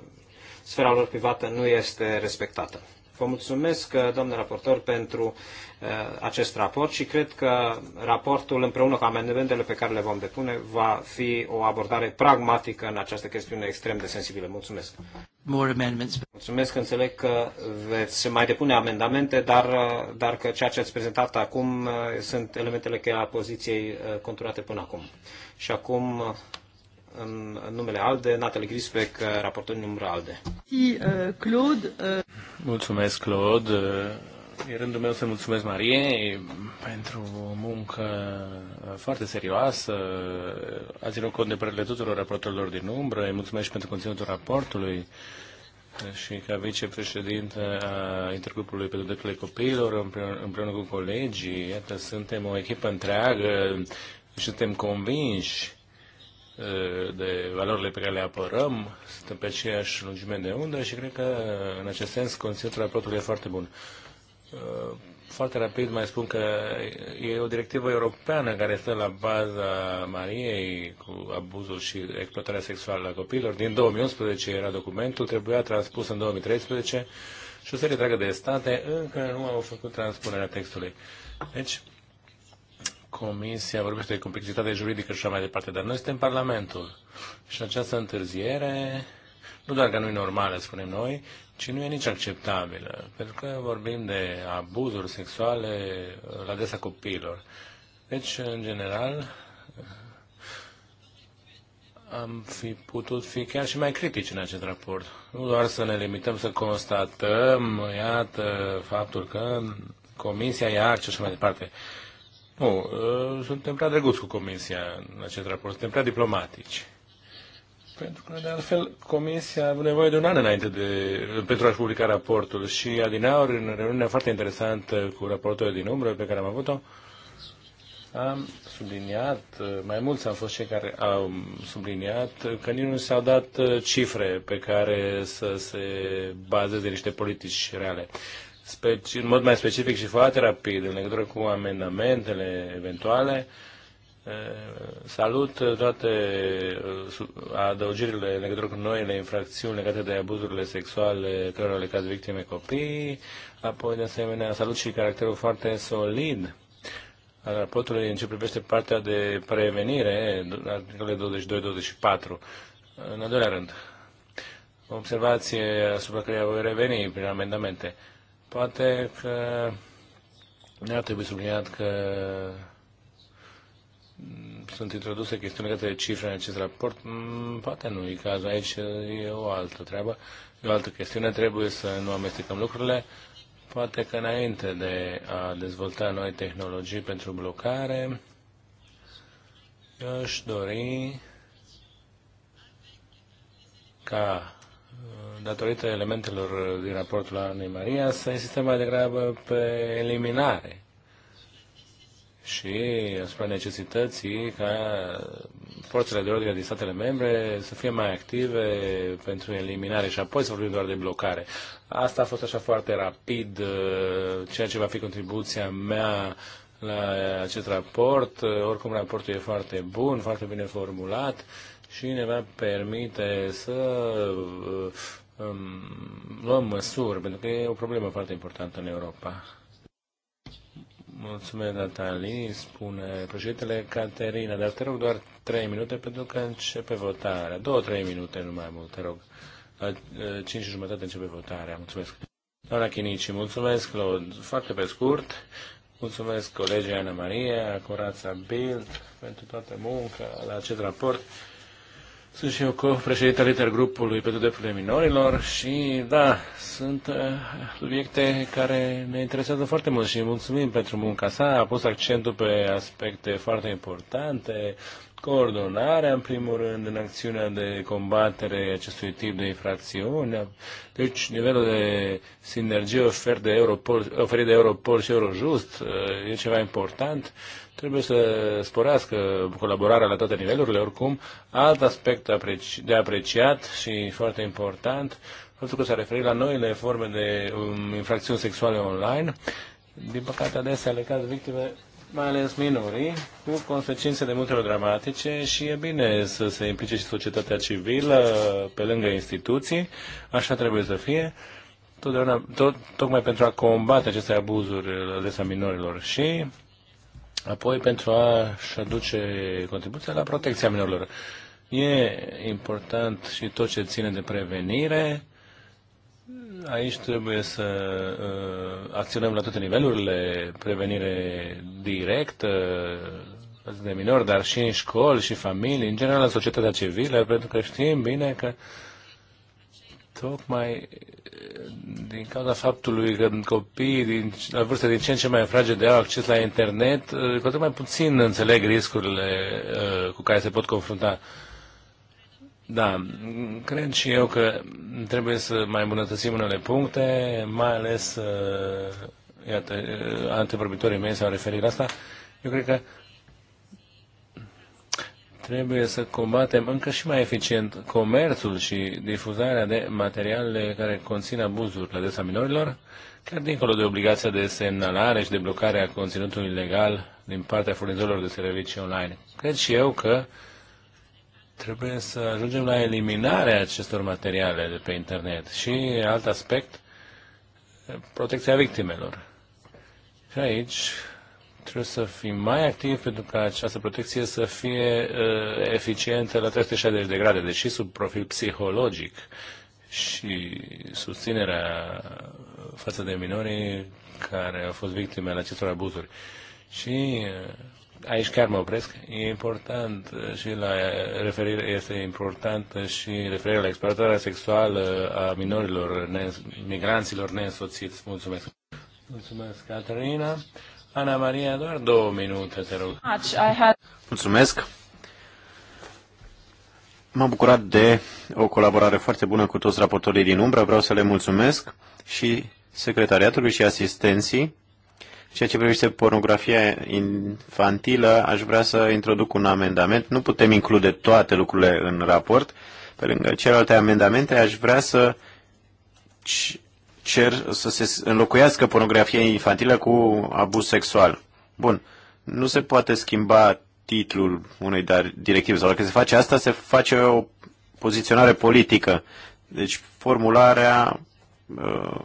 S3: sfera lor privată nu este respectată. Vă mulțumesc, uh, doamnă raportor, pentru uh, acest raport și cred că raportul, împreună cu amendamentele pe care le vom depune, va fi o abordare pragmatică în această chestiune extrem de sensibilă. Mulțumesc! More Mulțumesc, înțeleg că veți mai depune amendamente, dar, uh, dar că ceea ce ați prezentat acum sunt elementele cheia a poziției conturate până acum. Și acum în numele ALDE, Natalie Grisbeck, raportor în numărul ALDE.
S1: Uh, Claude. Uh. Mulțumesc, Claude. Uh, e rândul meu să mulțumesc Marie pentru o muncă foarte serioasă. A ținut cont de părerile tuturor raportorilor din umbră. Îi mulțumesc și pentru conținutul raportului și ca vicepreședinte a intergrupului pentru drepturile copiilor împreună cu colegii. Iată, suntem o echipă întreagă și suntem convinși Uh, de valorile pe care le apărăm, suntem pe aceeași lungime de undă și cred că în acest sens conținutul raportului e foarte bun. Uh, foarte rapid mai spun că e o directivă europeană care stă la baza Mariei cu abuzul și exploatarea sexuală a copiilor. Din 2011 era documentul, trebuia transpus în 2013 și o serie întreagă de state încă nu au făcut transpunerea textului. Deci, Comisia vorbește de complexitate juridică și așa mai departe, dar noi suntem Parlamentul și această întârziere nu doar că nu e normală, spunem noi, ci nu e nici acceptabilă, pentru că vorbim de abuzuri sexuale la adresa copiilor. Deci, în general, am fi putut fi chiar și mai critici în acest raport. Nu doar să ne limităm să constatăm, iată, faptul că Comisia ia și așa mai departe. Nu, uh, suntem prea drăguți cu Comisia în acest raport, suntem prea diplomatici. Pentru că, de altfel, Comisia a avut nevoie de un an înainte de, pentru a-și publica raportul și Adinaur, în reuniunea foarte interesantă cu raportul din umbră pe care am avut-o, am subliniat, uh, mai mulți au fost cei care au subliniat că nici nu s-au dat uh, cifre pe care să se bazeze niște politici reale speci, în mod mai specific și foarte rapid în legătură cu amendamentele eventuale. Salut toate adăugirile în legătură cu noile infracțiuni legate de abuzurile sexuale cărora le caz victime copii. Apoi, de asemenea, salut și caracterul foarte solid al raportului în ce privește partea de prevenire, articolele 22-24. În al doilea rând, observație asupra care voi reveni prin amendamente. Poate că ne-ar trebui subliniat că sunt introduse chestiuni către de cifre în acest raport. Mm, poate nu e cazul aici, e o altă treabă, e o altă chestiune, trebuie să nu amestecăm lucrurile. Poate că înainte de a dezvolta noi tehnologii pentru blocare, eu aș dori ca datorită elementelor din raportul Anei Maria, să insistăm mai degrabă pe eliminare și asupra necesității ca forțele de ordine din statele membre să fie mai active pentru eliminare și apoi să vorbim doar de blocare. Asta a fost așa foarte rapid, uh, ceea ce va fi contribuția mea la acest raport. Uh, oricum, raportul e foarte bun, foarte bine formulat și ne va permite să uh, luăm măsuri, pentru că e o problemă foarte importantă în Europa. Mulțumesc, Natali, spune președintele Caterina, dar te rog doar trei minute pentru că începe votarea. Două trei minute, nu mai mult, te rog. La eh, cinci și jumătate începe votarea. Mulțumesc. Doamna Chinici, mulțumesc, Claude. Foarte pe scurt, mulțumesc colegii Ana Maria, Corața Bild, pentru toată munca la acest raport. Sunt și eu co-președinte al intergrupului pentru drepturile minorilor și, da, sunt uh, subiecte care ne interesează foarte mult și mulțumim pentru munca sa. A pus accentul pe aspecte foarte importante, coordonarea, în primul rând, în acțiunea de combatere acestui tip de infracțiuni. Deci, nivelul de sinergie oferit de Europol, oferit de Europol și Eurojust uh, e ceva important trebuie să sporească colaborarea la toate nivelurile. Oricum, alt aspect de apreciat și foarte important, faptul că s-a referit la noile forme de um, infracțiuni sexuale online. Din păcate, adesea le caz victime mai ales minorii, cu consecințe de multe ori dramatice și e bine să se implice și societatea civilă pe lângă instituții, așa trebuie să fie, tot, tocmai pentru a combate aceste abuzuri adesea minorilor. Și Apoi, pentru a-și aduce contribuția la protecția minorilor. E important și tot ce ține de prevenire. Aici trebuie să uh, acționăm la toate nivelurile, prevenire directă, uh, de minori, dar și în școli și familii, în general la societatea civilă, pentru că știm bine că tocmai din cauza faptului că copiii din, la vârste din ce în ce mai fragede au acces la internet, uh, cu atât mai puțin înțeleg riscurile uh, cu care se pot confrunta. Da, cred și eu că trebuie să mai îmbunătățim unele puncte, mai ales, uh, iată, antevorbitorii mei s-au referit la asta. Eu cred că trebuie să combatem încă și mai eficient comerțul și difuzarea de materiale care conțin abuzuri la adresa minorilor, chiar dincolo de obligația de semnalare și de blocare a conținutului ilegal din partea furnizorilor de servicii online. Cred și eu că trebuie să ajungem la eliminarea acestor materiale de pe internet și alt aspect, protecția victimelor. Și aici Trebuie să fim mai activi pentru ca această protecție să fie uh, eficientă la 360 de grade, deși sub profil psihologic și susținerea față de minorii care au fost victime ale acestor abuzuri. Și uh, aici chiar mă opresc. E important uh, și la referire, este important și referirea la exploatarea sexuală a minorilor, ne, migranților neînsoțiți. Mulțumesc. Mulțumesc, Caterina. Ana Maria, doar două minute, te rog.
S2: Mulțumesc. M-am bucurat de o colaborare foarte bună cu toți raportorii din umbră. Vreau să le mulțumesc și secretariatului și asistenții. Ceea ce privește pornografia infantilă, aș vrea să introduc un amendament. Nu putem include toate lucrurile în raport. Pe lângă celelalte amendamente, aș vrea să cer să se înlocuiască pornografia infantilă cu abuz sexual. Bun, nu se poate schimba titlul unei directive sau dacă se face asta, se face o poziționare politică. Deci formularea uh,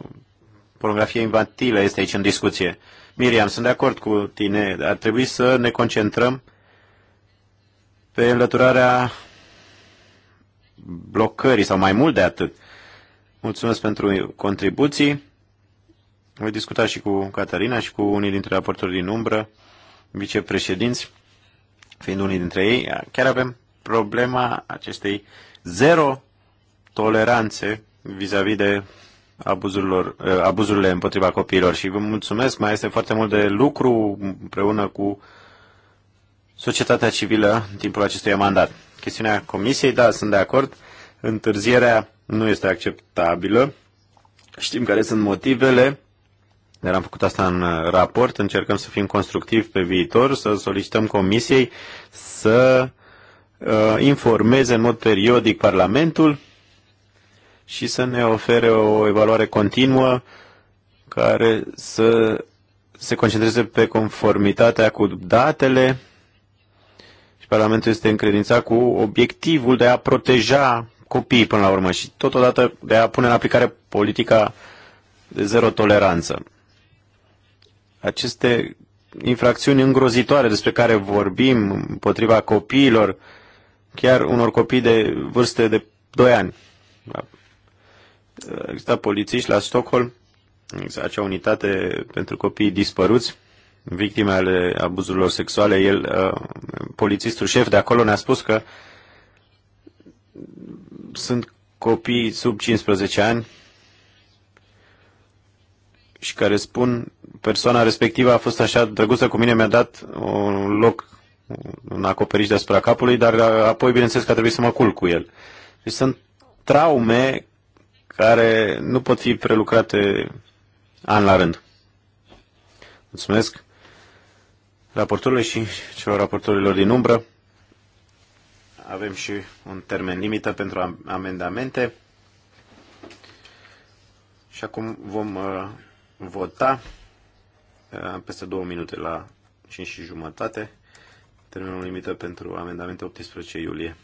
S2: pornografiei infantilă este aici în discuție. Miriam, sunt de acord cu tine. Ar trebui să ne concentrăm pe înlăturarea blocării sau mai mult de atât. Uh, Mulțumesc pentru contribuții. Voi discuta și cu Catarina și cu unii dintre raportori din umbră, vicepreședinți, fiind unii dintre ei. Chiar avem problema acestei zero toleranțe vis a -vis de abuzurilor, eh, abuzurile împotriva copiilor și vă mulțumesc, mai este foarte mult de lucru împreună cu societatea civilă în timpul acestui mandat. Chestiunea comisiei, da, sunt de acord. Întârzierea nu este acceptabilă. Știm care sunt motivele, dar am făcut asta în uh, raport, încercăm să fim constructivi pe viitor, să solicităm comisiei să uh, informeze în mod periodic Parlamentul și să ne ofere o evaluare continuă care să se concentreze pe conformitatea cu datele și Parlamentul este încredințat cu obiectivul de a proteja copiii până la urmă și totodată de a pune în aplicare politica de zero toleranță. Aceste infracțiuni îngrozitoare despre care vorbim împotriva copiilor, chiar unor copii de vârste de 2 ani. Da. Exista polițiști la Stockholm, exista acea unitate pentru copii dispăruți, victime ale abuzurilor sexuale. El, uh, polițistul șef de acolo ne-a spus că uh, sunt copii sub 15 ani și care spun persoana respectivă a fost așa drăguță cu mine, mi-a dat un loc, un acoperiș deasupra capului, dar apoi bineînțeles că a trebuit să mă culc cu el. Deci sunt traume care nu pot fi prelucrate an la rând. Mulțumesc Raporturile și celor raportorilor din umbră avem și un termen limită pentru amendamente. Și acum vom uh, vota uh, peste două minute la 5 și jumătate. Termenul limită pentru amendamente 18 iulie.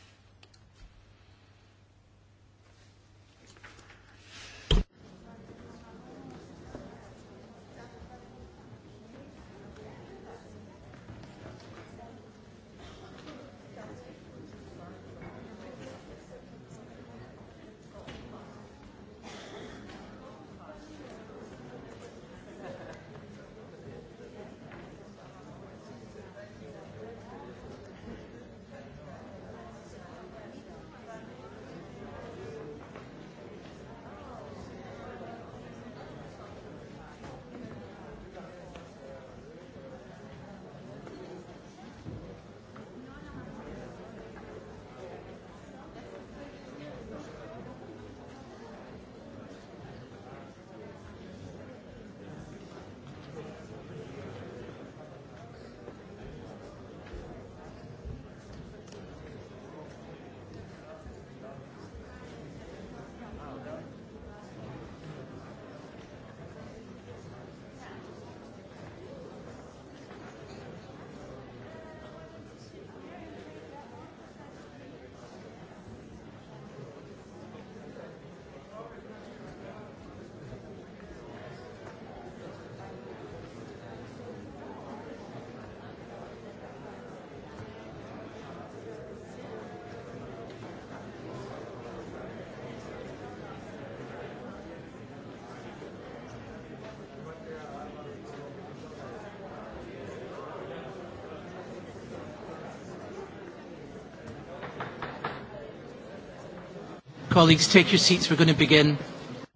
S2: Colleagues, take your seats. We're going to begin.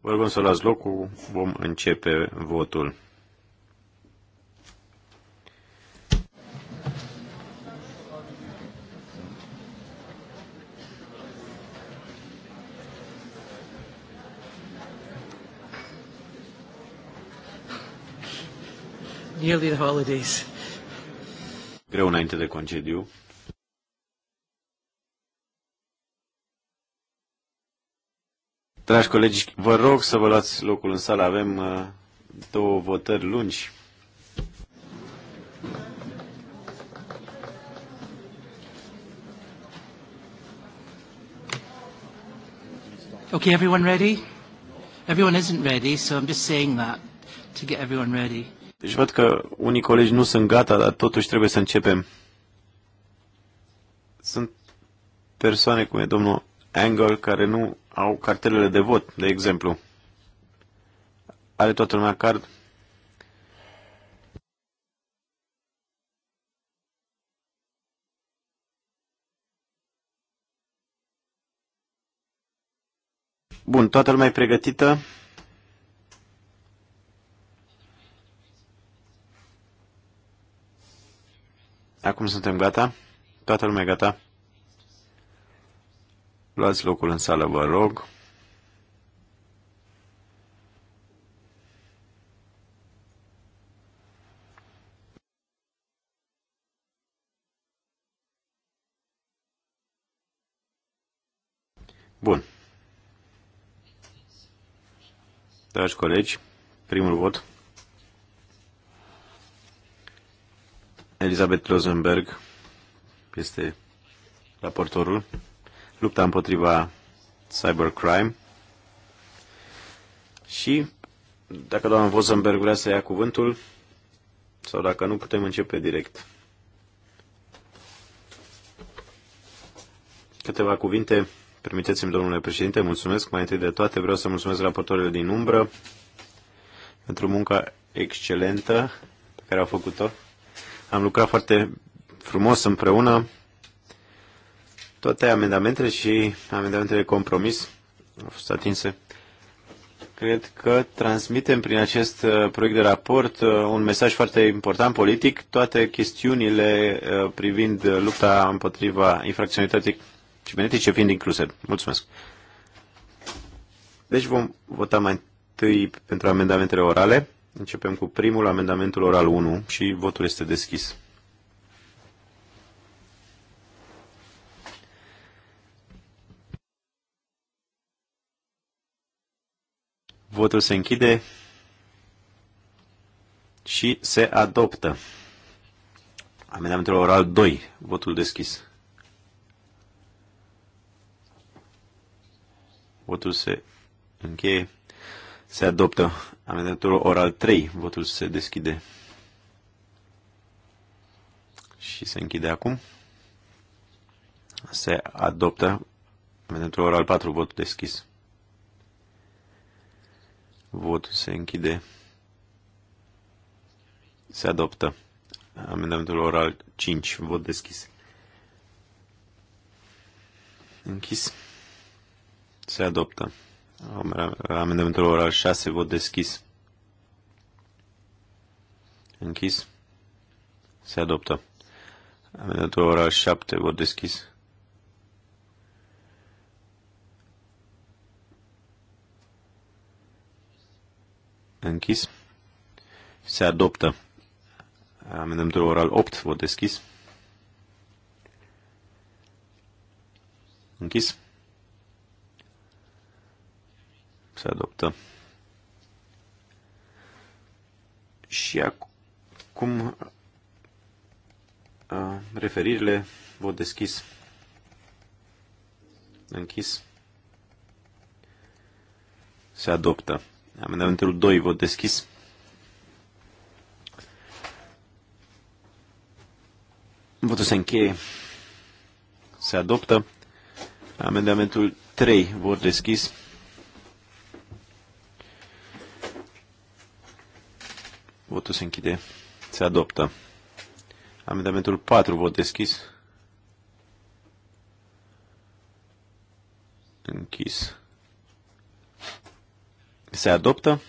S2: Vă rog să luați locul. Vom începe votul.
S1: Nearly the holidays.
S2: Greu înainte de concediu. Dragi colegi, vă rog să vă luați locul în sală. Avem uh, două votări lungi.
S3: Okay, everyone ready? Everyone isn't ready, so I'm just saying that to get everyone ready.
S2: Deci văd că unii colegi nu sunt gata, dar totuși trebuie să începem. Sunt persoane cum e domnul Angle care nu au cartelele de vot, de exemplu. Are toată lumea card? Bun, toată lumea e pregătită. Acum suntem gata. Toată lumea e gata. Luați locul în sală, vă rog. Bun. Dragi colegi, primul vot. Elizabeth Rosenberg este raportorul lupta împotriva cybercrime. Și dacă doamna Vosenberg vrea să ia cuvântul, sau dacă nu, putem începe direct. Câteva cuvinte. Permiteți-mi, domnule președinte, mulțumesc. Mai întâi de toate vreau să mulțumesc raportorilor din umbră pentru munca excelentă pe care au făcut-o. Am lucrat foarte frumos împreună toate amendamentele și amendamentele de compromis au fost atinse. Cred că transmitem prin acest uh, proiect de raport uh, un mesaj foarte important politic, toate chestiunile uh, privind lupta împotriva infracționalității cibernetice fiind incluse. Mulțumesc. Deci vom vota mai întâi pentru amendamentele orale. Începem cu primul amendamentul oral 1 și votul este deschis. Votul se închide și se adoptă. Amendamentul oral 2. Votul deschis. Votul se încheie. Se adoptă. Amendamentul oral 3. Votul se deschide. Și se închide acum. Se adoptă. Amendamentul oral 4. Votul deschis. Votul se închide. Se adoptă. Amendamentul oral 5. Vot deschis. Închis. Se adoptă. Amendamentul oral 6. Vot deschis. Închis. Se adoptă. Amendamentul oral 7. Vot deschis. închis. Se adoptă amendamentul oral 8, vot deschis. Închis. Se adoptă. Și acum referirile, vot deschis. Închis. Se adoptă. Amendamentul 2, vot deschis. Votul se încheie. Se adoptă. Amendamentul 3, vot deschis. Votul se închide. Se adoptă. Amendamentul 4, vot deschis. Închis. Se adoptă.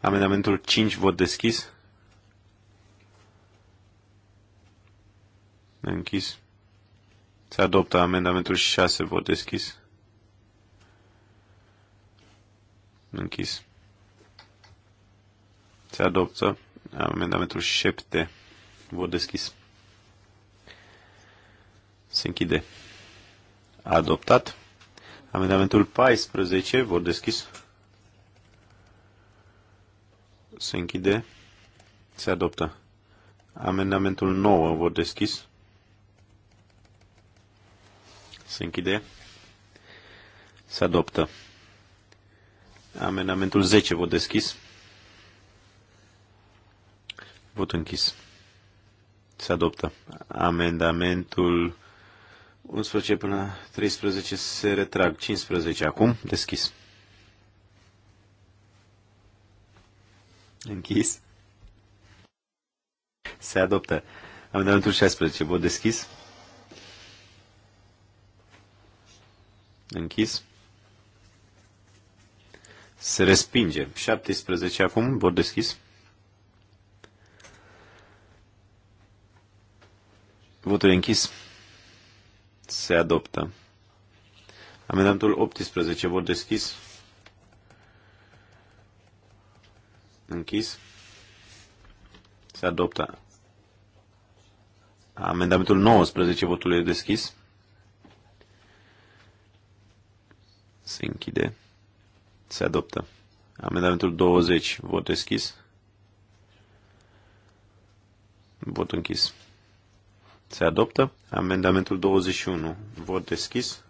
S2: Amendamentul 5, vot deschis. Închis. Se adoptă amendamentul 6, vot deschis. Închis. Se adoptă amendamentul 7, vot deschis. Se închide. Adoptat. Amendamentul 14, vot deschis. Se închide. Se adoptă. Amendamentul 9, vot deschis. Se închide. Se adoptă. Amendamentul 10, vot deschis. Vot închis. Se adoptă. Amendamentul 11 până 13 se retrag. 15 acum, deschis. Închis. Se adoptă. Am Amendamentul 16. Vot deschis. Închis. Se respinge. 17 acum. Vot deschis. Votul închis. Se adoptă. Amendamentul 18. Vot deschis. Închis. Se adoptă. Amendamentul 19, votul e deschis. Se închide. Se adoptă. Amendamentul 20, vot deschis. Vot închis. Se adoptă. Amendamentul 21, vot deschis.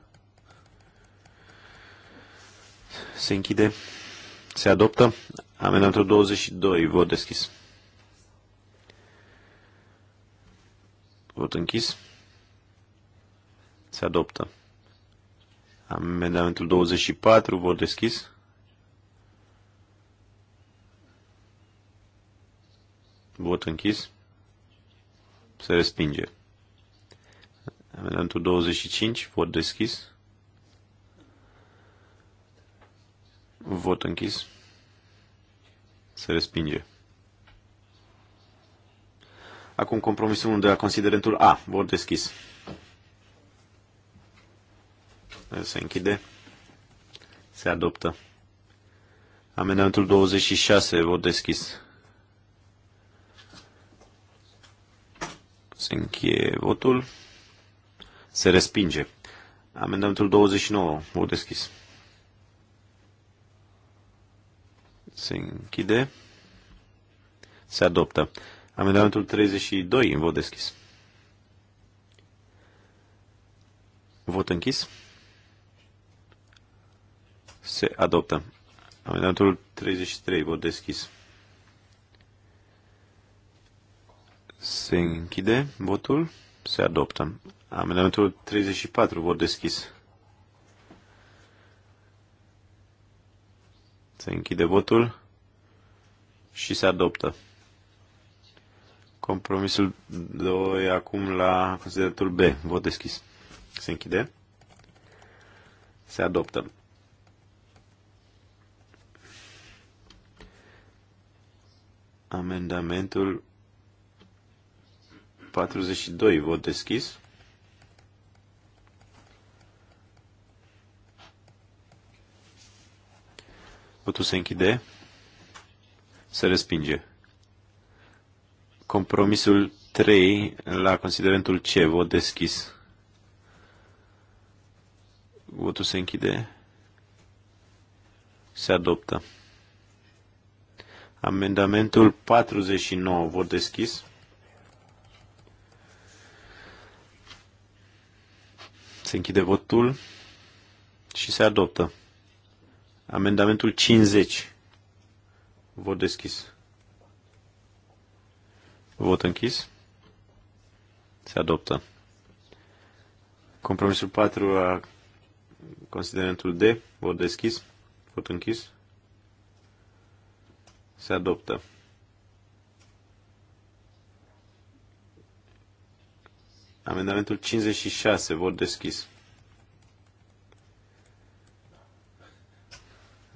S2: Se închide. Se adoptă. Amendamentul 22, vot deschis. Vot închis. Se adoptă. Amendamentul 24, vot deschis. Vot închis. Se respinge. Amendamentul 25, vot deschis. Vot închis. Se respinge. Acum compromisul 1 de la considerentul A. Vot deschis. Se închide. Se adoptă. Amendamentul 26. Vot deschis. Se încheie votul. Se respinge. Amendamentul 29. Vot deschis. Se închide. Se adoptă. Amendamentul 32 în vot deschis. Vot închis. Se adoptă. Amendamentul 33, vot deschis. Se închide votul. Se adoptă. Amendamentul 34, vot deschis. Se închide votul și se adoptă. Compromisul 2 acum la consideratul B. Vot deschis. Se închide. Se adoptă. Amendamentul 42. Vot deschis. Votul se închide. Se respinge. Compromisul 3 la considerentul C, vot deschis. Votul se închide. Se adoptă. Amendamentul 49, vot deschis. Se închide votul și se adoptă. Amendamentul 50. Vot deschis. Vot închis. Se adoptă. Compromisul 4 a considerentul D. Vot deschis. Vot închis. Se adoptă. Amendamentul 56. Vot deschis.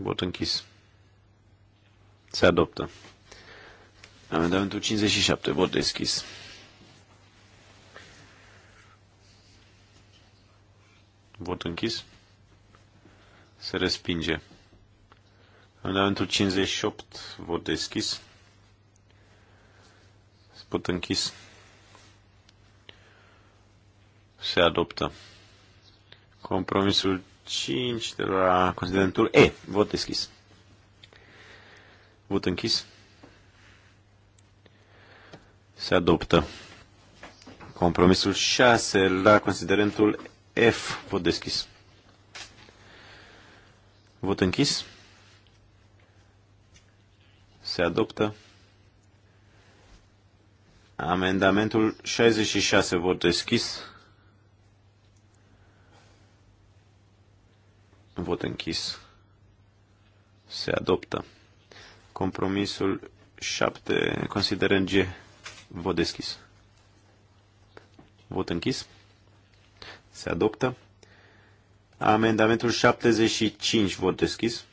S2: Vot închis. Se adoptă. Amendamentul 57. Vot deschis. Vot închis. Se respinge. Amendamentul 58. Vot deschis. Vot închis. Se adoptă. Compromisul 5 de la considerentul E. Vot deschis. Vot închis. Se adoptă. Compromisul 6 la considerentul F. Vot deschis. Vot închis. Se adoptă. Amendamentul 66. Vot deschis. Vot închis. Se adoptă. Compromisul 7, considerând G, vot deschis. Vot închis. Se adoptă. Amendamentul 75, vot deschis.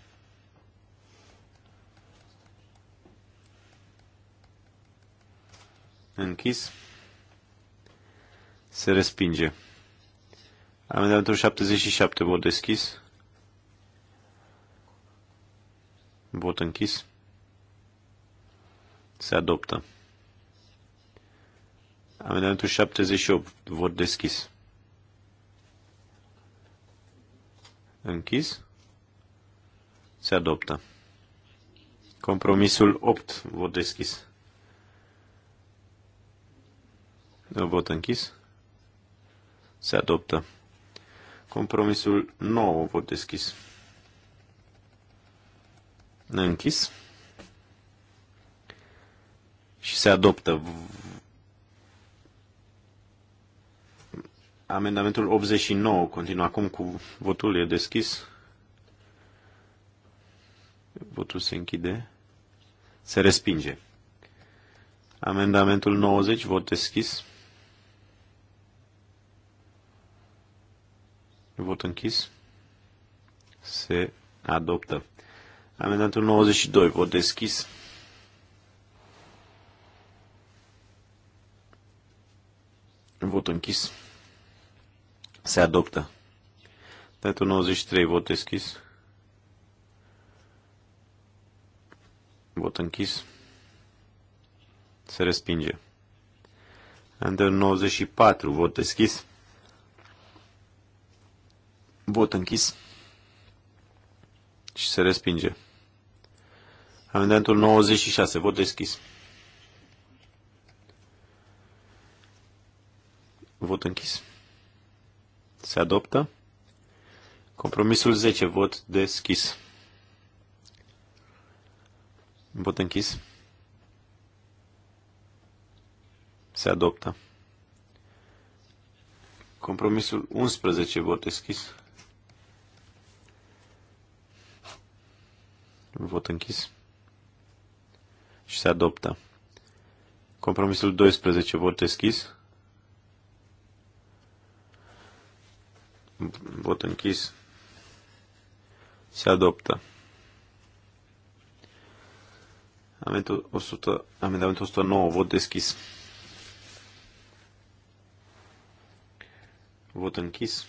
S2: Închis. Se respinge. Amendamentul 77, vot deschis. Vot închis. Se adoptă. Amendamentul 78. Vot deschis. Închis. Se adoptă. Compromisul 8. Vot deschis. Vot închis. Se adoptă. Compromisul 9. Vot deschis. Închis. Și se adoptă amendamentul 89. Continuă acum cu votul. E deschis. Votul se închide. Se respinge. Amendamentul 90. Vot deschis. Vot închis. Se adoptă. Amendamentul 92, vot deschis. Vot închis. Se adoptă. Amendamentul 93, vot deschis. Vot închis. Se respinge. Amendamentul 94, vot deschis. Vot închis. Și se respinge. Amendamentul 96. Vot deschis. Vot închis. Se adoptă. Compromisul 10. Vot deschis. Vot închis. Se adoptă. Compromisul 11. Vot deschis. Vot închis și se adoptă. Compromisul 12, vot deschis. Vot închis. Se adoptă. Amendamentul 100, amendamentul 109, vot deschis. Vot închis.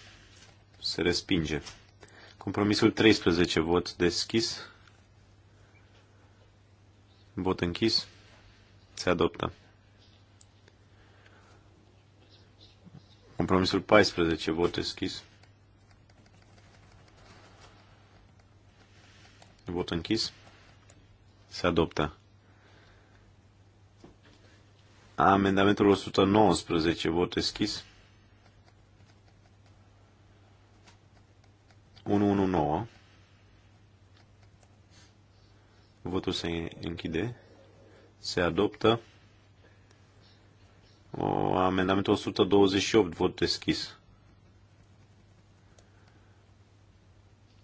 S2: Se respinge. Compromisul 13, vot deschis. Vot închis. Se adoptă. Compromisul 14. Vot deschis. Vot închis. Se adoptă. Amendamentul 119. Vot deschis. 119. Votul se închide. Se adoptă. O, amendamentul 128, vot deschis.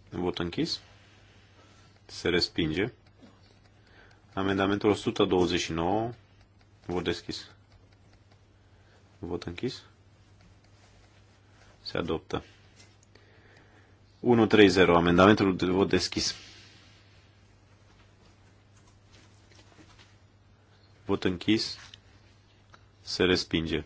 S2: Vot închis. Se respinge. Amendamentul 129, vot deschis. Vot închis. Se adoptă. 130, amendamentul de vot deschis. Vot închis. Se respinge.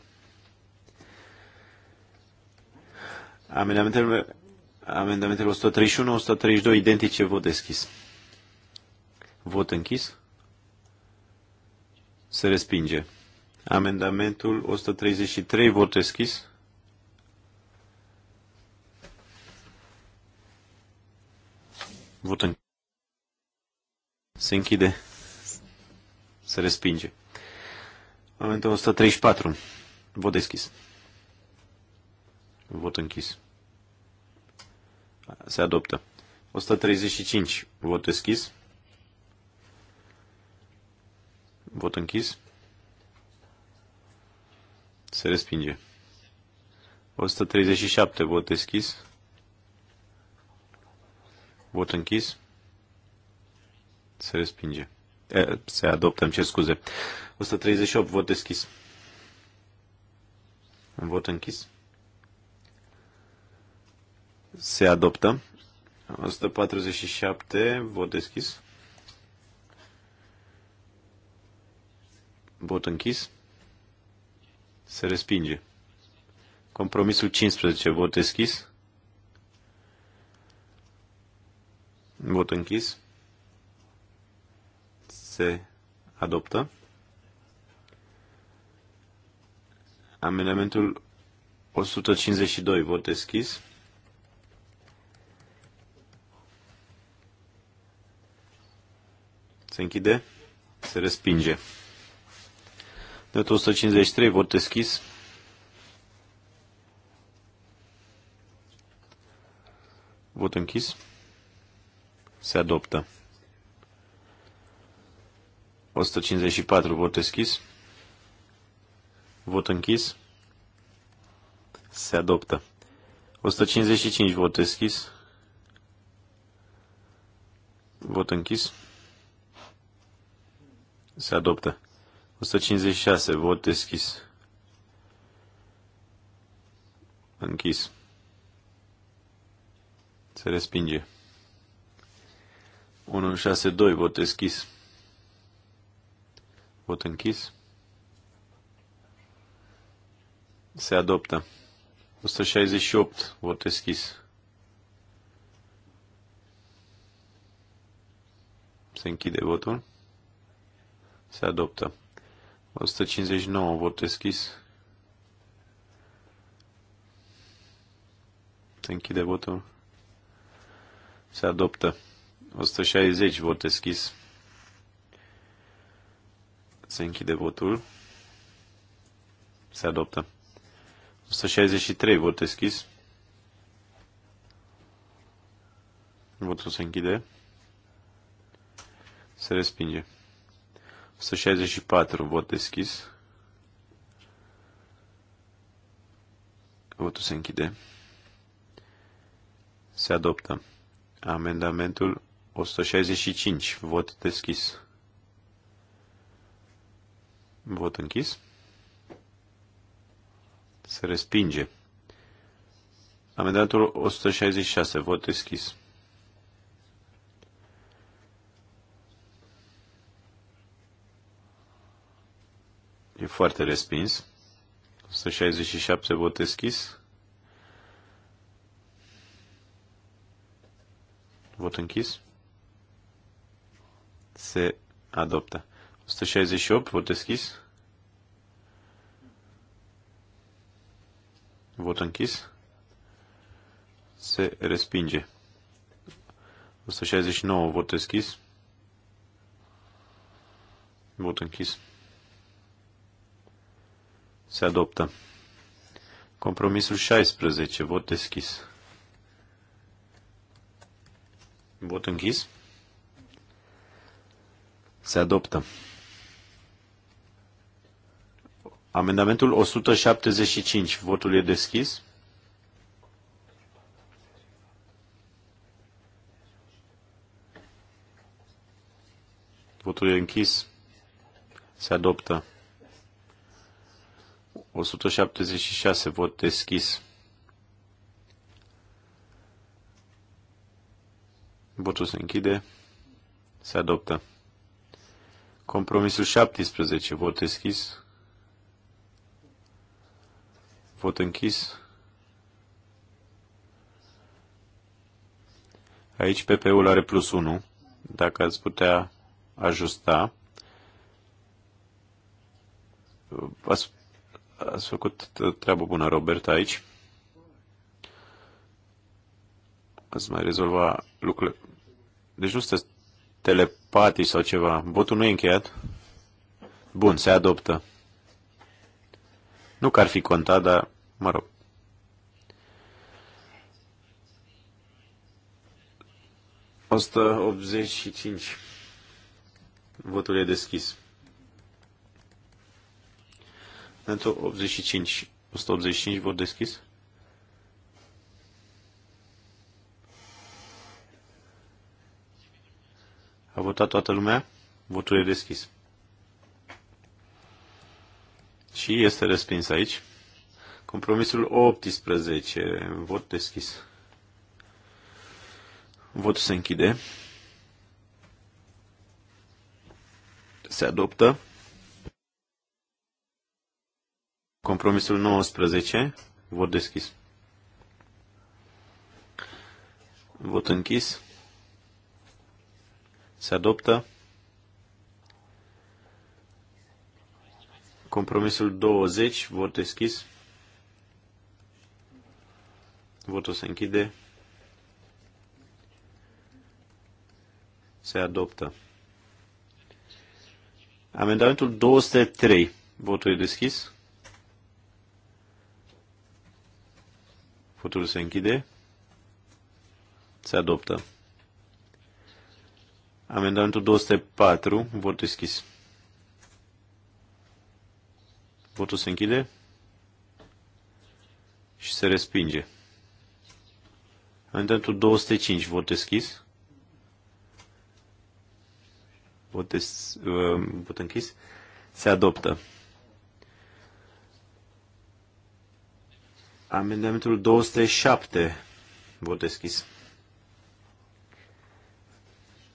S2: Amendamentele, amendamentele 131, 132, identice, vot deschis. Vot închis. Se respinge. Amendamentul 133, vot deschis. Vot închis. Se închide. Se respinge. Momentul 134. Vot deschis. Vot închis. Se adoptă. 135. Vot deschis. Vot închis. Se respinge. 137. Vot deschis. Vot închis. Se respinge se adoptă, îmi cer scuze. 138, vot deschis. Un vot închis. Se adoptă. 147, vot deschis. Vot închis. Se respinge. Compromisul 15, vot deschis. Vot închis se adoptă. Amendamentul 152, vot deschis. Se închide, se respinge. De 153, vot deschis. Vot închis. Se adoptă. 154. Vot deschis. Vot închis. Se adoptă. 155. Vot deschis. Vot închis. Se adoptă. 156. Vot deschis. Închis. Se respinge. 162. Vot deschis. Vot închis. Se adoptă. 168. Vot deschis. Se închide votul. Se adoptă. 159. Vot deschis. Se închide votul. Se adoptă. 160. Vot deschis. Se închide votul. Se adoptă. 163 vot deschis. Votul se închide. Se respinge. 164 vot deschis. Votul se închide. Se adoptă. Amendamentul 165. Vot deschis. Vot închis. Se respinge. Amendamentul 166. Vot deschis. E foarte respins. 167 vot deschis. Vot închis. Se adoptă. 168, vot deschis. Vot închis. Se respinge. 169, vot deschis. Vot închis. Se adoptă. Compromisul 16, vot deschis. Vot închis. Se adoptă. Amendamentul 175. Votul e deschis. Votul e închis. Se adoptă. 176. Vot deschis. Votul se închide. Se adoptă. Compromisul 17. Vot deschis. Vot închis. Aici PP-ul are plus 1. Dacă ați putea ajusta. Ați, ați făcut treabă bună, Robert, aici. Ați mai rezolva lucrurile. Deci nu sunteți telepatii sau ceva. Botul nu e încheiat. Bun, se adoptă. Nu că ar fi contat, dar mă rog. 85. Votul e deschis. Pentru 85. 185 vot deschis. A votat toată lumea? Votul e deschis. Și este respins aici. Compromisul 18. Vot deschis. Votul se închide. Se adoptă. Compromisul 19. Vot deschis. Vot închis. Se adoptă. Compromisul 20. Vot deschis. Votul se închide. Se adoptă. Amendamentul 203. Votul e deschis. Votul se închide. Se adoptă. Amendamentul 204. Vot deschis. Votul se închide și se respinge. Amendamentul 205, vot deschis. Vot, des, uh, vot închis. Se adoptă. Amendamentul 207, vot deschis.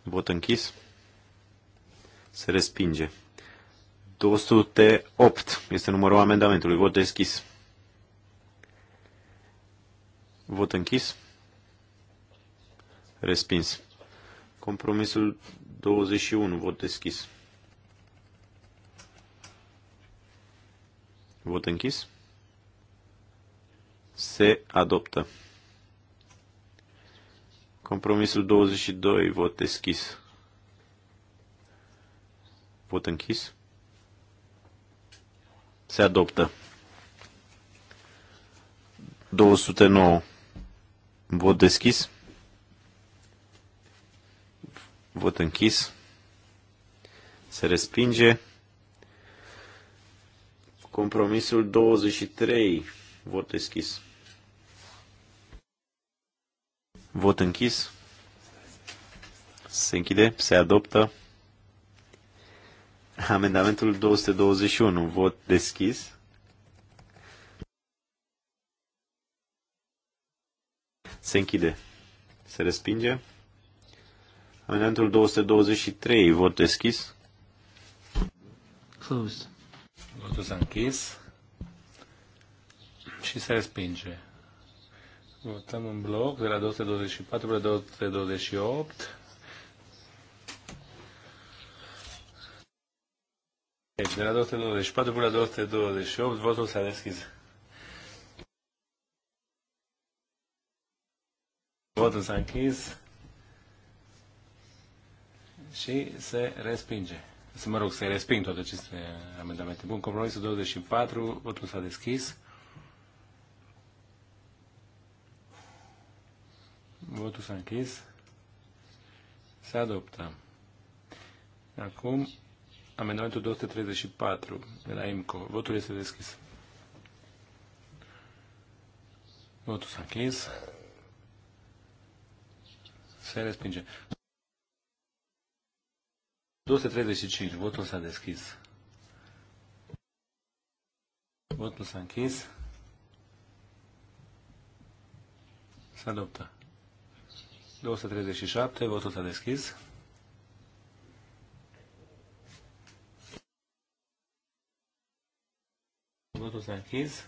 S2: Vot închis. Se respinge. 208 este numărul amendamentului. Vot deschis. Vot închis. Respins. Compromisul 21, vot deschis. Vot închis. Se adoptă. Compromisul 22, vot deschis. Vot închis. Se adoptă. 209. Vot deschis. Vot închis. Se respinge. Compromisul 23. Vot deschis. Vot închis. Se închide. Se adoptă. Amendamentul 221. Vot deschis. Se închide. Se respinge. Amendamentul 223, vot deschis.
S1: Closed. Votul s-a închis și se respinge. Votăm în bloc de la 224 până la 228. Deci, de la 224 până la 228, votul s-a deschis. Votul s-a închis și se respinge. Să mă rog, se resping toate aceste amendamente. Bun, compromisul 24, votul s-a deschis. Votul s-a închis. Se adoptă. Acum, amendamentul 234 de la IMCO. Votul este deschis. Votul s-a închis. Se respinge. 235. Votul s-a deschis. Votul s-a închis. Se adoptă. 237. Votul s-a deschis. Votul s-a închis.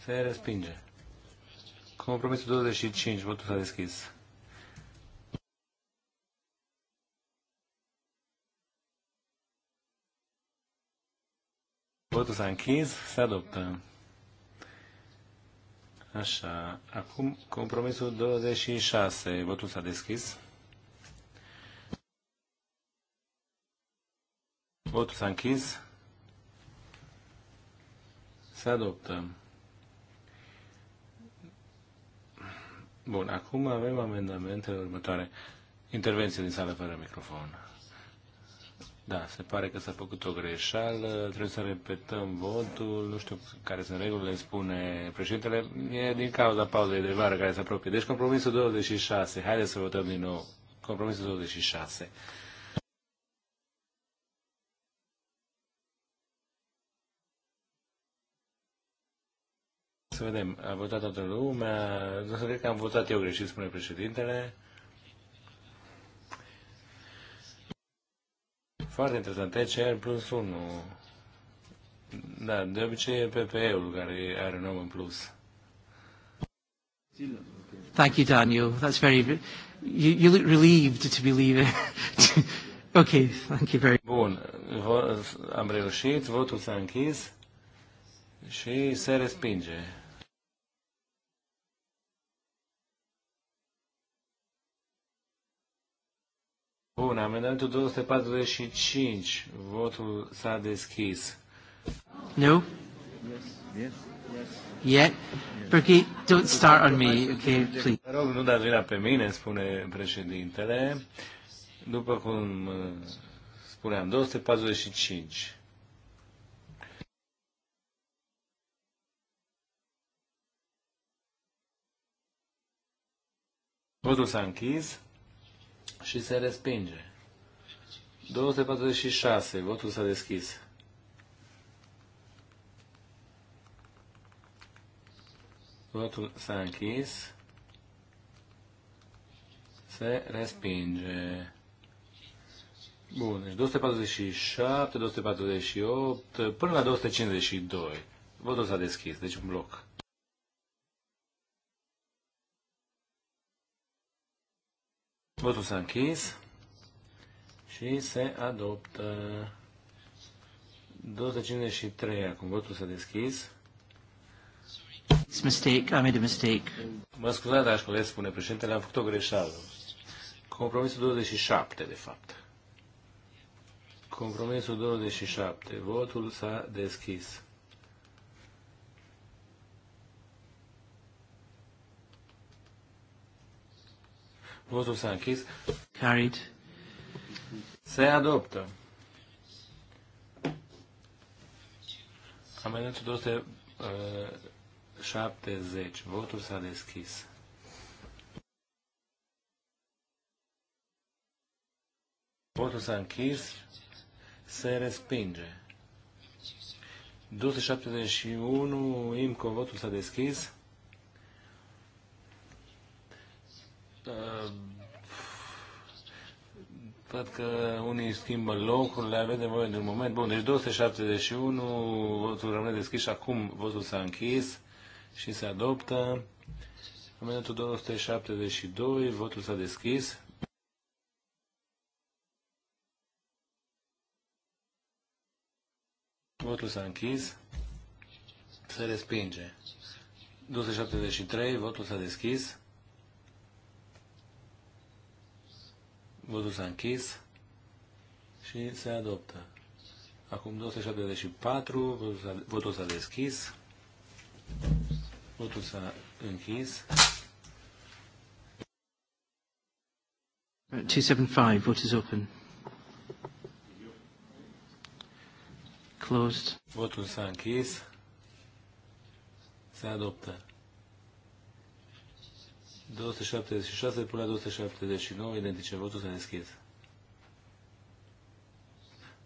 S1: Se respinge. Compromisul 25. Votul s-a deschis. Votul s-a închis, se adoptă. Așa, acum compromisul 26. Votul s-a deschis. Votul s-a închis. Se adoptă. Bun, acum avem amendamentele următoare. Intervenție din sală fără microfon. Da, se pare că s-a făcut o greșeală, trebuie să repetăm votul, nu știu care sunt regulile, spune președintele, e din cauza pauzei de vară care se apropie. Deci compromisul 26, haideți să votăm din nou. Compromisul 26. Să vedem, a votat toată lumea, nu cred că am votat eu greșit, spune președintele. Foarte interesant. TCR plus 1. Da, de obicei e PPE-ul care are un om în plus.
S3: Thank you, Daniel. That's very... You, you
S1: look relieved to be leaving. ok, thank you very much. Bun, am reușit, votul s-a închis și se respinge. Bun, amendamentul 245. Votul s-a deschis. Nu? Yet? Yes. don't start on me, okay, please. Vă rog, nu dați vina pe mine, spune președintele. După cum uh, spuneam, 245. Votul s-a închis și se respinge. 246. Votul s-a deschis. Votul s-a închis. Se respinge. Bun, deci 247, 248, până la 252. Votul s-a deschis, deci un bloc. Votul s-a închis și se adoptă 253 acum. Votul s-a deschis.
S2: It's mistake. I made a mistake.
S1: Mă scuzați, dragi colegi, spune președintele, am făcut o greșeală. Compromisul 27, de fapt. Compromisul 27. Votul s-a deschis. Votul s-a închis. Carried. Se adoptă. Amendamentul 270. Uh, votul s-a deschis. Votul s-a închis. Se respinge. 271. IMCO. Votul s-a deschis. Văd că unii schimbă locurile, aveți nevoie de un moment. Bun, deci 271, votul rămâne deschis și acum votul s-a închis și se adoptă. Momentul 272, votul s-a deschis. Votul s-a închis. Se respinge. 273, votul s-a deschis. Votul s-a închis și se adoptă. Acum 274, votul s-a deschis, votul s-a închis. 275, vote is open. Closed. Votul s-a închis. Se adoptă. 276 până la 279, identice. Votul s-a deschis.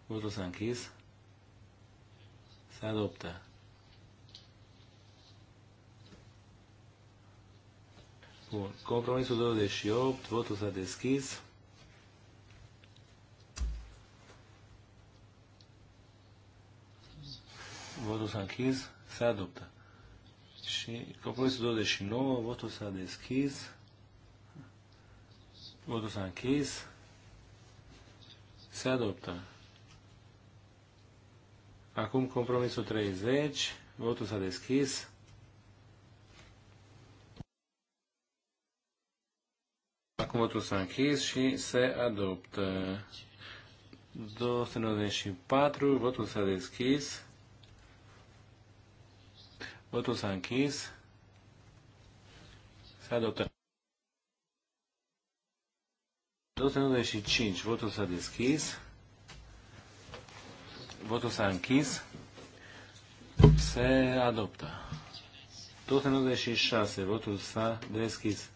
S1: Votul s-a închis. Se adoptă. Bun. Compromisul 28, votul s-a deschis. Votul s-a închis, se adoptă. Și compromisul 29, votul s-a deschis. Votul s-a închis. Se adoptă. Acum compromisul 30, votul s-a deschis. Acum votul s-a închis și se adoptă. 294, votul s-a deschis. Votul s-a închis. Se adoptă. 295. Votul s-a deschis. Votul s-a închis. Se adoptă. 296. Votul s-a deschis.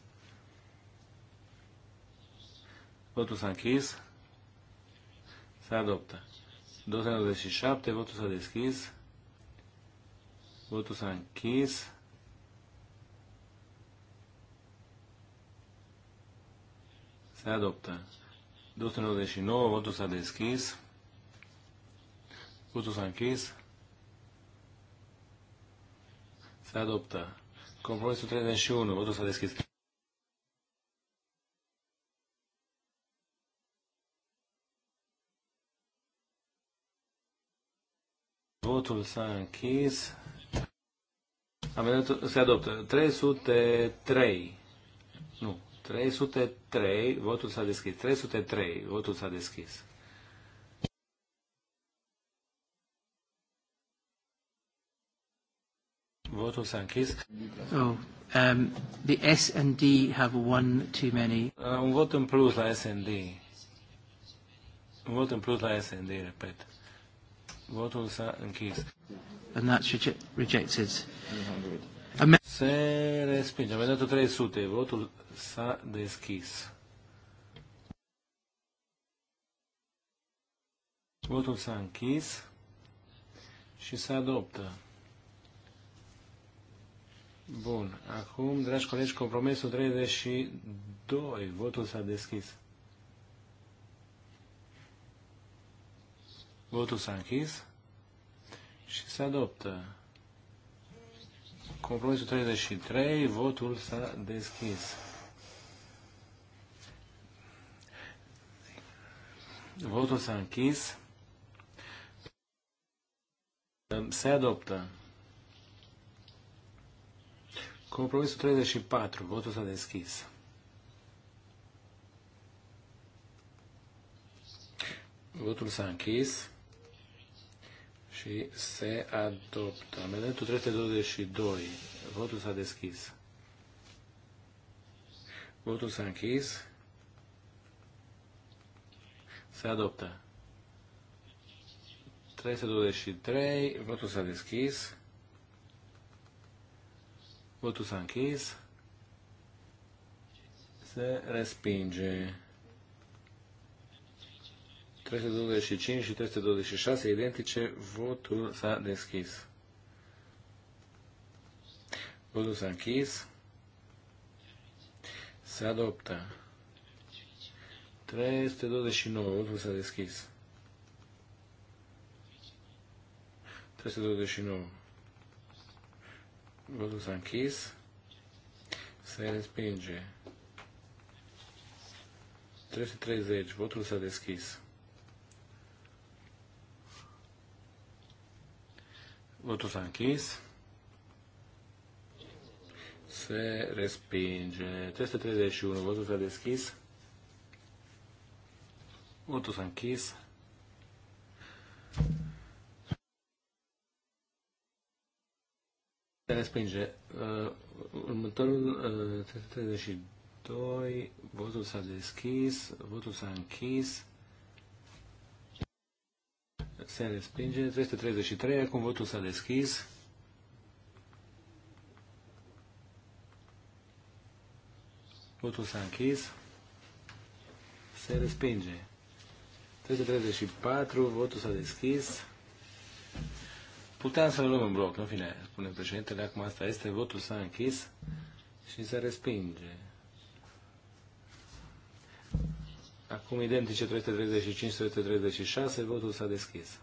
S1: Votul s-a închis. Se adoptă. 297. Votul s-a deschis. Votul s-a închis. Se adoptă. 299, votul s-a deschis. Votul s-a închis. Se adoptă. Compromisul 31, votul s-a deschis. Votul s-a închis. Amendamentul se adoptă. 303. Nu. 303. Votul s-a deschis. 303. Votul s-a deschis. Votul s-a închis. Oh. Um, the S&D have one too many. Uh, un vot în plus la S&D. Un vot în plus la S&D, repet. Votul s-a închis.
S3: And that's rege rejected.
S1: Se respinge. Amendamentul 300. Votul s-a deschis. Votul s-a închis și se adoptă. Bun. Acum, dragi colegi, compromisul 32. Votul s-a deschis. Votul s-a închis și se adoptă. Compromisul 33, votul s-a deschis. Votul s-a închis. Se adoptă. Compromisul 34. Votul s-a deschis. Votul s-a închis și se adoptă. Amendamentul 322. Votul s-a deschis. Votul s-a închis. Se adoptă. 323. Votul s-a deschis. Votul s-a închis. Se respinge. 325 și 326 identice, votul s-a deschis. Votul s-a închis. Se adoptă. 329, votul s-a deschis. 329. Votul s-a închis. Se respinge. 330. Votul s-a deschis. Votul s-a închis. Se respinge. 331. Votul s-a deschis. Votul s-a închis. Se respinge. Uh, următorul uh, 332. Votul s-a deschis. Votul s-a închis se respinge. 333, acum votul s-a deschis. Votul s-a închis. Se respinge. 334, votul s-a deschis. Puteam să-l luăm în bloc, în fine, spune președintele, acum asta este, votul s-a închis și se respinge. Acum identice 335-336, votul s-a deschis.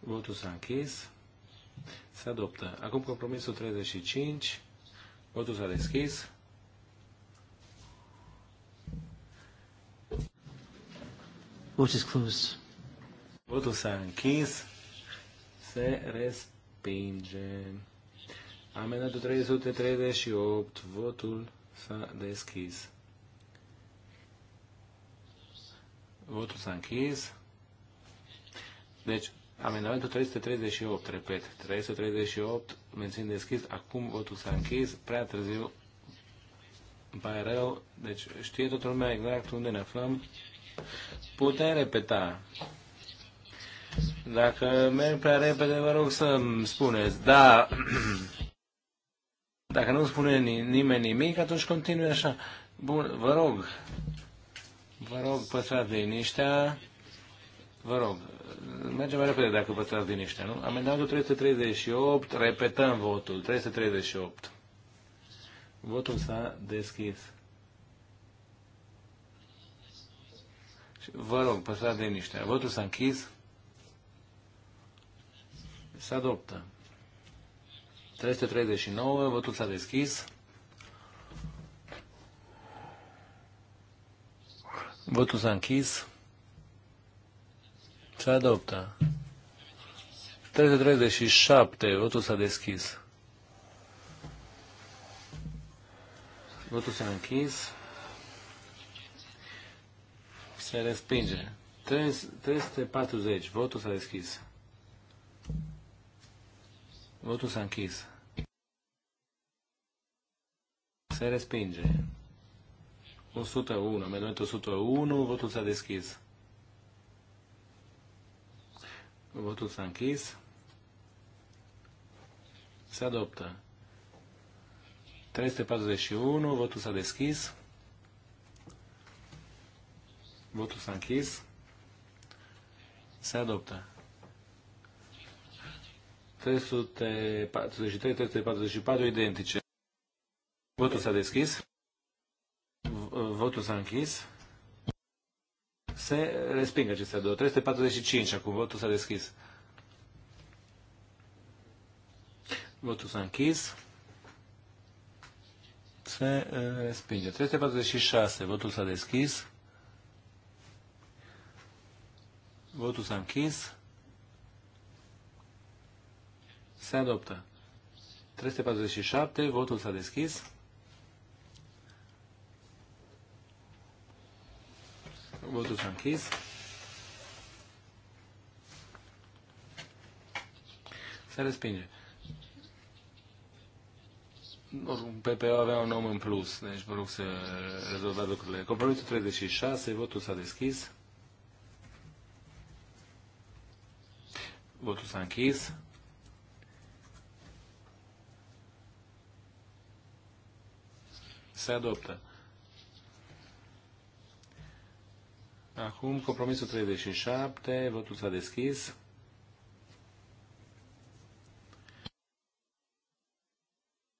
S1: Votul s-a închis. Se adoptă. Acum compromisul 35. Votul s-a deschis.
S3: Vote is closed.
S1: Votul s-a închis. Se respinge. Amendatul 338, votul s-a deschis. Votul s-a închis. Deci, amendamentul 338, repet, 338, mențin deschis, acum votul s-a închis, prea târziu, îmi pare rău, deci știe toată lumea exact unde ne aflăm. Putem repeta. Dacă merg prea repede, vă rog să-mi spuneți. Da, Dacă nu spune nimeni nimic, atunci continui așa. Bun, vă rog, vă rog, păstrați liniștea. Vă rog, mergem mai repede dacă păstrați liniștea, nu? Amendamentul 338, repetăm votul, 338. Votul s-a deschis. Vă rog, păstrați liniștea. Votul s-a închis. Se adoptă. 339, votul s-a deschis. Votul s-a închis. Se adoptă. 337, votul s-a deschis. Votul s-a închis. Se respinge. 340, votul s-a deschis. Votul s-a închis. se respinge. 101, amendamentul 101, votul s-a deschis. Votul s-a închis. Se adoptă. 341, votul s-a deschis. Votul s-a închis. Se adoptă. 343-344 identice. Votul s-a deschis. Votul s-a închis. Se respingă acestea două. 345 acum. Votul s-a deschis. Votul s-a închis. Se eh, respinge. 346. Votul s-a deschis. Votul s-a închis. Se adoptă. 347. Votul s-a deschis. Votul s-a închis. Se respinge. Oricum, PP avea un om în plus, deci vă rog să rezolvați lucrurile. Compromisul 36, votul s-a deschis. Votul s-a închis. Se adoptă. Acum compromisul 37, votul s-a deschis.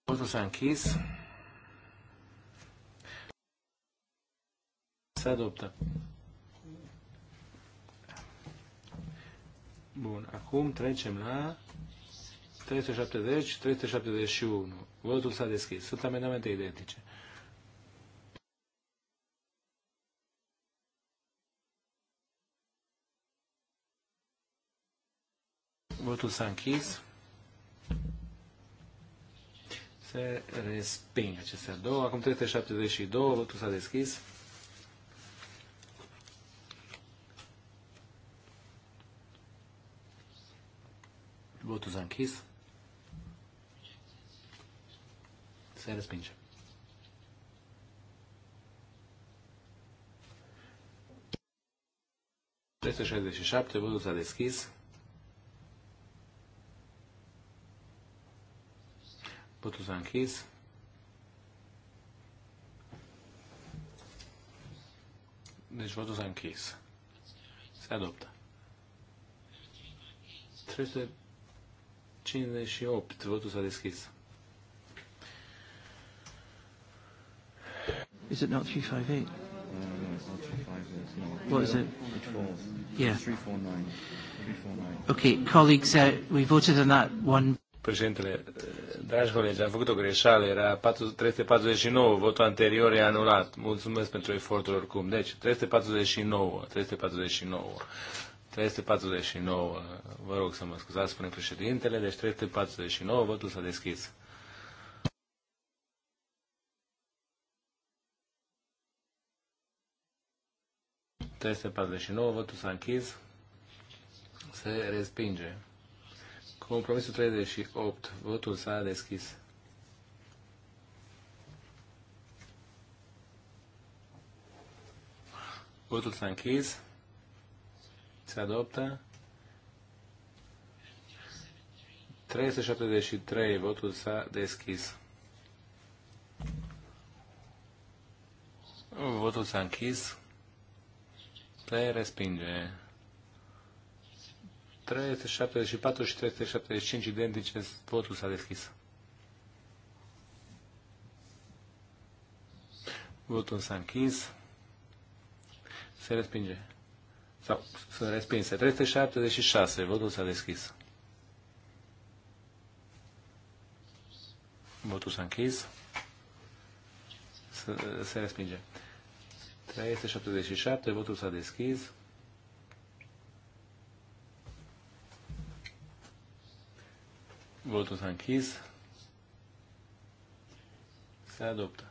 S1: Votul s-a închis. Se adoptă. Bun, acum trecem la 370, 371. Votul s-a deschis. Sunt amendamente identice. Votul s-a închis. Se resping acestea două. Acum 372, votul s-a deschis. Votul s-a închis. Se respinge. Peste 67, votul s-a deschis. Votul s-a închis. Deci votul s-a închis. Se adoptă. 358. Votul s-a deschis. Is it not 358? Mm, not 358. What is it?
S3: Yeah. Okay,
S1: colleagues, uh, we voted on that one. Președintele, dragi colegi, am făcut o greșeală, era 349, votul anterior e anulat. Mulțumesc pentru efortul oricum. Deci, 349, 349, 349, vă rog să mă scuzați, spune președintele, deci 349, votul s-a deschis. Teste 49, votul s-a închis, se respinge. Compromisul 38. Votul s-a deschis. Votul s-a închis. Se adoptă. 373. Votul s-a deschis. Votul s-a închis. Se respinge. 374 și 375 identice. Votul s-a deschis. Votul s-a închis. Se respinge. Sau sunt respinse. 376. Votul s-a deschis. Votul s-a închis. Se, se respinge. 377. Votul s-a deschis. Votul s-a închis. Se adoptă.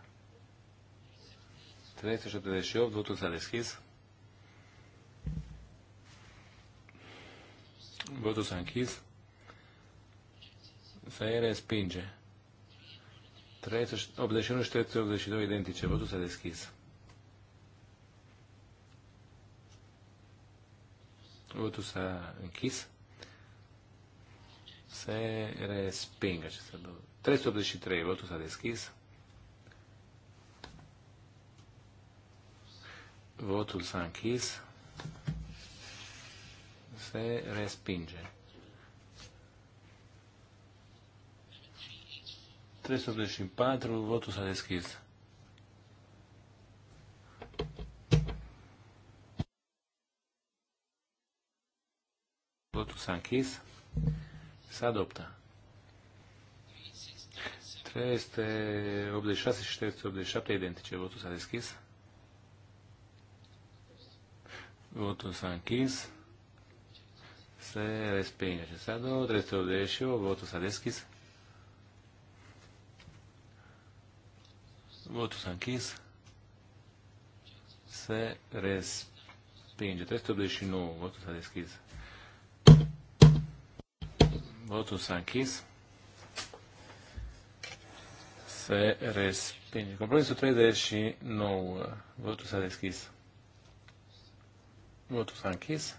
S1: 378, votul s-a deschis. Votul s-a închis. Se respinge. 381 și 382 identice. Votul s-a deschis. Votul s-a închis. Se resping aceste două. 383, votul s-a deschis. Votul s-a închis. Se respinge. 384, votul s-a deschis. Votul s-a închis. Se adoptă. 386 și 387 identice. Votul s-a deschis. Votul s-a închis. Se respinge acestea două. 388. Votul s-a deschis. Votul s-a închis. Se respinge. 389. Votul s-a deschis. Votul s-a închis. Se respinge. Compromisul 39. Votul s-a deschis. Votul s-a închis.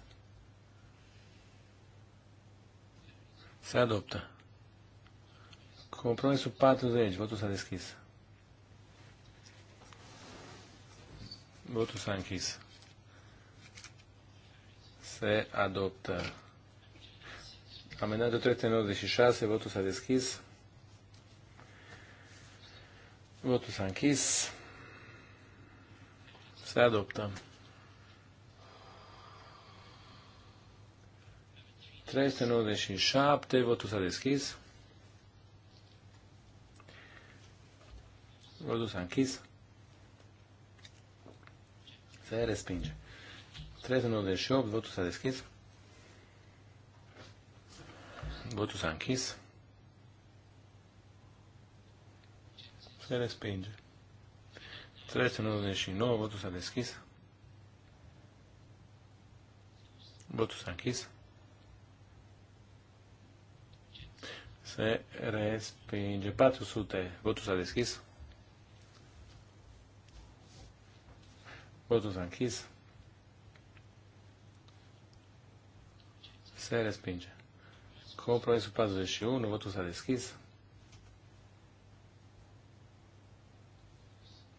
S1: Se adoptă. Compromisul 40. Votul s-a deschis. Votul s-a închis. Se adoptă. Amendamentul 396, votul s-a deschis. Votul s-a închis. Se adoptă. 397, votul s-a deschis. Votul s-a închis. Se respinge. 398, votul s-a deschis. Votul s-a închis. Se respinge. 399, votul s-a deschis. Votul s-a închis. Se respinge. 400, votul s-a deschis. Votul s-a închis. Se respinge. Compromisul 41, votul s-a deschis.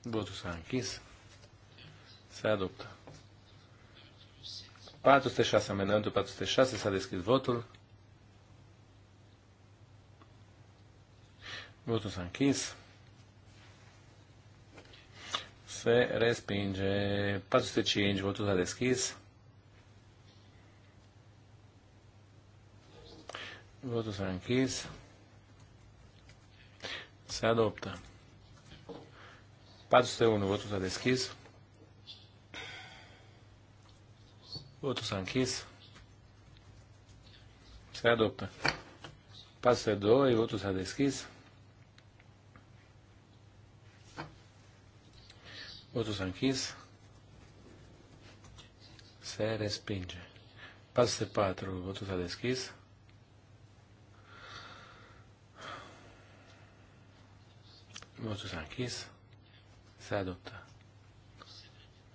S1: Votul s-a închis. Se adoptă. 406, amendamentul 406, s-a deschis votul. Votul s-a închis. Se respinge. 405, votul s-a deschis. Votul s-a închis. Se adoptă. 401. Votul s-a deschis. Votul s-a închis. Se adoptă. 402. Votul s-a deschis. Votul s-a închis. Se respinge. 404. Votul s-a deschis. Votul s-a închis. Se adoptă.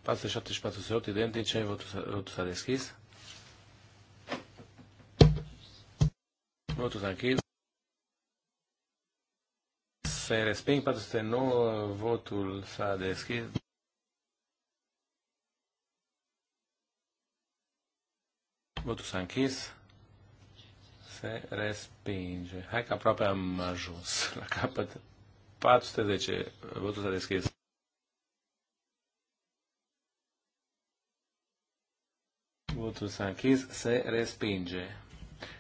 S1: 47 și 48 identice. Votul s-a deschis. Votul s-a închis. Se resping 409. Votul s-a deschis. Votul s-a închis. Se respinge. Hai că aproape am ajuns la capăt. 410. Votul s-a deschis. Votul s-a închis. Se respinge.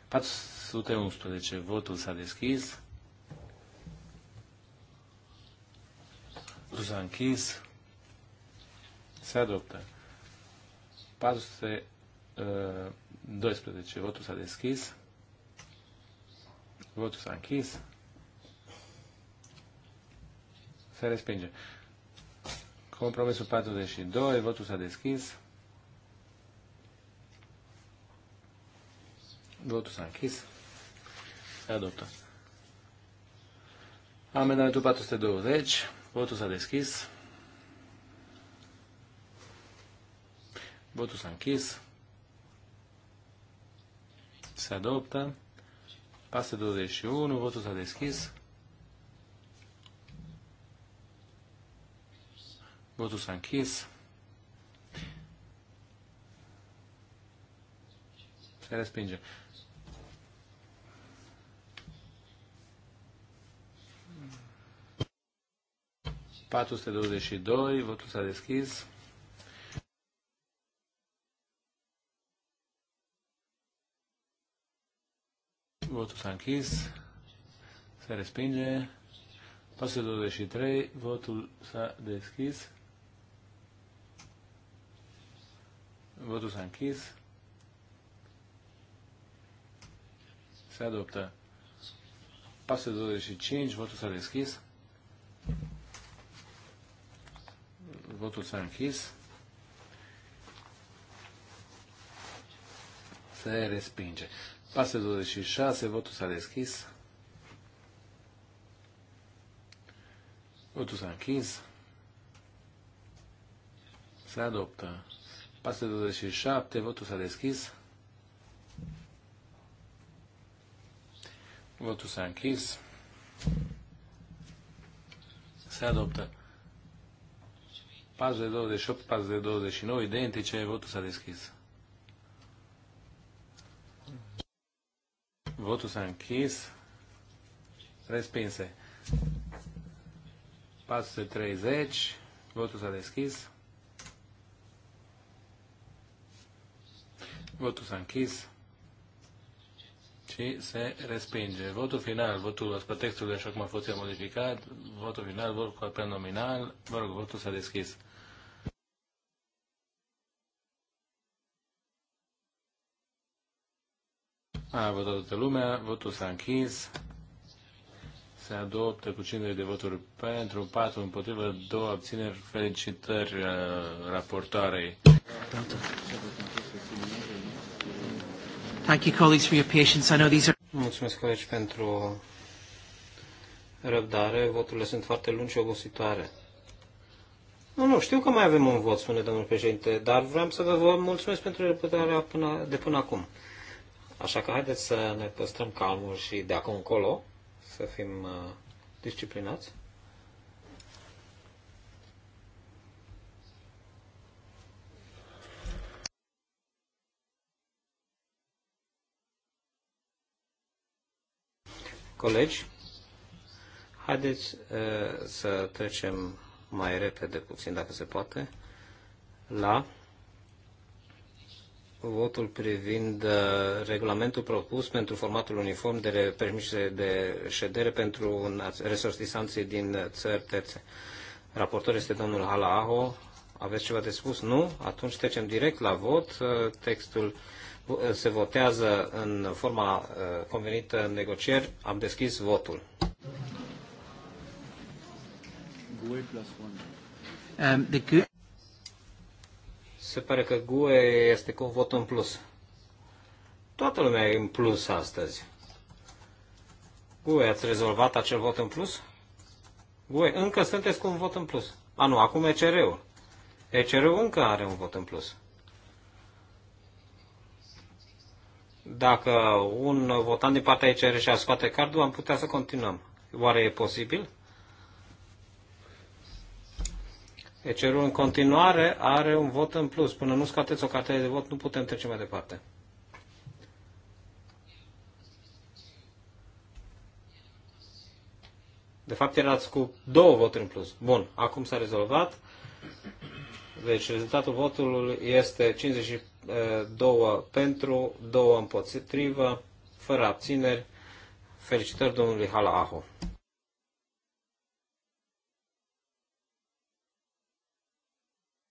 S1: 411. Votul s-a deschis. Votul s-a închis. Se adoptă. 412. Uh, votul s-a deschis. Votul s-a închis. Se respinge. Compromisul 42, votul s-a deschis. Votul s-a închis. Se adoptă. Amendamentul 420, votul s-a deschis. Votul s-a închis. Se adoptă. 421, votul s-a deschis. Votul s-a închis. Se respinge. doi, votul s-a deschis. Votul s-a închis. Se respinge. 423, votul s-a deschis. Votul s-a închis. Se adoptă. 425, votul s-a deschis. Votul s-a închis. Se respinge. 426, votul s-a deschis. Votul s-a închis. Se adoptă. 427, votul s-a deschis. Votul s-a închis. Se adoptă. 428, 429, identice, votul s-a deschis. Votul s-a închis. Respinse. 430, votul s-a deschis. Votul s-a închis și se respinge. Votul final, votul asupra textului așa cum a fost modificat, votul final, votul cu apel nominal, vă rog, votul s-a deschis. A votat toată lumea, votul s-a închis, se adoptă cu 50 de voturi pentru, 4 împotrivă, 2 abțineri, felicitări uh, raportoarei. Da, da.
S3: Thank you, colleagues, for your patience. I know these are... Mulțumesc, colegi, pentru răbdare. Voturile sunt foarte lungi și obositoare. Nu, nu, știu că mai avem un vot, spune domnul președinte, dar vreau să vă mulțumesc pentru răbdarea până, de până acum. Așa că haideți să ne păstrăm calmul și de acum încolo să fim uh, disciplinați. Colegi, haideți uh, să trecem mai repede puțin, dacă se poate, la votul privind uh, regulamentul propus pentru formatul uniform de permise de ședere pentru resortisanții din țări terțe. Raportor este domnul Hala Aho. Aveți ceva de spus? Nu? Atunci trecem direct la vot. Uh, textul Uh, se votează în forma uh, convenită în negocieri. Am deschis votul. Um, se pare că GUE este cu un vot în plus. Toată lumea e în plus astăzi. GUE, ați rezolvat acel vot în plus? GUE, încă sunteți cu un vot în plus. A, nu, acum e cereu. E cereu încă are un vot în plus. Dacă un votant din partea ICR și-a scoate cardul, am putea să continuăm. Oare e posibil? ecr în continuare are un vot în plus. Până nu scoateți o carte de vot, nu putem trece mai departe. De fapt, erați cu două voturi în plus. Bun, acum s-a rezolvat. Deci rezultatul votului este 54 două pentru, două împotrivă, fără abțineri. Felicitări domnului Halaaho.